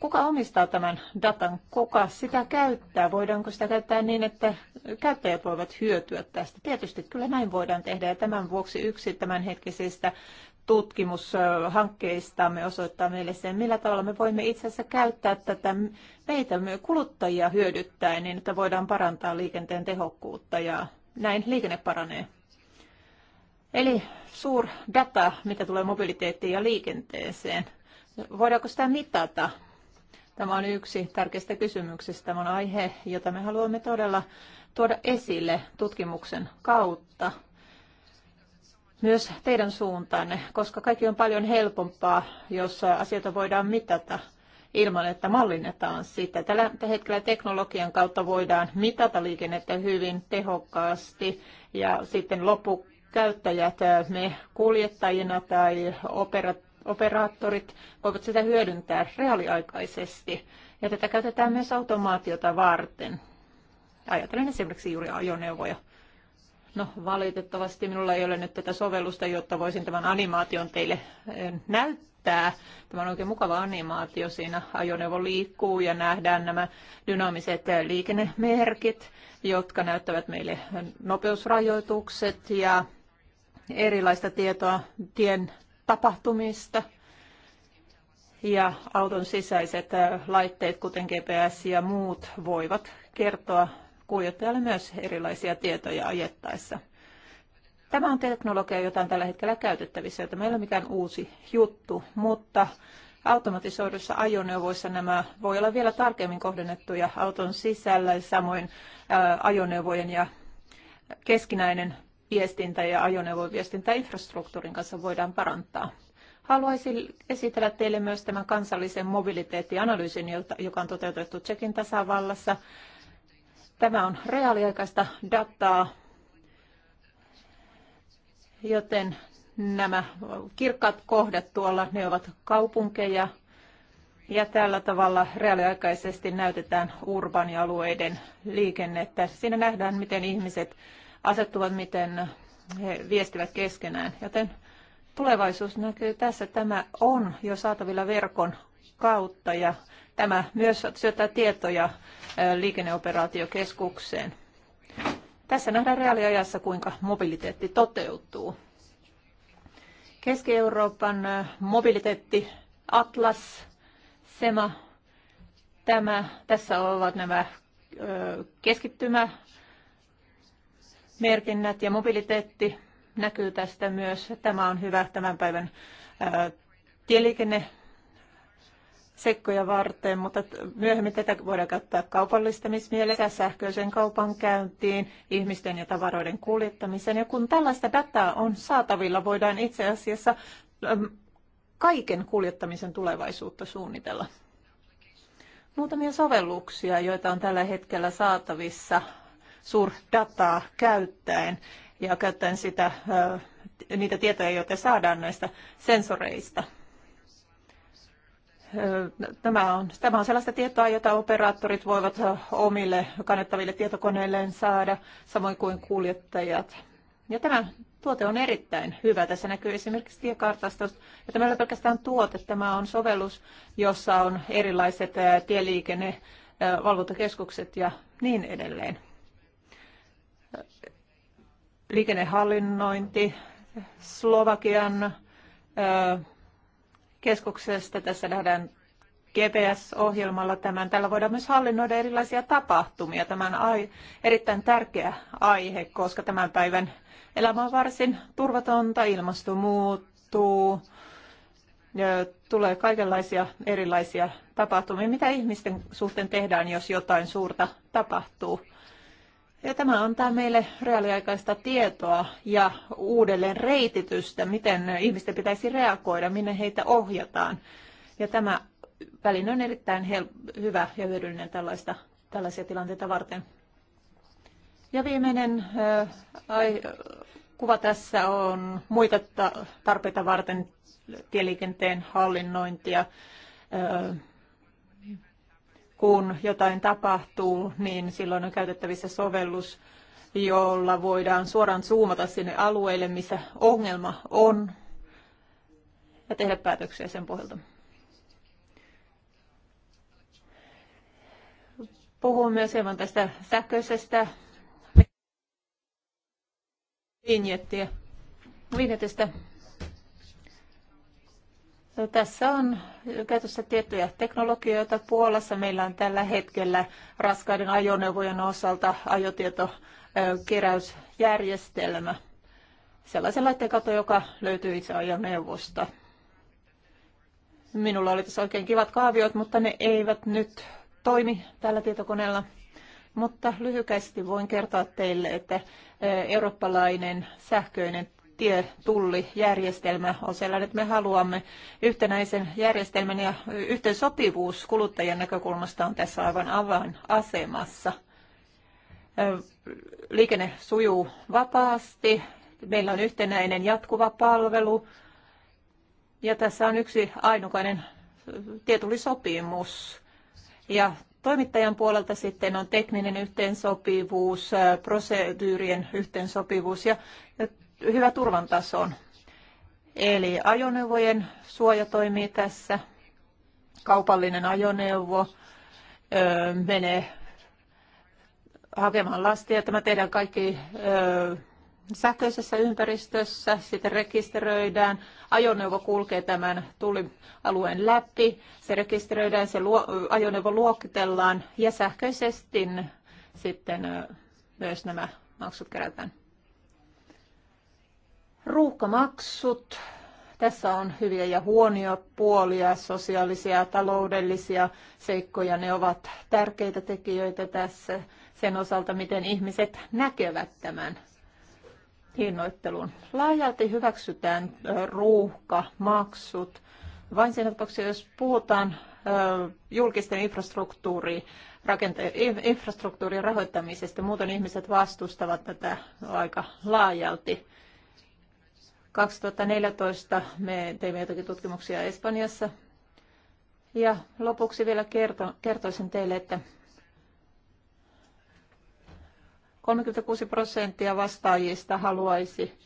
Kuka omistaa tämän datan? Kuka sitä käyttää? Voidaanko sitä käyttää niin, että käyttäjät voivat hyötyä tästä? Tietysti kyllä näin voidaan tehdä ja tämän vuoksi yksi tämänhetkisistä tutkimushankkeistamme osoittaa meille sen, millä tavalla me voimme itse asiassa käyttää tätä meitä kuluttajia hyödyttäen niin, että voidaan parantaa liikenteen tehokkuutta ja näin liikenne paranee. Eli suur data, mitä tulee mobiliteettiin ja liikenteeseen. Voidaanko sitä mitata? Tämä on yksi tärkeistä kysymyksistä. Tämä on aihe, jota me haluamme todella tuoda esille tutkimuksen kautta myös teidän suuntaanne, koska kaikki on paljon helpompaa, jos asioita voidaan mitata ilman, että mallinnetaan sitä. Tällä hetkellä teknologian kautta voidaan mitata liikennettä hyvin tehokkaasti ja sitten lopuksi käyttäjät, me kuljettajina tai operaattorit voivat sitä hyödyntää reaaliaikaisesti. Ja tätä käytetään myös automaatiota varten. Ajattelen esimerkiksi juuri ajoneuvoja. No valitettavasti minulla ei ole nyt tätä sovellusta, jotta voisin tämän animaation teille näyttää. Tämä on oikein mukava animaatio. Siinä ajoneuvo liikkuu ja nähdään nämä dynaamiset liikennemerkit, jotka näyttävät meille nopeusrajoitukset ja erilaista tietoa tien tapahtumista ja auton sisäiset laitteet, kuten GPS ja muut, voivat kertoa kuljettajalle myös erilaisia tietoja ajettaessa. Tämä on teknologia, jota on tällä hetkellä käytettävissä, jota meillä ei ole mikään uusi juttu, mutta automatisoidussa ajoneuvoissa nämä voi olla vielä tarkemmin kohdennettuja auton sisällä, samoin ajoneuvojen ja keskinäinen viestintä- ja ajoneuvoviestintäinfrastruktuurin kanssa voidaan parantaa. Haluaisin esitellä teille myös tämän kansallisen mobiliteettianalyysin, joka on toteutettu Tsekin tasavallassa. Tämä on reaaliaikaista dataa, joten nämä kirkkaat kohdat tuolla, ne ovat kaupunkeja, ja tällä tavalla reaaliaikaisesti näytetään urbanialueiden liikennettä. Siinä nähdään, miten ihmiset asettuvat, miten he viestivät keskenään. Joten tulevaisuus näkyy tässä. Tämä on jo saatavilla verkon kautta ja tämä myös syöttää tietoja liikenneoperaatiokeskukseen. Tässä nähdään reaaliajassa, kuinka mobiliteetti toteutuu. Keski-Euroopan mobiliteetti Atlas, SEMA, tämä, tässä ovat nämä keskittymä merkinnät ja mobiliteetti näkyy tästä myös. Tämä on hyvä tämän päivän tieliikenne sekkoja varten, mutta myöhemmin tätä voidaan käyttää kaupallistamismielessä, sähköisen käyntiin, ihmisten ja tavaroiden kuljettamiseen. Ja kun tällaista dataa on saatavilla, voidaan itse asiassa kaiken kuljettamisen tulevaisuutta suunnitella. Muutamia sovelluksia, joita on tällä hetkellä saatavissa suurdataa käyttäen ja käyttäen sitä, niitä tietoja, joita saadaan näistä sensoreista. Tämä on, tämä on sellaista tietoa, jota operaattorit voivat omille kannettaville tietokoneilleen saada, samoin kuin kuljettajat. Ja tämä tuote on erittäin hyvä. Tässä näkyy esimerkiksi tiekartasto. ja tämä on pelkästään tuote, tämä on sovellus, jossa on erilaiset tieliikenne, valvontakeskukset ja niin edelleen liikennehallinnointi Slovakian keskuksesta. Tässä nähdään GPS-ohjelmalla tämän. Tällä voidaan myös hallinnoida erilaisia tapahtumia. Tämä on ai- erittäin tärkeä aihe, koska tämän päivän elämä on varsin turvatonta, ilmasto muuttuu, ja tulee kaikenlaisia erilaisia tapahtumia. Mitä ihmisten suhteen tehdään, jos jotain suurta tapahtuu? Ja tämä antaa meille reaaliaikaista tietoa ja uudelleen reititystä, miten ihmisten pitäisi reagoida, minne heitä ohjataan. Ja tämä väline on erittäin hyvä ja hyödyllinen tällaista, tällaisia tilanteita varten. Ja viimeinen äh, ai, kuva tässä on muita tarpeita varten tieliikenteen hallinnointia, Äh, kun jotain tapahtuu, niin silloin on käytettävissä sovellus, jolla voidaan suoraan zoomata sinne alueelle, missä ongelma on, ja tehdä päätöksiä sen pohjalta. Puhun myös hieman tästä sähköisestä vinjettiä, vinjetistä. Tässä on käytössä tiettyjä teknologioita. Puolassa meillä on tällä hetkellä raskaiden ajoneuvojen osalta ajotietokeräysjärjestelmä. Sellaisen laitteen kato, joka löytyy itse ajoneuvosta. Minulla oli tässä oikein kivat kaaviot, mutta ne eivät nyt toimi tällä tietokoneella. Mutta lyhykäisesti voin kertoa teille, että eurooppalainen sähköinen tietullijärjestelmä on sellainen, että me haluamme yhtenäisen järjestelmän ja yhteensopivuus kuluttajan näkökulmasta on tässä aivan avainasemassa. Liikenne sujuu vapaasti, meillä on yhtenäinen jatkuva palvelu ja tässä on yksi ainokainen tietullisopimus. Ja toimittajan puolelta sitten on tekninen yhteensopivuus, proseduurien yhteensopivuus ja hyvä turvan on Eli ajoneuvojen suoja toimii tässä. Kaupallinen ajoneuvo öö, menee hakemaan lastia. Tämä tehdään kaikki öö, sähköisessä ympäristössä, sitten rekisteröidään, ajoneuvo kulkee tämän tullialueen läpi, se rekisteröidään, se luo, ajoneuvo luokitellaan ja sähköisesti sitten myös nämä maksut kerätään. Ruuhkamaksut. Tässä on hyviä ja huonoja puolia, sosiaalisia ja taloudellisia seikkoja. Ne ovat tärkeitä tekijöitä tässä sen osalta, miten ihmiset näkevät tämän hinnoittelun. Laajalti hyväksytään ruuhkamaksut. Vain siinä tapauksessa, jos puhutaan julkisten infrastruktuurin rahoittamisesta, muuten ihmiset vastustavat tätä aika laajalti. 2014 me teimme jotakin tutkimuksia Espanjassa. Ja lopuksi vielä kerto, kertoisin teille, että 36 prosenttia vastaajista haluaisi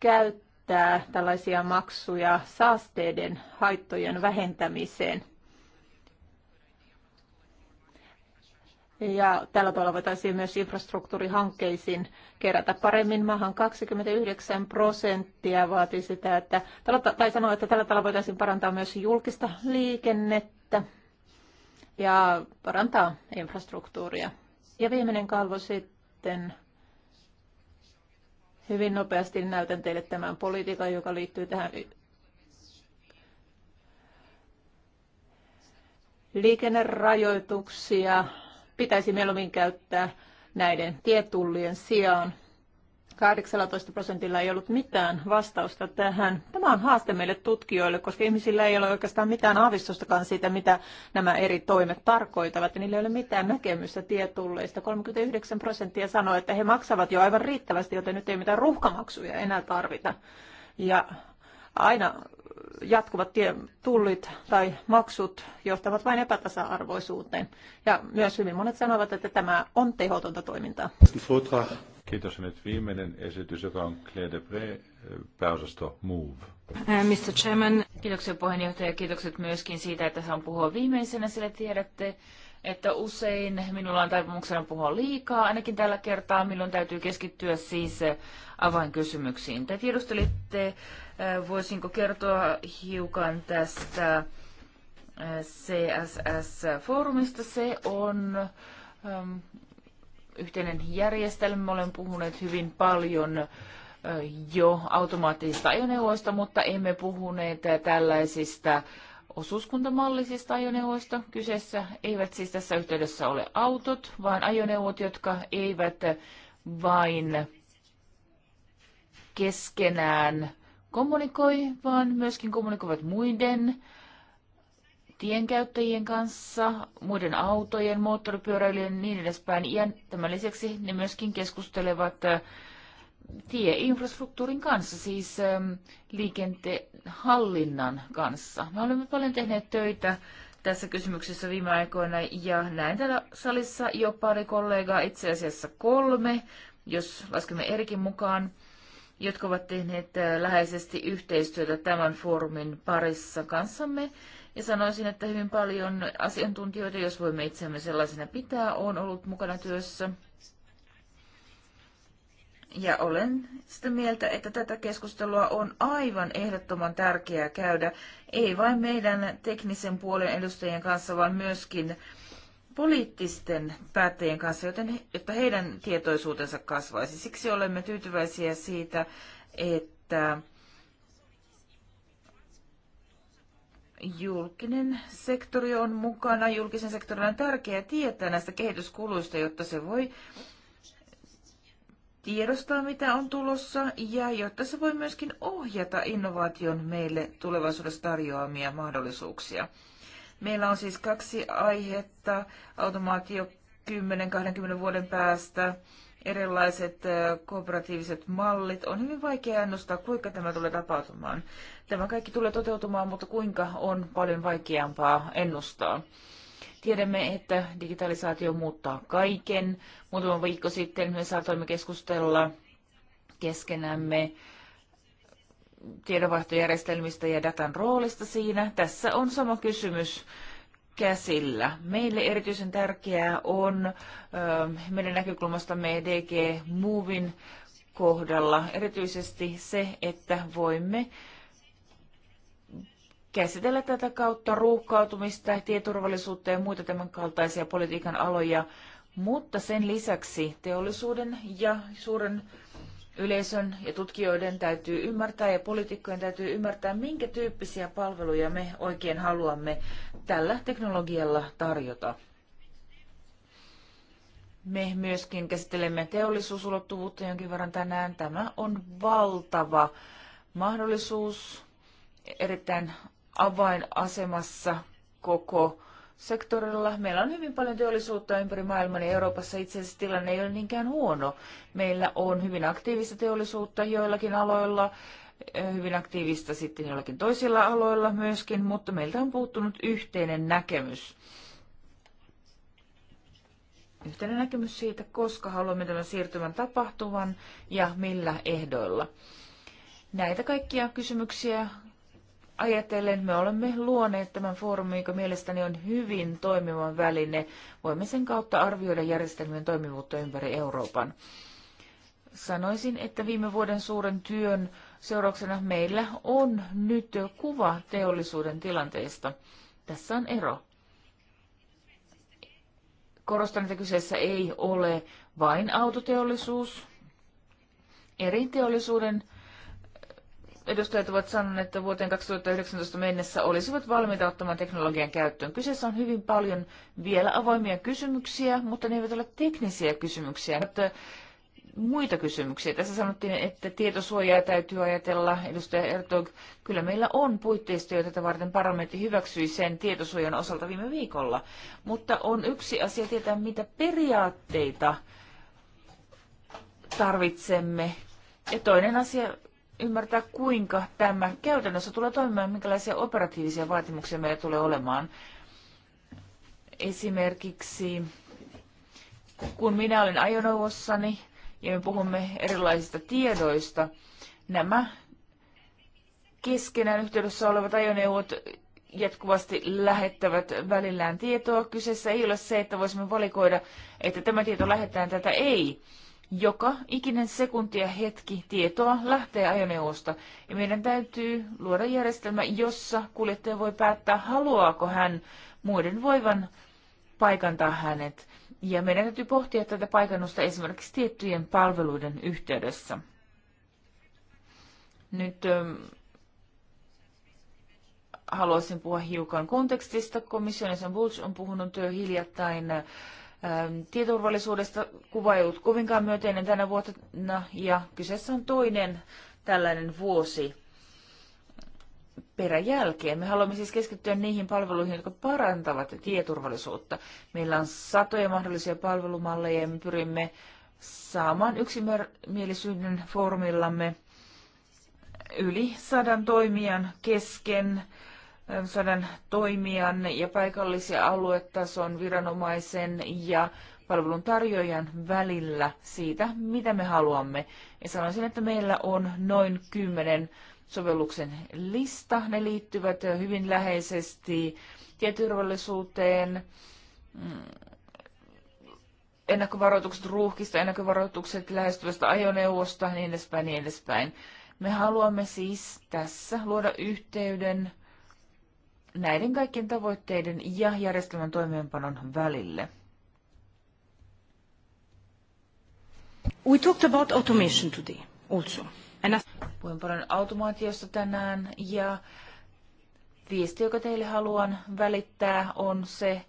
käyttää tällaisia maksuja saasteiden haittojen vähentämiseen – Ja tällä tavalla voitaisiin myös infrastruktuurihankkeisiin kerätä paremmin maahan. 29 prosenttia vaatii sitä, että, tai sanoo, että tällä tavalla voitaisiin parantaa myös julkista liikennettä ja parantaa infrastruktuuria. Ja viimeinen kalvo sitten. Hyvin nopeasti näytän teille tämän politiikan, joka liittyy tähän liikennerajoituksia pitäisi mieluummin käyttää näiden tietullien sijaan. 18 prosentilla ei ollut mitään vastausta tähän. Tämä on haaste meille tutkijoille, koska ihmisillä ei ole oikeastaan mitään aavistustakaan siitä, mitä nämä eri toimet tarkoitavat. Ja niillä ei ole mitään näkemystä tietulleista. 39 prosenttia sanoi, että he maksavat jo aivan riittävästi, joten nyt ei mitään ruuhkamaksuja enää tarvita. Ja aina jatkuvat tullit tai maksut johtavat vain epätasa-arvoisuuteen. Ja myös hyvin monet sanovat, että tämä on tehotonta toimintaa. Kiitos. Nyt viimeinen esitys, joka on Claire de pääosasto Move. Äh, Mr. Chairman. Kiitoksia puheenjohtaja. Kiitokset myöskin siitä, että saan puhua viimeisenä, sillä tiedätte, että usein minulla on taipumuksena puhua liikaa, ainakin tällä kertaa, milloin täytyy keskittyä siis avainkysymyksiin. Te tiedustelitte, äh, voisinko kertoa hiukan tästä äh, CSS-foorumista. Se on ähm, yhteinen järjestelmä. Me olemme puhuneet hyvin paljon äh, jo automaattisista ajoneuvoista, mutta emme puhuneet tällaisista osuuskuntamallisista ajoneuvoista. Kyseessä eivät siis tässä yhteydessä ole autot, vaan ajoneuvot, jotka eivät vain keskenään kommunikoi, vaan myöskin kommunikoivat muiden tienkäyttäjien kanssa, muiden autojen, moottoripyöräilijöiden ja niin edespäin. Ja tämän lisäksi ne myöskin keskustelevat tieinfrastruktuurin kanssa, siis ähm, liikenteen hallinnan kanssa. Me olemme paljon tehneet töitä tässä kysymyksessä viime aikoina ja näin täällä salissa jo pari kollegaa, itse asiassa kolme, jos laskemme Erikin mukaan, jotka ovat tehneet äh, läheisesti yhteistyötä tämän foorumin parissa kanssamme. Ja sanoisin, että hyvin paljon asiantuntijoita, jos voimme itseämme sellaisena pitää, on ollut mukana työssä. Ja olen sitä mieltä, että tätä keskustelua on aivan ehdottoman tärkeää käydä, ei vain meidän teknisen puolen edustajien kanssa, vaan myöskin poliittisten päättäjien kanssa, joten, jotta heidän tietoisuutensa kasvaisi. Siksi olemme tyytyväisiä siitä, että julkinen sektori on mukana. Julkisen sektorin on tärkeää tietää näistä kehityskuluista, jotta se voi tiedostaa, mitä on tulossa, ja jotta se voi myöskin ohjata innovaation meille tulevaisuudessa tarjoamia mahdollisuuksia. Meillä on siis kaksi aihetta, automaatio 10-20 vuoden päästä, erilaiset kooperatiiviset mallit. On hyvin vaikea ennustaa, kuinka tämä tulee tapahtumaan. Tämä kaikki tulee toteutumaan, mutta kuinka on paljon vaikeampaa ennustaa. Tiedämme, että digitalisaatio muuttaa kaiken. Muutama viikko sitten me saatoimme keskustella keskenämme tiedonvaihtojärjestelmistä ja datan roolista siinä. Tässä on sama kysymys käsillä. Meille erityisen tärkeää on meidän näkökulmastamme DG Movin kohdalla erityisesti se, että voimme käsitellä tätä kautta ruuhkautumista, tieturvallisuutta ja muita tämän kaltaisia politiikan aloja, mutta sen lisäksi teollisuuden ja suuren yleisön ja tutkijoiden täytyy ymmärtää ja poliitikkojen täytyy ymmärtää, minkä tyyppisiä palveluja me oikein haluamme tällä teknologialla tarjota. Me myöskin käsittelemme teollisuusulottuvuutta jonkin verran tänään. Tämä on valtava mahdollisuus, erittäin avainasemassa koko sektorilla. Meillä on hyvin paljon teollisuutta ympäri maailman ja Euroopassa itse asiassa tilanne ei ole niinkään huono. Meillä on hyvin aktiivista teollisuutta joillakin aloilla, eh, hyvin aktiivista sitten joillakin toisilla aloilla myöskin, mutta meiltä on puuttunut yhteinen näkemys. Yhteinen näkemys siitä, koska haluamme tämän siirtymän tapahtuvan ja millä ehdoilla. Näitä kaikkia kysymyksiä ajatellen me olemme luoneet tämän foorumin, joka mielestäni on hyvin toimiva väline. Voimme sen kautta arvioida järjestelmien toimivuutta ympäri Euroopan. Sanoisin, että viime vuoden suuren työn seurauksena meillä on nyt kuva teollisuuden tilanteesta. Tässä on ero. Korostan, että kyseessä ei ole vain autoteollisuus. Eri teollisuuden edustajat ovat sanoneet, että vuoteen 2019 mennessä olisivat valmiita ottamaan teknologian käyttöön. Kyseessä on hyvin paljon vielä avoimia kysymyksiä, mutta ne eivät ole teknisiä kysymyksiä. Mutta muita kysymyksiä. Tässä sanottiin, että tietosuojaa täytyy ajatella. Edustaja Ertog, kyllä meillä on puitteisto, jo tätä varten parlamentti hyväksyi sen tietosuojan osalta viime viikolla. Mutta on yksi asia tietää, mitä periaatteita tarvitsemme. Ja toinen asia ymmärtää, kuinka tämä käytännössä tulee toimimaan, minkälaisia operatiivisia vaatimuksia meillä tulee olemaan. Esimerkiksi kun minä olen ajoneuvossani ja me puhumme erilaisista tiedoista, nämä keskenään yhteydessä olevat ajoneuvot jatkuvasti lähettävät välillään tietoa. Kyseessä ei ole se, että voisimme valikoida, että tämä tieto lähetetään, tätä ei joka ikinen sekunti ja hetki tietoa lähtee ajoneuvosta. Ja meidän täytyy luoda järjestelmä, jossa kuljettaja voi päättää, haluaako hän muiden voivan paikantaa hänet. Ja meidän täytyy pohtia tätä paikannusta esimerkiksi tiettyjen palveluiden yhteydessä. Nyt ähm, haluaisin puhua hiukan kontekstista. Komission sen on puhunut hiljattain äh, Ähm, tieturvallisuudesta kuva ei ollut kovinkaan myönteinen tänä vuotena ja kyseessä on toinen tällainen vuosi peräjälkeen. Me haluamme siis keskittyä niihin palveluihin, jotka parantavat tieturvallisuutta. Meillä on satoja mahdollisia palvelumalleja ja me pyrimme saamaan yksimielisyyden foorumillamme yli sadan toimijan kesken sodan toimijan ja paikallisen aluetason viranomaisen ja palvelun tarjoajan välillä siitä, mitä me haluamme. Ja sanoisin, että meillä on noin kymmenen sovelluksen lista. Ne liittyvät hyvin läheisesti tieturvallisuuteen, mm, ennakkovaroitukset ruuhkista, ennakkovaroitukset lähestyvästä ajoneuvosta, niin edespäin, niin edespäin. Me haluamme siis tässä luoda yhteyden näiden kaikkien tavoitteiden ja järjestelmän toimeenpanon välille. We talked about automation today also. Puhuin paljon automaatiosta tänään ja viesti, joka teille haluan välittää, on se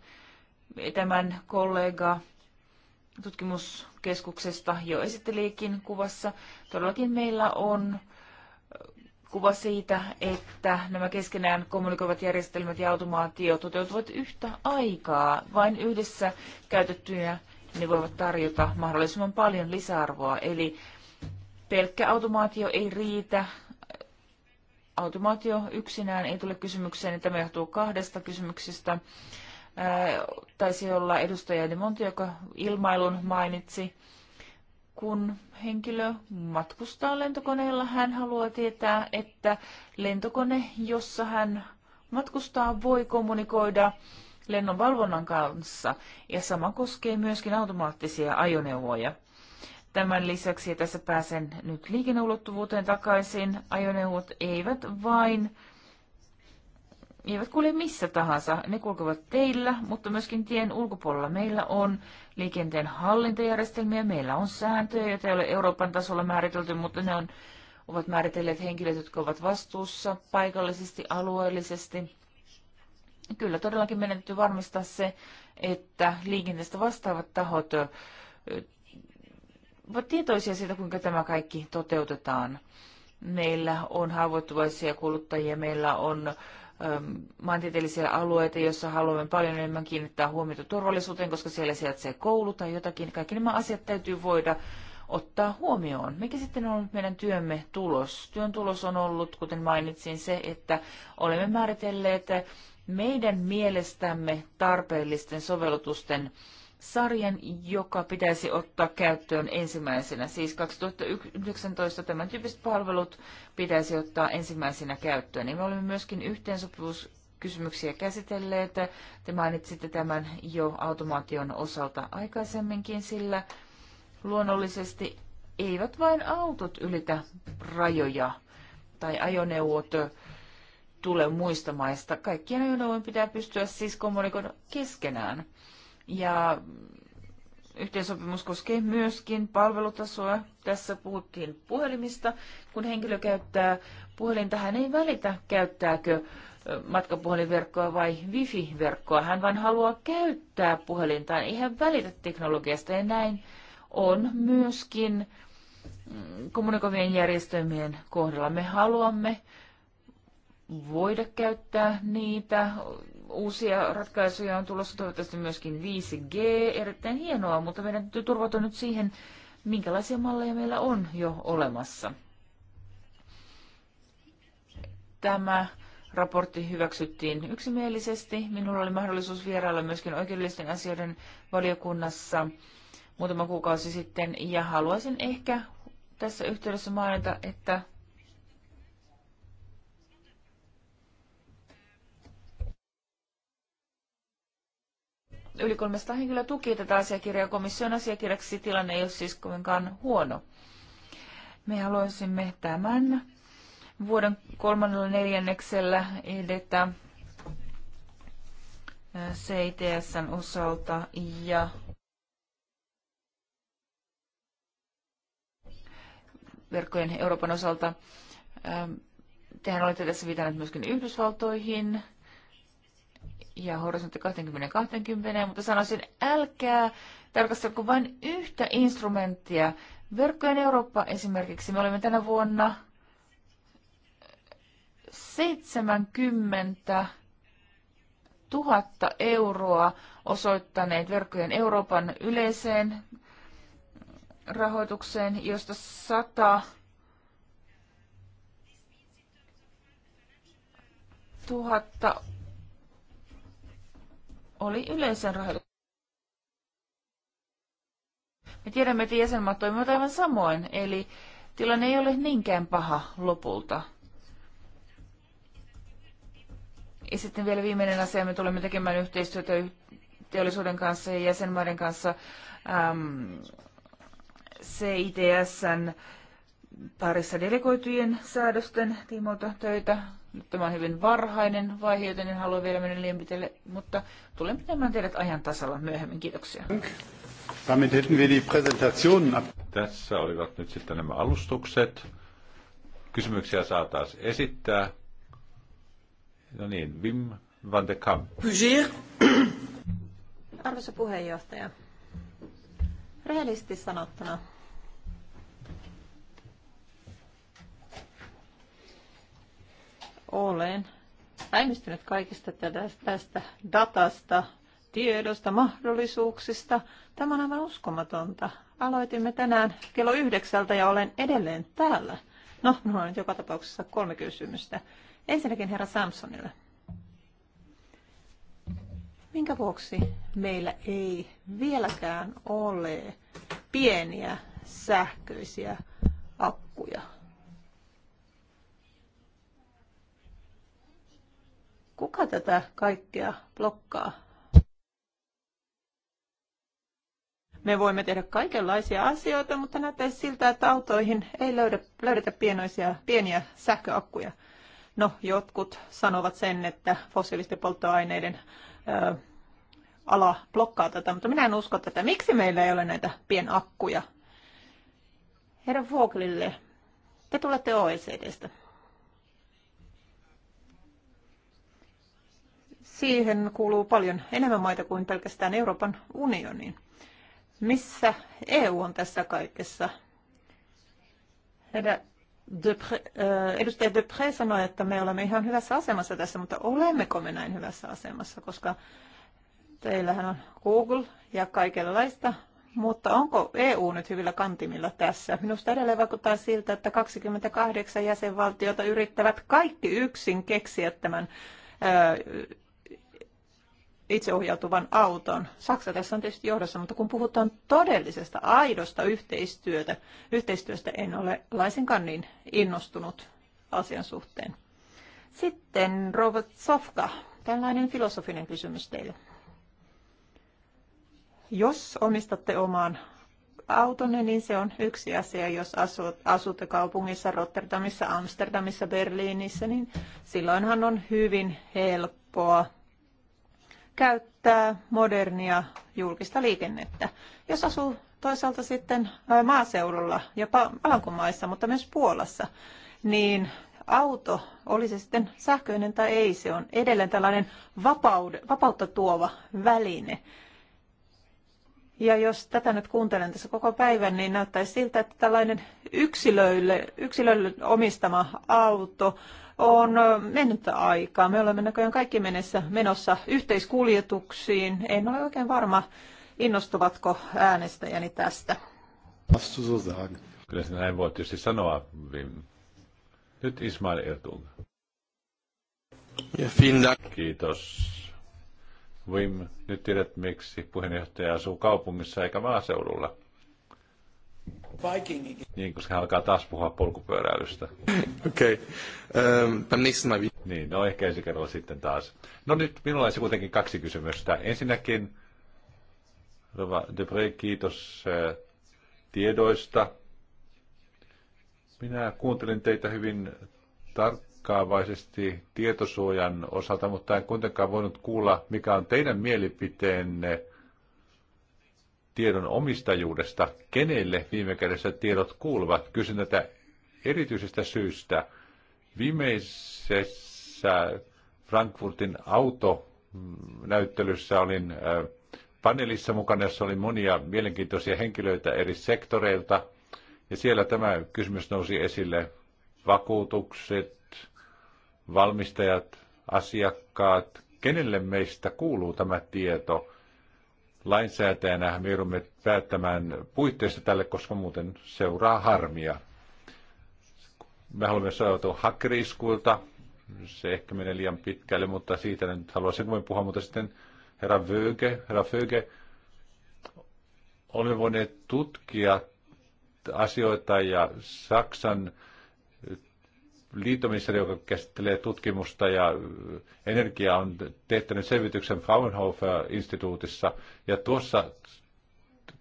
tämän kollega tutkimuskeskuksesta jo esitteliikin kuvassa. Todellakin meillä on kuva siitä, että nämä keskenään kommunikoivat järjestelmät ja automaatio toteutuvat yhtä aikaa. Vain yhdessä käytettyjä ne voivat tarjota mahdollisimman paljon lisäarvoa. Eli pelkkä automaatio ei riitä. Automaatio yksinään ei tule kysymykseen, että niin tämä johtuu kahdesta kysymyksestä. Taisi olla edustaja De joka ilmailun mainitsi kun henkilö matkustaa lentokoneella, hän haluaa tietää, että lentokone, jossa hän matkustaa, voi kommunikoida lennonvalvonnan kanssa. Ja sama koskee myöskin automaattisia ajoneuvoja. Tämän lisäksi, ja tässä pääsen nyt liikenneulottuvuuteen takaisin, ajoneuvot eivät vain ne eivät kulje missä tahansa. Ne kulkevat teillä, mutta myöskin tien ulkopuolella. Meillä on liikenteen hallintajärjestelmiä, meillä on sääntöjä, joita ei ole Euroopan tasolla määritelty, mutta ne on, ovat määritelleet henkilöt, jotka ovat vastuussa paikallisesti, alueellisesti. Kyllä todellakin meidän täytyy varmistaa se, että liikenteestä vastaavat tahot ovat tietoisia siitä, kuinka tämä kaikki toteutetaan meillä on haavoittuvaisia kuluttajia, meillä on Ähm, maantieteellisiä alueita, joissa haluamme paljon enemmän kiinnittää huomiota turvallisuuteen, koska siellä sijaitsee koulu tai jotakin. Kaikki nämä asiat täytyy voida ottaa huomioon. Mikä sitten on ollut meidän työmme tulos? Työn tulos on ollut, kuten mainitsin, se, että olemme määritelleet meidän mielestämme tarpeellisten sovellutusten sarjan, joka pitäisi ottaa käyttöön ensimmäisenä. Siis 2019 tämän tyyppiset palvelut pitäisi ottaa ensimmäisenä käyttöön. Niin me olemme myöskin yhteensopivuuskysymyksiä käsitelleet. Te mainitsitte tämän jo automaation osalta aikaisemminkin, sillä luonnollisesti eivät vain autot ylitä rajoja tai ajoneuvot tule muista maista. Kaikkien ajoneuvojen pitää pystyä siis kommunikoida keskenään. Ja yhteensopimus koskee myöskin palvelutasoa. Tässä puhuttiin puhelimista. Kun henkilö käyttää puhelinta, hän ei välitä, käyttääkö matkapuhelinverkkoa vai wifi-verkkoa. Hän vain haluaa käyttää puhelintaan. Ei hän välitä teknologiasta ja näin on myöskin mm, kommunikoivien järjestelmien kohdalla. Me haluamme voida käyttää niitä, uusia ratkaisuja on tulossa, toivottavasti myöskin 5G, erittäin hienoa, mutta meidän täytyy turvata nyt siihen, minkälaisia malleja meillä on jo olemassa. Tämä raportti hyväksyttiin yksimielisesti. Minulla oli mahdollisuus vierailla myöskin oikeudellisten asioiden valiokunnassa muutama kuukausi sitten, ja haluaisin ehkä tässä yhteydessä mainita, että yli 300 henkilöä tuki tätä asiakirjaa komission asiakirjaksi. Tilanne ei ole siis kovinkaan huono. Me haluaisimme tämän vuoden kolmannella neljänneksellä edetä CITSn osalta ja verkkojen Euroopan osalta. Tehän olette tässä viitannut myöskin Yhdysvaltoihin ja horisontti 2020, mutta sanoisin, älkää tarkastelko vain yhtä instrumenttia. Verkkojen Eurooppa esimerkiksi, me olemme tänä vuonna 70 000 euroa osoittaneet verkkojen Euroopan yleiseen rahoitukseen, josta 100 000 oli yleisen rahoituksen. Me tiedämme, että jäsenmaat toimivat aivan samoin, eli tilanne ei ole niinkään paha lopulta. Ja sitten vielä viimeinen asia, me tulemme tekemään yhteistyötä teollisuuden kanssa ja jäsenmaiden kanssa äm, CITSn parissa delegoitujen säädösten tiimoilta töitä tämä on hyvin varhainen vaihe, joten en halua vielä mennä liempitelle, mutta tulen pitämään teidät ajan tasalla myöhemmin. Kiitoksia. Tässä olivat nyt sitten nämä alustukset. Kysymyksiä saa taas esittää. No niin, Wim van de Kamp. Arvoisa puheenjohtaja, rehellisesti sanottuna Olen äimistynyt kaikista tästä datasta, tiedosta, mahdollisuuksista. Tämä on aivan uskomatonta. Aloitimme tänään kello yhdeksältä ja olen edelleen täällä. No, minulla on nyt joka tapauksessa kolme kysymystä. Ensinnäkin herra Samsonille. Minkä vuoksi meillä ei vieläkään ole pieniä sähköisiä akkuja? Kuka tätä kaikkea blokkaa? Me voimme tehdä kaikenlaisia asioita, mutta näyttää siltä, että autoihin ei löydä, löydetä pienoisia, pieniä sähköakkuja. No, jotkut sanovat sen, että fossiilisten polttoaineiden ö, ala blokkaa tätä, mutta minä en usko tätä. Miksi meillä ei ole näitä pienakkuja? Herra Vogelille, te tulette OECDstä. Siihen kuuluu paljon enemmän maita kuin pelkästään Euroopan unioniin. Missä EU on tässä kaikessa? Äh, edustaja Depre sanoi, että me olemme ihan hyvässä asemassa tässä, mutta olemmeko me näin hyvässä asemassa, koska teillähän on Google ja kaikenlaista, mutta onko EU nyt hyvillä kantimilla tässä? Minusta edelleen vaikuttaa siltä, että 28 jäsenvaltiota yrittävät kaikki yksin keksiä tämän äh, itseohjautuvan auton. Saksa tässä on tietysti johdossa, mutta kun puhutaan todellisesta, aidosta yhteistyötä, yhteistyöstä en ole laisinkaan niin innostunut asian suhteen. Sitten Robert Sofka, tällainen filosofinen kysymys teille. Jos omistatte oman autonne, niin se on yksi asia. Jos asut, asutte kaupungissa, Rotterdamissa, Amsterdamissa, Berliinissä, niin silloinhan on hyvin helppoa käyttää modernia julkista liikennettä. Jos asuu toisaalta sitten maaseudulla, jopa Alankomaissa, mutta myös Puolassa, niin auto, oli se sitten sähköinen tai ei, se on edelleen tällainen vapaud- vapautta tuova väline. Ja jos tätä nyt kuuntelen tässä koko päivän, niin näyttäisi siltä, että tällainen yksilöille, yksilöille omistama auto on mennyt aikaa. Me olemme näköjään kaikki mennessä menossa yhteiskuljetuksiin. En ole oikein varma, innostuvatko äänestäjäni tästä. Kyllä sinä näin voi tietysti sanoa. Nyt Ismail Ertung. Ja Kiitos. Wim, nyt tiedät miksi puheenjohtaja asuu kaupungissa eikä maaseudulla. Viking. Niin, koska hän alkaa taas puhua polkupyöräilystä. Okei. Okay. Um, niin, no ehkä ensi kerralla sitten taas. No nyt minulla olisi kuitenkin kaksi kysymystä. Ensinnäkin, Rova Debre, kiitos tiedoista. Minä kuuntelin teitä hyvin tarkkaavaisesti tietosuojan osalta, mutta en kuitenkaan voinut kuulla, mikä on teidän mielipiteenne – tiedon omistajuudesta, kenelle viime kädessä tiedot kuuluvat. Kysyn tätä erityisestä syystä. Viimeisessä Frankfurtin autonäyttelyssä olin äh, paneelissa mukana, jossa oli monia mielenkiintoisia henkilöitä eri sektoreilta. Ja siellä tämä kysymys nousi esille. Vakuutukset, valmistajat, asiakkaat, kenelle meistä kuuluu tämä tieto – lainsäätäjänä me joudumme päättämään puitteista tälle, koska muuten seuraa harmia. Me haluamme suojautua hakkeriskuilta. Se ehkä menee liian pitkälle, mutta siitä nyt haluaisin voin puhua. Mutta sitten herra Vöge, herra Vöge, olemme voineet tutkia asioita ja Saksan liittoministeri, joka käsittelee tutkimusta ja energiaa, on teettänyt selvityksen Fraunhofer-instituutissa. Ja tuossa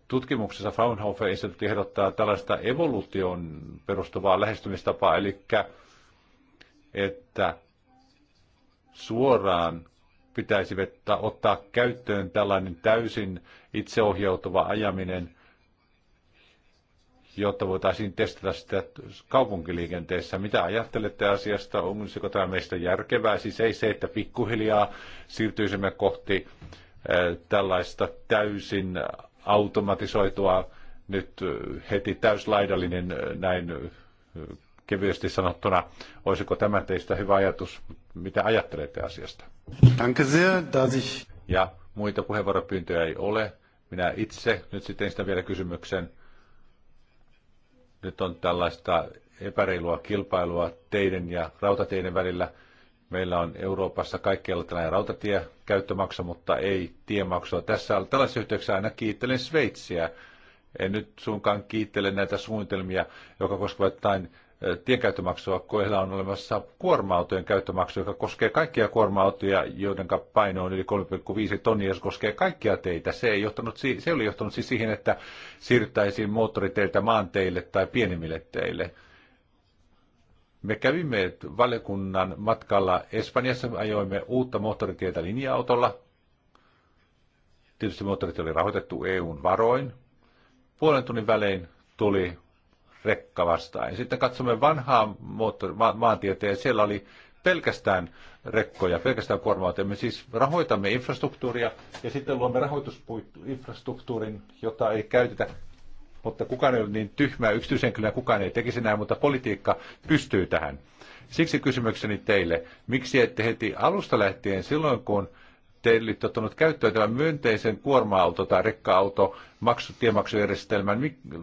tutkimuksessa Fraunhofer-instituutti ehdottaa tällaista evoluution perustuvaa lähestymistapaa, eli että suoraan pitäisi ottaa käyttöön tällainen täysin itseohjautuva ajaminen jotta voitaisiin testata sitä kaupunkiliikenteessä. Mitä ajattelette asiasta? Onko tämä meistä järkevää? Siis ei se, että pikkuhiljaa siirtyisimme kohti eh, tällaista täysin automatisoitua, nyt eh, heti täyslaidallinen eh, näin kevyesti sanottuna. Olisiko tämä teistä hyvä ajatus? Mitä ajattelette asiasta? Danke sehr, dass ich... Ja muita puheenvuoropyyntöjä ei ole. Minä itse nyt sitten sitä vielä kysymyksen. Nyt on tällaista epäreilua kilpailua teiden ja rautateiden välillä. Meillä on Euroopassa kaikkialla tällainen rautatie käyttömaksu, mutta ei tiemaksua. Tässä, tällaisessa yhteydessä aina kiittelen Sveitsiä. En nyt suinkaan kiittele näitä suunnitelmia, joka koskevat jotain tienkäyttömaksua, kun heillä on olemassa kuorma-autojen käyttömaksu, joka koskee kaikkia kuorma-autoja, joiden paino on yli 3,5 tonnia, se koskee kaikkia teitä. Se, ei johtanut, se oli johtanut siis siihen, että siirryttäisiin moottoriteiltä maanteille tai pienemmille teille. Me kävimme valiokunnan matkalla Espanjassa, ajoimme uutta moottoritietä linja-autolla. Tietysti moottorit oli rahoitettu EUn varoin. Puolen tunnin välein tuli rekka vastaan. Sitten katsomme vanhaa moottori, ma- maantieteen, ja siellä oli pelkästään rekkoja, pelkästään kuorma -autoja. Me siis rahoitamme infrastruktuuria ja sitten luomme rahoitusinfrastruktuurin, jota ei käytetä mutta kukaan ei ole niin tyhmä, yksityishenkilönä kukaan ei tekisi näin, mutta politiikka pystyy tähän. Siksi kysymykseni teille, miksi ette heti alusta lähtien silloin, kun teille ottanut käyttöön tämän myönteisen kuorma-auto- tai rekka-auto tiemaksujärjestelmän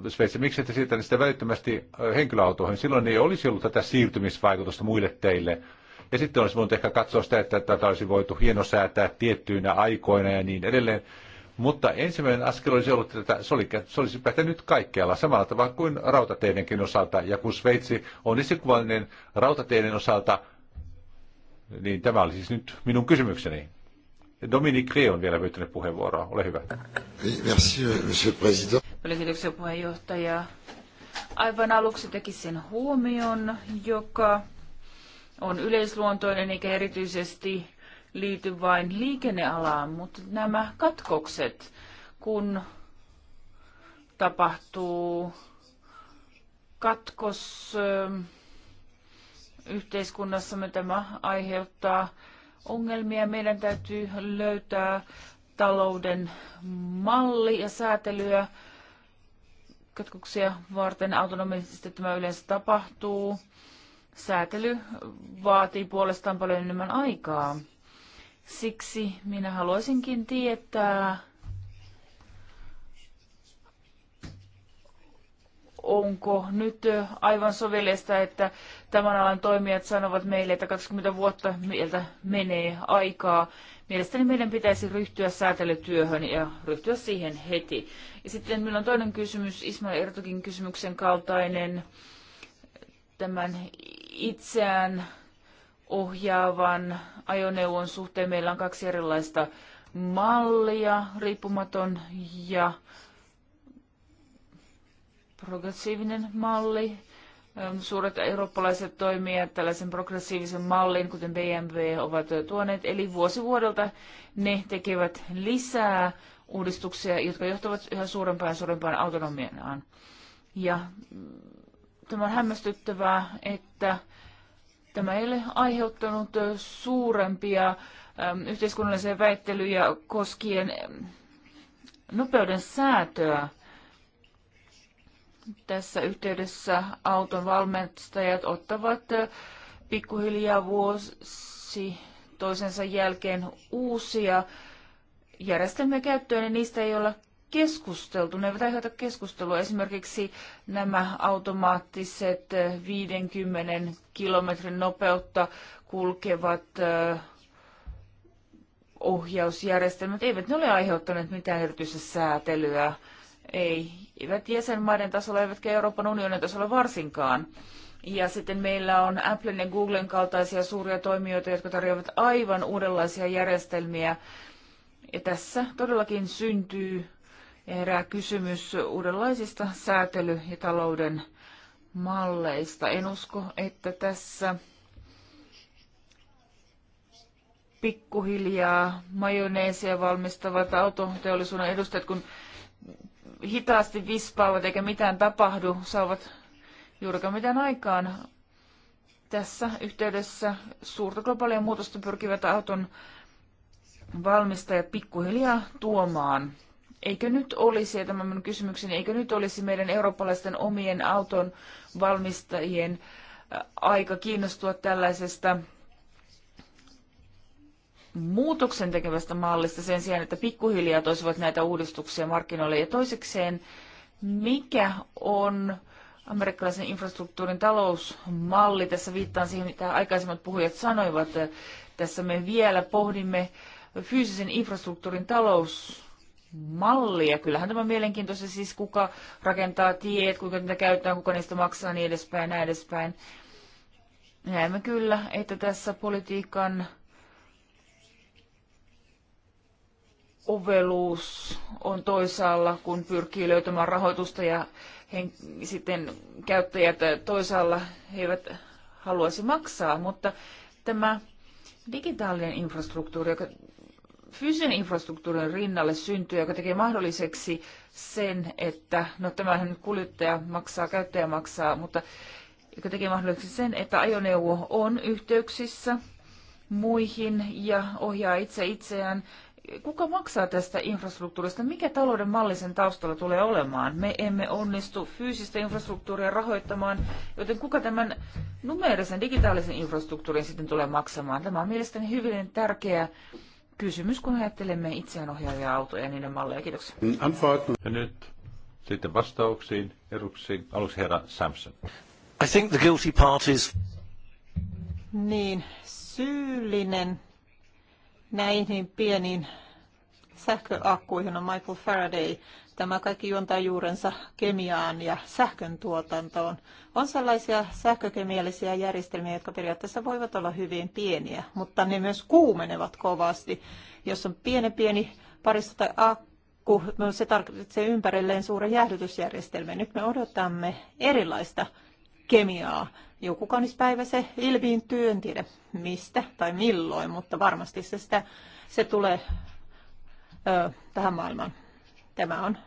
Sveitsissä. Miksi ette siirtäneet sitä välittömästi äh, henkilöautoihin? Silloin ei olisi ollut tätä siirtymisvaikutusta muille teille. Ja sitten olisi voinut ehkä katsoa sitä, että tätä olisi voitu hienosäätää tiettyinä aikoina ja niin edelleen. Mutta ensimmäinen askel olisi ollut, että se, oli, se olisi pätenyt kaikkialla samalla tavalla kuin rautateidenkin osalta. Ja kun Sveitsi on esikuvallinen rautateiden osalta, niin tämä oli siis nyt minun kysymykseni. Dominik Lee on vielä pyytänyt puheenvuoroa. Ole hyvä. Merci, monsieur président. Paljon kiitoksia puheenjohtaja. Aivan aluksi tekisin huomion, joka on yleisluontoinen eikä erityisesti liity vain liikennealaan, mutta nämä katkokset, kun tapahtuu katkos yhteiskunnassamme, tämä aiheuttaa ongelmia. Meidän täytyy löytää talouden malli ja säätelyä katkoksia varten autonomisesti tämä yleensä tapahtuu. Säätely vaatii puolestaan paljon enemmän aikaa. Siksi minä haluaisinkin tietää, onko nyt aivan sovellista, että tämän alan toimijat sanovat meille, että 20 vuotta mieltä menee aikaa. Mielestäni meidän pitäisi ryhtyä säätelytyöhön ja ryhtyä siihen heti. Ja sitten meillä on toinen kysymys, Ismail Ertokin kysymyksen kaltainen, tämän itseään ohjaavan ajoneuvon suhteen meillä on kaksi erilaista mallia, riippumaton ja progressiivinen malli Ähm, suuret eurooppalaiset toimijat tällaisen progressiivisen mallin, kuten BMW, ovat tuoneet. Eli vuosi vuodelta ne tekevät lisää uudistuksia, jotka johtavat yhä suurempaan ja suurempaan autonomiaan. Ja mm, tämä on hämmästyttävää, että tämä ei ole aiheuttanut suurempia ähm, yhteiskunnallisia väittelyjä koskien mm, nopeuden säätöä tässä yhteydessä auton valmentajat ottavat pikkuhiljaa vuosi toisensa jälkeen uusia järjestelmiä käyttöön, ja niistä ei olla keskusteltu, ne eivät aiheuta keskustelua. Esimerkiksi nämä automaattiset 50 kilometrin nopeutta kulkevat ohjausjärjestelmät, eivät ne ole aiheuttaneet mitään erityistä säätelyä ei, eivät jäsenmaiden tasolla eivätkä Euroopan unionin tasolla varsinkaan. Ja sitten meillä on Applen ja Googlen kaltaisia suuria toimijoita, jotka tarjoavat aivan uudenlaisia järjestelmiä. Ja tässä todellakin syntyy ja herää kysymys uudenlaisista säätely- ja talouden malleista. En usko, että tässä pikkuhiljaa majoneesia valmistavat autoteollisuuden edustajat, kun hitaasti vispaavat eikä mitään tapahdu, saavat juurikaan mitään aikaan. Tässä yhteydessä suurta globaalia muutosta pyrkivät auton valmistajat pikkuhiljaa tuomaan. Eikö nyt olisi, ja tämä minun kysymykseni, eikö nyt olisi meidän eurooppalaisten omien auton valmistajien aika kiinnostua tällaisesta muutoksen tekevästä mallista sen sijaan, että pikkuhiljaa toisivat näitä uudistuksia markkinoille. Ja toisekseen, mikä on amerikkalaisen infrastruktuurin talousmalli? Tässä viittaan siihen, mitä aikaisemmat puhujat sanoivat. Tässä me vielä pohdimme fyysisen infrastruktuurin talousmallia. Kyllähän tämä on mielenkiintoista, siis kuka rakentaa tiet, kuinka niitä käytetään, kuka niistä maksaa, niin edespäin, näin edespäin. Näemme kyllä, että tässä politiikan oveluus on toisaalla, kun pyrkii löytämään rahoitusta ja hen- sitten käyttäjät toisaalla he eivät haluaisi maksaa, mutta tämä digitaalinen infrastruktuuri, joka fyysisen infrastruktuurin rinnalle syntyy, joka tekee mahdolliseksi sen, että no tämähän nyt kuljettaja maksaa, käyttäjä maksaa, mutta joka tekee mahdolliseksi sen, että ajoneuvo on yhteyksissä muihin ja ohjaa itse itseään kuka maksaa tästä infrastruktuurista? Mikä talouden malli sen taustalla tulee olemaan? Me emme onnistu fyysistä infrastruktuuria rahoittamaan, joten kuka tämän numeerisen digitaalisen infrastruktuurin sitten tulee maksamaan? Tämä on mielestäni hyvin tärkeä kysymys, kun ajattelemme itseään ohjaavia autoja ja niiden malleja. Kiitoksia. Ja nyt sitten vastauksiin. Eruksi, aluksi herra Samson. I think the guilty part is... Niin, syyllinen näihin pieniin sähköakkuihin on Michael Faraday. Tämä kaikki juontaa juurensa kemiaan ja sähkön tuotantoon. On sellaisia sähkökemiallisia järjestelmiä, jotka periaatteessa voivat olla hyvin pieniä, mutta ne myös kuumenevat kovasti. Jos on pieni pieni parissa tai akku, se tarkoittaa ympärilleen suuren jäähdytysjärjestelmän. Nyt me odotamme erilaista kemiaa joku kaunis päivä se ilmiintyy, en tiedä mistä tai milloin, mutta varmasti se, sitä, se tulee ö, tähän maailmaan. Tämä on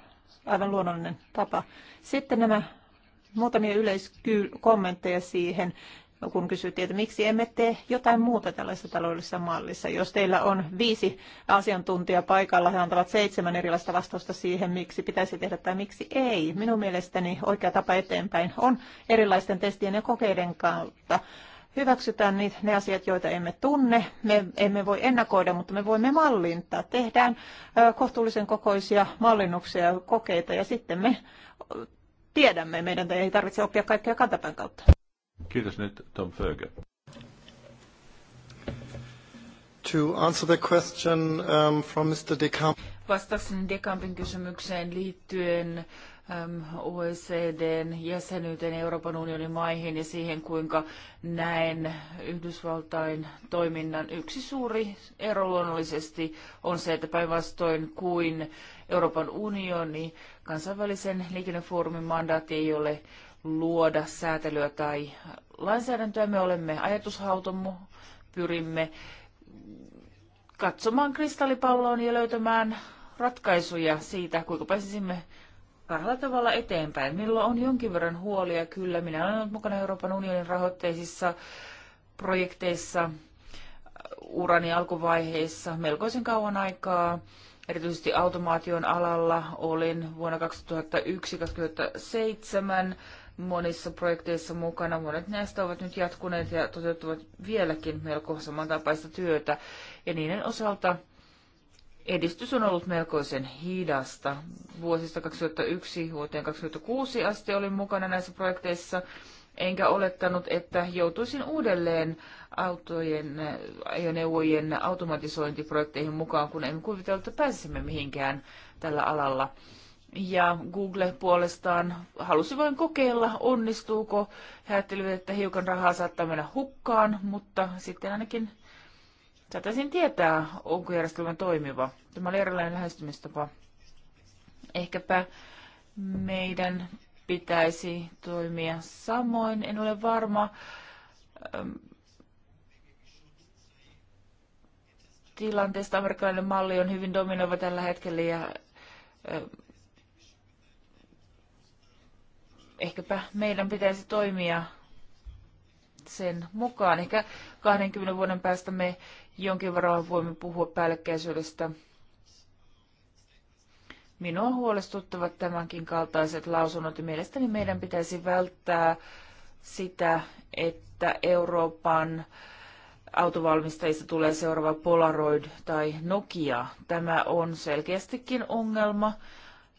aivan luonnollinen tapa. Sitten nämä muutamia yleiskommentteja siihen, No, kun kysyttiin, että miksi emme tee jotain muuta tällaisessa taloudellisessa mallissa. Jos teillä on viisi asiantuntijaa paikalla, he antavat seitsemän erilaista vastausta siihen, miksi pitäisi tehdä tai miksi ei. Minun mielestäni oikea tapa eteenpäin on erilaisten testien ja kokeiden kautta hyväksytään niitä, ne asiat, joita emme tunne. Me emme voi ennakoida, mutta me voimme mallintaa. Tehdään kohtuullisen kokoisia mallinnuksia ja kokeita ja sitten me tiedämme, meidän ei tarvitse oppia kaikkea kantapään kautta. Kiitos nyt Tom Föge. To answer the question um, from Mr. De Camp. Vastasin Dekampin kysymykseen liittyen um, OECDn jäsenyyteen Euroopan unionin maihin ja siihen, kuinka näen Yhdysvaltain toiminnan. Yksi suuri ero luonnollisesti on se, että päinvastoin kuin Euroopan unioni, kansainvälisen liikennefoorumin mandaatti ei ole luoda säätelyä tai lainsäädäntöä. Me olemme ajatushautomu, pyrimme katsomaan kristallipalloon ja löytämään ratkaisuja siitä, kuinka pääsisimme parhaalla tavalla eteenpäin. Minulla on jonkin verran huolia, kyllä. Minä olen ollut mukana Euroopan unionin rahoitteisissa projekteissa urani alkuvaiheissa melkoisen kauan aikaa. Erityisesti automaation alalla olin vuonna 2001-2007 monissa projekteissa mukana. Monet näistä ovat nyt jatkuneet ja toteuttavat vieläkin melko samantapaista työtä. Ja niiden osalta edistys on ollut melkoisen hidasta. Vuosista 2001 vuoteen 2006 asti olin mukana näissä projekteissa, enkä olettanut, että joutuisin uudelleen autojen, ajoneuvojen automatisointiprojekteihin mukaan, kun emme kuvitellut, että pääsisimme mihinkään tällä alalla. Ja Google puolestaan halusi vain kokeilla, onnistuuko. He ajattelivat, että hiukan rahaa saattaa mennä hukkaan, mutta sitten ainakin saataisiin tietää, onko järjestelmä toimiva. Tämä oli erilainen lähestymistapa. Ehkäpä meidän pitäisi toimia samoin. En ole varma ähm, tilanteesta. Amerikkalainen malli on hyvin dominoiva tällä hetkellä ja ähm, ehkäpä meidän pitäisi toimia sen mukaan. Ehkä 20 vuoden päästä me jonkin verran voimme puhua päällekkäisyydestä. Minua huolestuttavat tämänkin kaltaiset lausunnot ja mielestäni meidän pitäisi välttää sitä, että Euroopan autovalmistajista tulee seuraava Polaroid tai Nokia. Tämä on selkeästikin ongelma.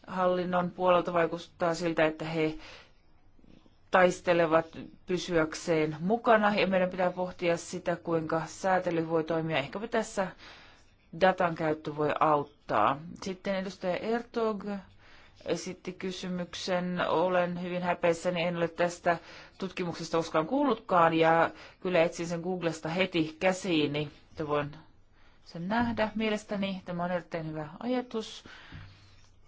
Hallinnon puolelta vaikuttaa siltä, että he taistelevat pysyäkseen mukana ja meidän pitää pohtia sitä, kuinka säätely voi toimia. Ehkäpä tässä datan käyttö voi auttaa. Sitten edustaja Ertog esitti kysymyksen. Olen hyvin häpeissäni, en ole tästä tutkimuksesta koskaan kuullutkaan ja kyllä etsin sen Googlesta heti käsiini, että voin sen nähdä. Mielestäni tämä on erittäin hyvä ajatus,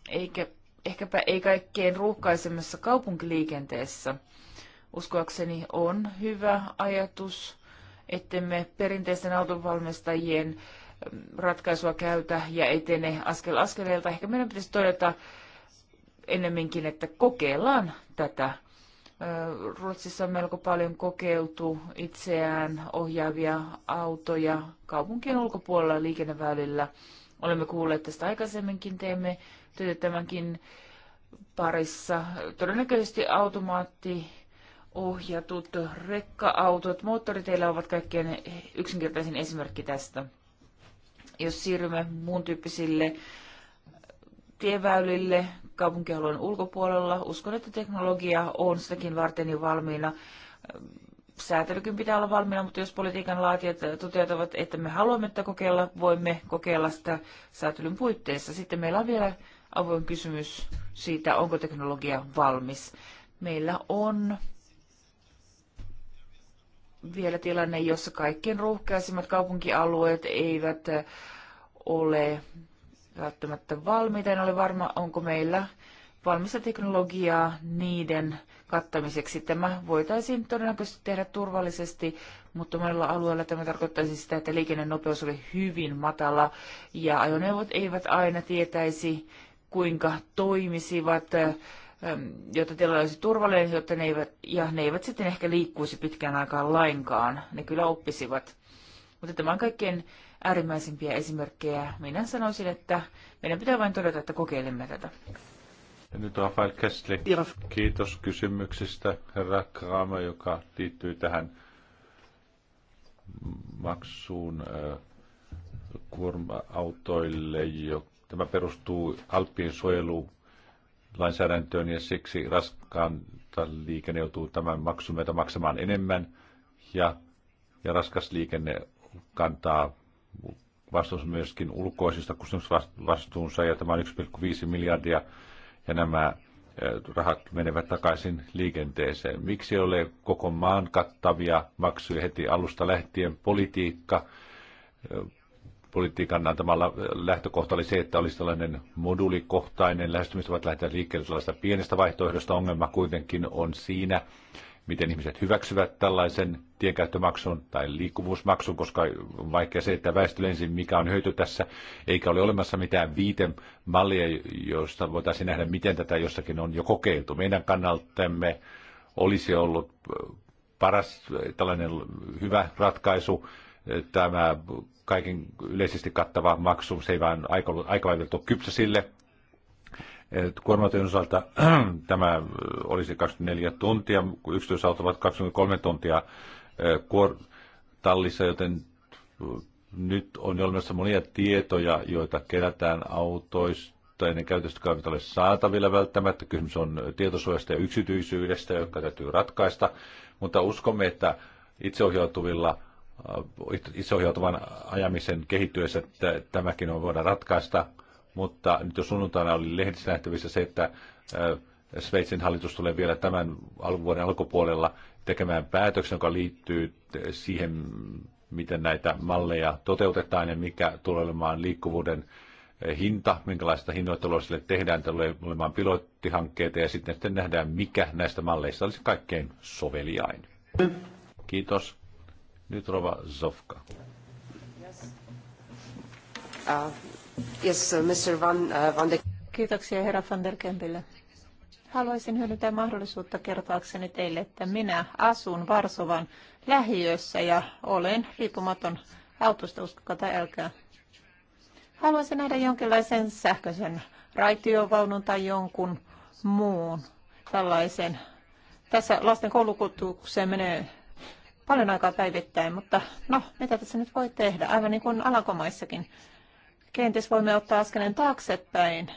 eikä ehkäpä ei kaikkein ruuhkaisemmassa kaupunkiliikenteessä. Uskoakseni on hyvä ajatus, ettemme perinteisten autonvalmistajien mm, ratkaisua käytä ja etene askel askeleelta. Ehkä meidän pitäisi todeta ennemminkin, että kokeillaan tätä. Ruotsissa on melko paljon kokeiltu itseään ohjaavia autoja kaupunkien ulkopuolella liikenneväylillä. Olemme kuulleet tästä aikaisemminkin, teemme työtä tämänkin parissa. Todennäköisesti automaatti ohjatut rekka-autot, moottoriteillä ovat kaikkein yksinkertaisin esimerkki tästä. Jos siirrymme muun tyyppisille tieväylille kaupunkialueen ulkopuolella, uskon, että teknologia on sitäkin varten jo valmiina. Säätelykin pitää olla valmiina, mutta jos politiikan laatijat toteavat, että me haluamme, että kokeilla, voimme kokeilla sitä säätelyn puitteissa. Sitten meillä on vielä avoin kysymys siitä, onko teknologia valmis. Meillä on vielä tilanne, jossa kaikkein ruuhkaisimmat kaupunkialueet eivät ole välttämättä valmiita. En ole varma, onko meillä valmista teknologiaa niiden kattamiseksi. Tämä voitaisiin todennäköisesti tehdä turvallisesti, mutta monella alueella tämä tarkoittaisi sitä, että liikennenopeus oli hyvin matala ja ajoneuvot eivät aina tietäisi, kuinka toimisivat, jotta tilanne olisi turvallinen, jotta ne eivät, ja ne eivät sitten ehkä liikkuisi pitkään aikaan lainkaan. Ne kyllä oppisivat. Mutta tämä on kaikkein äärimmäisimpiä esimerkkejä. Minä sanoisin, että meidän pitää vain todeta, että kokeilemme tätä. Ja nyt Rafael Kessli. Kiitos kysymyksistä, herra Kraama, joka liittyy tähän maksuun kuorma-autoille, joka Tämä perustuu Alppien suojelulainsäädäntöön ja siksi raskaan liikenne joutuu tämän maksun maksamaan enemmän ja, ja raskas liikenne kantaa vastuunsa myöskin ulkoisista kustannusvastuunsa ja tämä on 1,5 miljardia ja nämä rahat menevät takaisin liikenteeseen. Miksi ei ole koko maan kattavia maksuja heti alusta lähtien politiikka? politiikan antamalla äh, lähtökohta oli se, että olisi tällainen moduulikohtainen lähestymistapa lähdetään liikkeelle sellaista pienestä vaihtoehdosta. Ongelma kuitenkin on siinä, miten ihmiset hyväksyvät tällaisen tienkäyttömaksun tai liikkuvuusmaksun, koska on vaikea että väestö ensin, mikä on hyöty tässä, eikä ole olemassa mitään viiten mallia, josta voitaisiin nähdä, miten tätä jossakin on jo kokeiltu. Meidän kannaltamme olisi ollut äh, paras äh, tällainen hyvä ratkaisu tämä kaiken yleisesti kattava maksu, se ei vaan aikavälillä kypsä sille. Kuormatyön osalta tämä olisi 24 tuntia, yksityisautot ovat 23 tuntia kuor- tallissa, joten nyt on olemassa monia tietoja, joita kerätään autoista ja ne käytöstä eivät ole saatavilla välttämättä. Kysymys on tietosuojasta ja yksityisyydestä, jotka täytyy ratkaista, mutta uskomme, että itseohjautuvilla – Äh, itseohjautuvan ajamisen kehittyessä, että tämäkin on voida ratkaista, mutta nyt jo sunnuntaina oli lehdissä nähtävissä se, että äh, Sveitsin hallitus tulee vielä tämän vuoden alkupuolella tekemään päätöksen, joka liittyy siihen, miten näitä malleja toteutetaan ja mikä tulee olemaan liikkuvuuden äh, hinta, minkälaista hinnoittelua sille tehdään, tulee olemaan pilottihankkeita ja sitten, sitten nähdään, mikä näistä malleista olisi kaikkein soveliain. Kiitos. Nyt Rova Zovka. Uh, uh, Mr. Van, uh, Van de... Kiitoksia herra Van der Kempille. Haluaisin hyödyntää mahdollisuutta kertoakseni teille, että minä asun Varsovan lähiössä ja olen riippumaton autosta, uskokaa tai älkää. Haluaisin nähdä jonkinlaisen sähköisen raitiovaunun tai jonkun muun tällaisen. Tässä lasten koulukutukseen menee paljon aikaa päivittäin, mutta no, mitä tässä nyt voi tehdä? Aivan niin kuin alakomaissakin. Kenties voimme ottaa askeleen taaksepäin,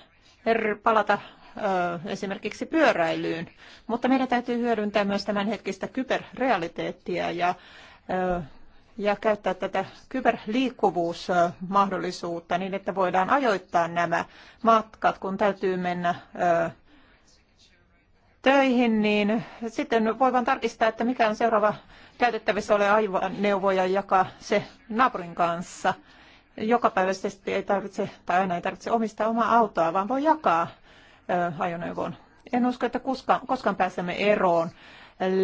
palata ö, esimerkiksi pyöräilyyn, mutta meidän täytyy hyödyntää myös tämänhetkistä kyberrealiteettia ja ö, ja käyttää tätä kyberliikkuvuusmahdollisuutta niin, että voidaan ajoittaa nämä matkat, kun täytyy mennä töihin, niin sitten voi vaan tarkistaa, että mikä on seuraava käytettävissä ole ajoneuvo jakaa se naapurin kanssa. Jokapäiväisesti ei tarvitse, tai aina ei tarvitse omistaa omaa autoa, vaan voi jakaa ajoneuvon. En usko, että koskaan, koskaan pääsemme eroon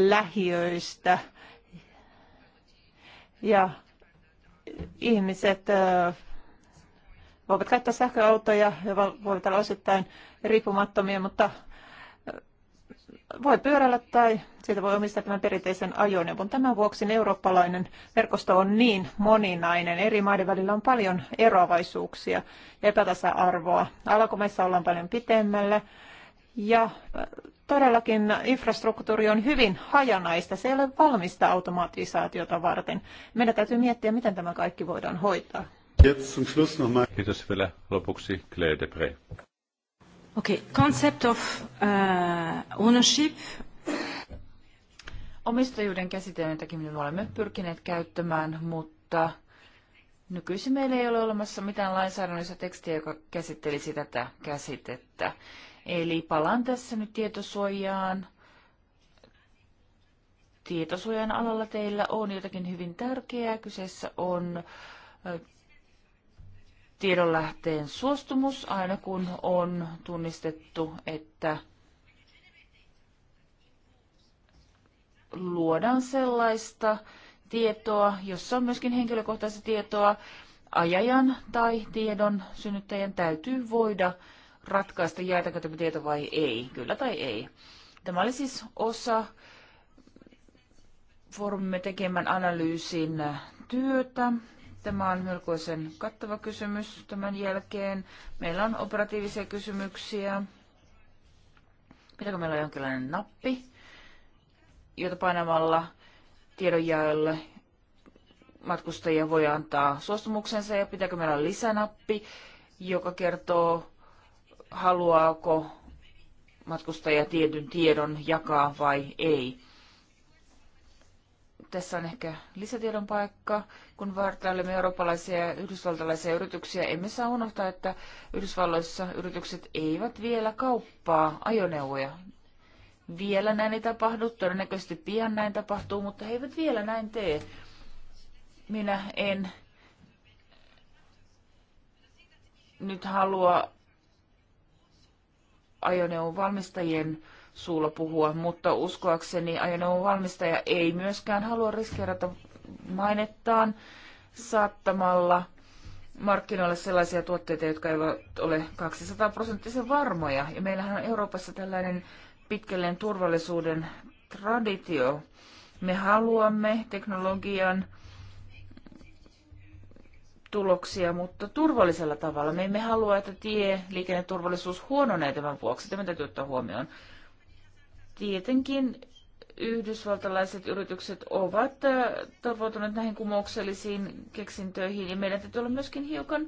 lähiöistä. Ja ihmiset voivat käyttää sähköautoja ja voivat olla osittain riippumattomia, mutta voi pyörällä tai siitä voi omistaa tämän perinteisen ajoneuvon. Tämän vuoksi eurooppalainen verkosto on niin moninainen. Eri maiden välillä on paljon eroavaisuuksia ja epätasa-arvoa. Alakomaissa ollaan paljon pitemmällä. Ja äh, todellakin infrastruktuuri on hyvin hajanaista. Se ei ole valmista automatisaatiota varten. Meidän täytyy miettiä, miten tämä kaikki voidaan hoitaa. Kiitos vielä lopuksi Claire Debré. Okay, concept of uh, ownership. Omistajuuden käsite on me olemme pyrkineet käyttämään, mutta nykyisin meillä ei ole olemassa mitään lainsäädännöllistä tekstiä, joka käsittelisi tätä käsitettä. Eli palaan tässä nyt tietosuojaan. Tietosuojan alalla teillä on jotakin hyvin tärkeää. Kyseessä on tiedonlähteen suostumus, aina kun on tunnistettu, että luodaan sellaista tietoa, jossa on myöskin henkilökohtaista tietoa, ajajan tai tiedon synnyttäjän täytyy voida ratkaista, jaetaanko tämä tieto vai ei, kyllä tai ei. Tämä oli siis osa foorumimme tekemän analyysin työtä. Tämä on melkoisen kattava kysymys. Tämän jälkeen meillä on operatiivisia kysymyksiä. Pitääkö meillä on jonkinlainen nappi, jota painamalla tiedonjaolle matkustajia voi antaa suostumuksensa ja pitääkö meillä on lisänappi, joka kertoo, haluaako matkustaja tietyn tiedon jakaa vai ei tässä on ehkä lisätiedon paikka. Kun vartailemme eurooppalaisia ja yhdysvaltalaisia yrityksiä, emme saa unohtaa, että Yhdysvalloissa yritykset eivät vielä kauppaa ajoneuvoja. Vielä näin ei tapahdu, todennäköisesti pian näin tapahtuu, mutta he eivät vielä näin tee. Minä en nyt halua ajoneuvon valmistajien suulla puhua, mutta uskoakseni ajoneuvon valmistaja ei myöskään halua riskeerata mainettaan saattamalla markkinoille sellaisia tuotteita, jotka eivät ole 200 prosenttisen varmoja. Ja meillähän on Euroopassa tällainen pitkälleen turvallisuuden traditio. Me haluamme teknologian tuloksia, mutta turvallisella tavalla. Me emme halua, että tie, liikenneturvallisuus huononee tämän vuoksi. Tämä täytyy ottaa huomioon. Tietenkin yhdysvaltalaiset yritykset ovat äh, tavoituneet näihin kumouksellisiin keksintöihin ja meidän täytyy olla myöskin hiukan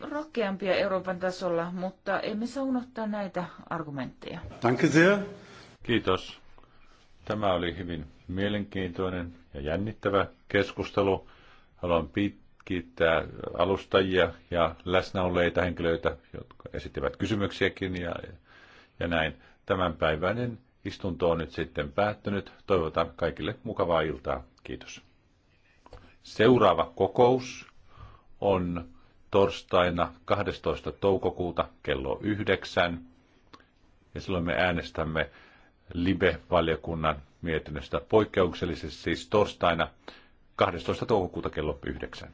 rohkeampia Euroopan tasolla, mutta emme saa unohtaa näitä argumentteja. Danke sehr. Kiitos. Tämä oli hyvin mielenkiintoinen ja jännittävä keskustelu. Haluan kiittää alustajia ja läsnäolleita henkilöitä, jotka esittivät kysymyksiäkin ja, ja näin. Tämänpäiväinen istunto on nyt sitten päättynyt. Toivotan kaikille mukavaa iltaa. Kiitos. Seuraava kokous on torstaina 12. toukokuuta kello 9. Ja silloin me äänestämme Libe-valiokunnan mietinnöstä poikkeuksellisesti siis torstaina 12. toukokuuta kello 9.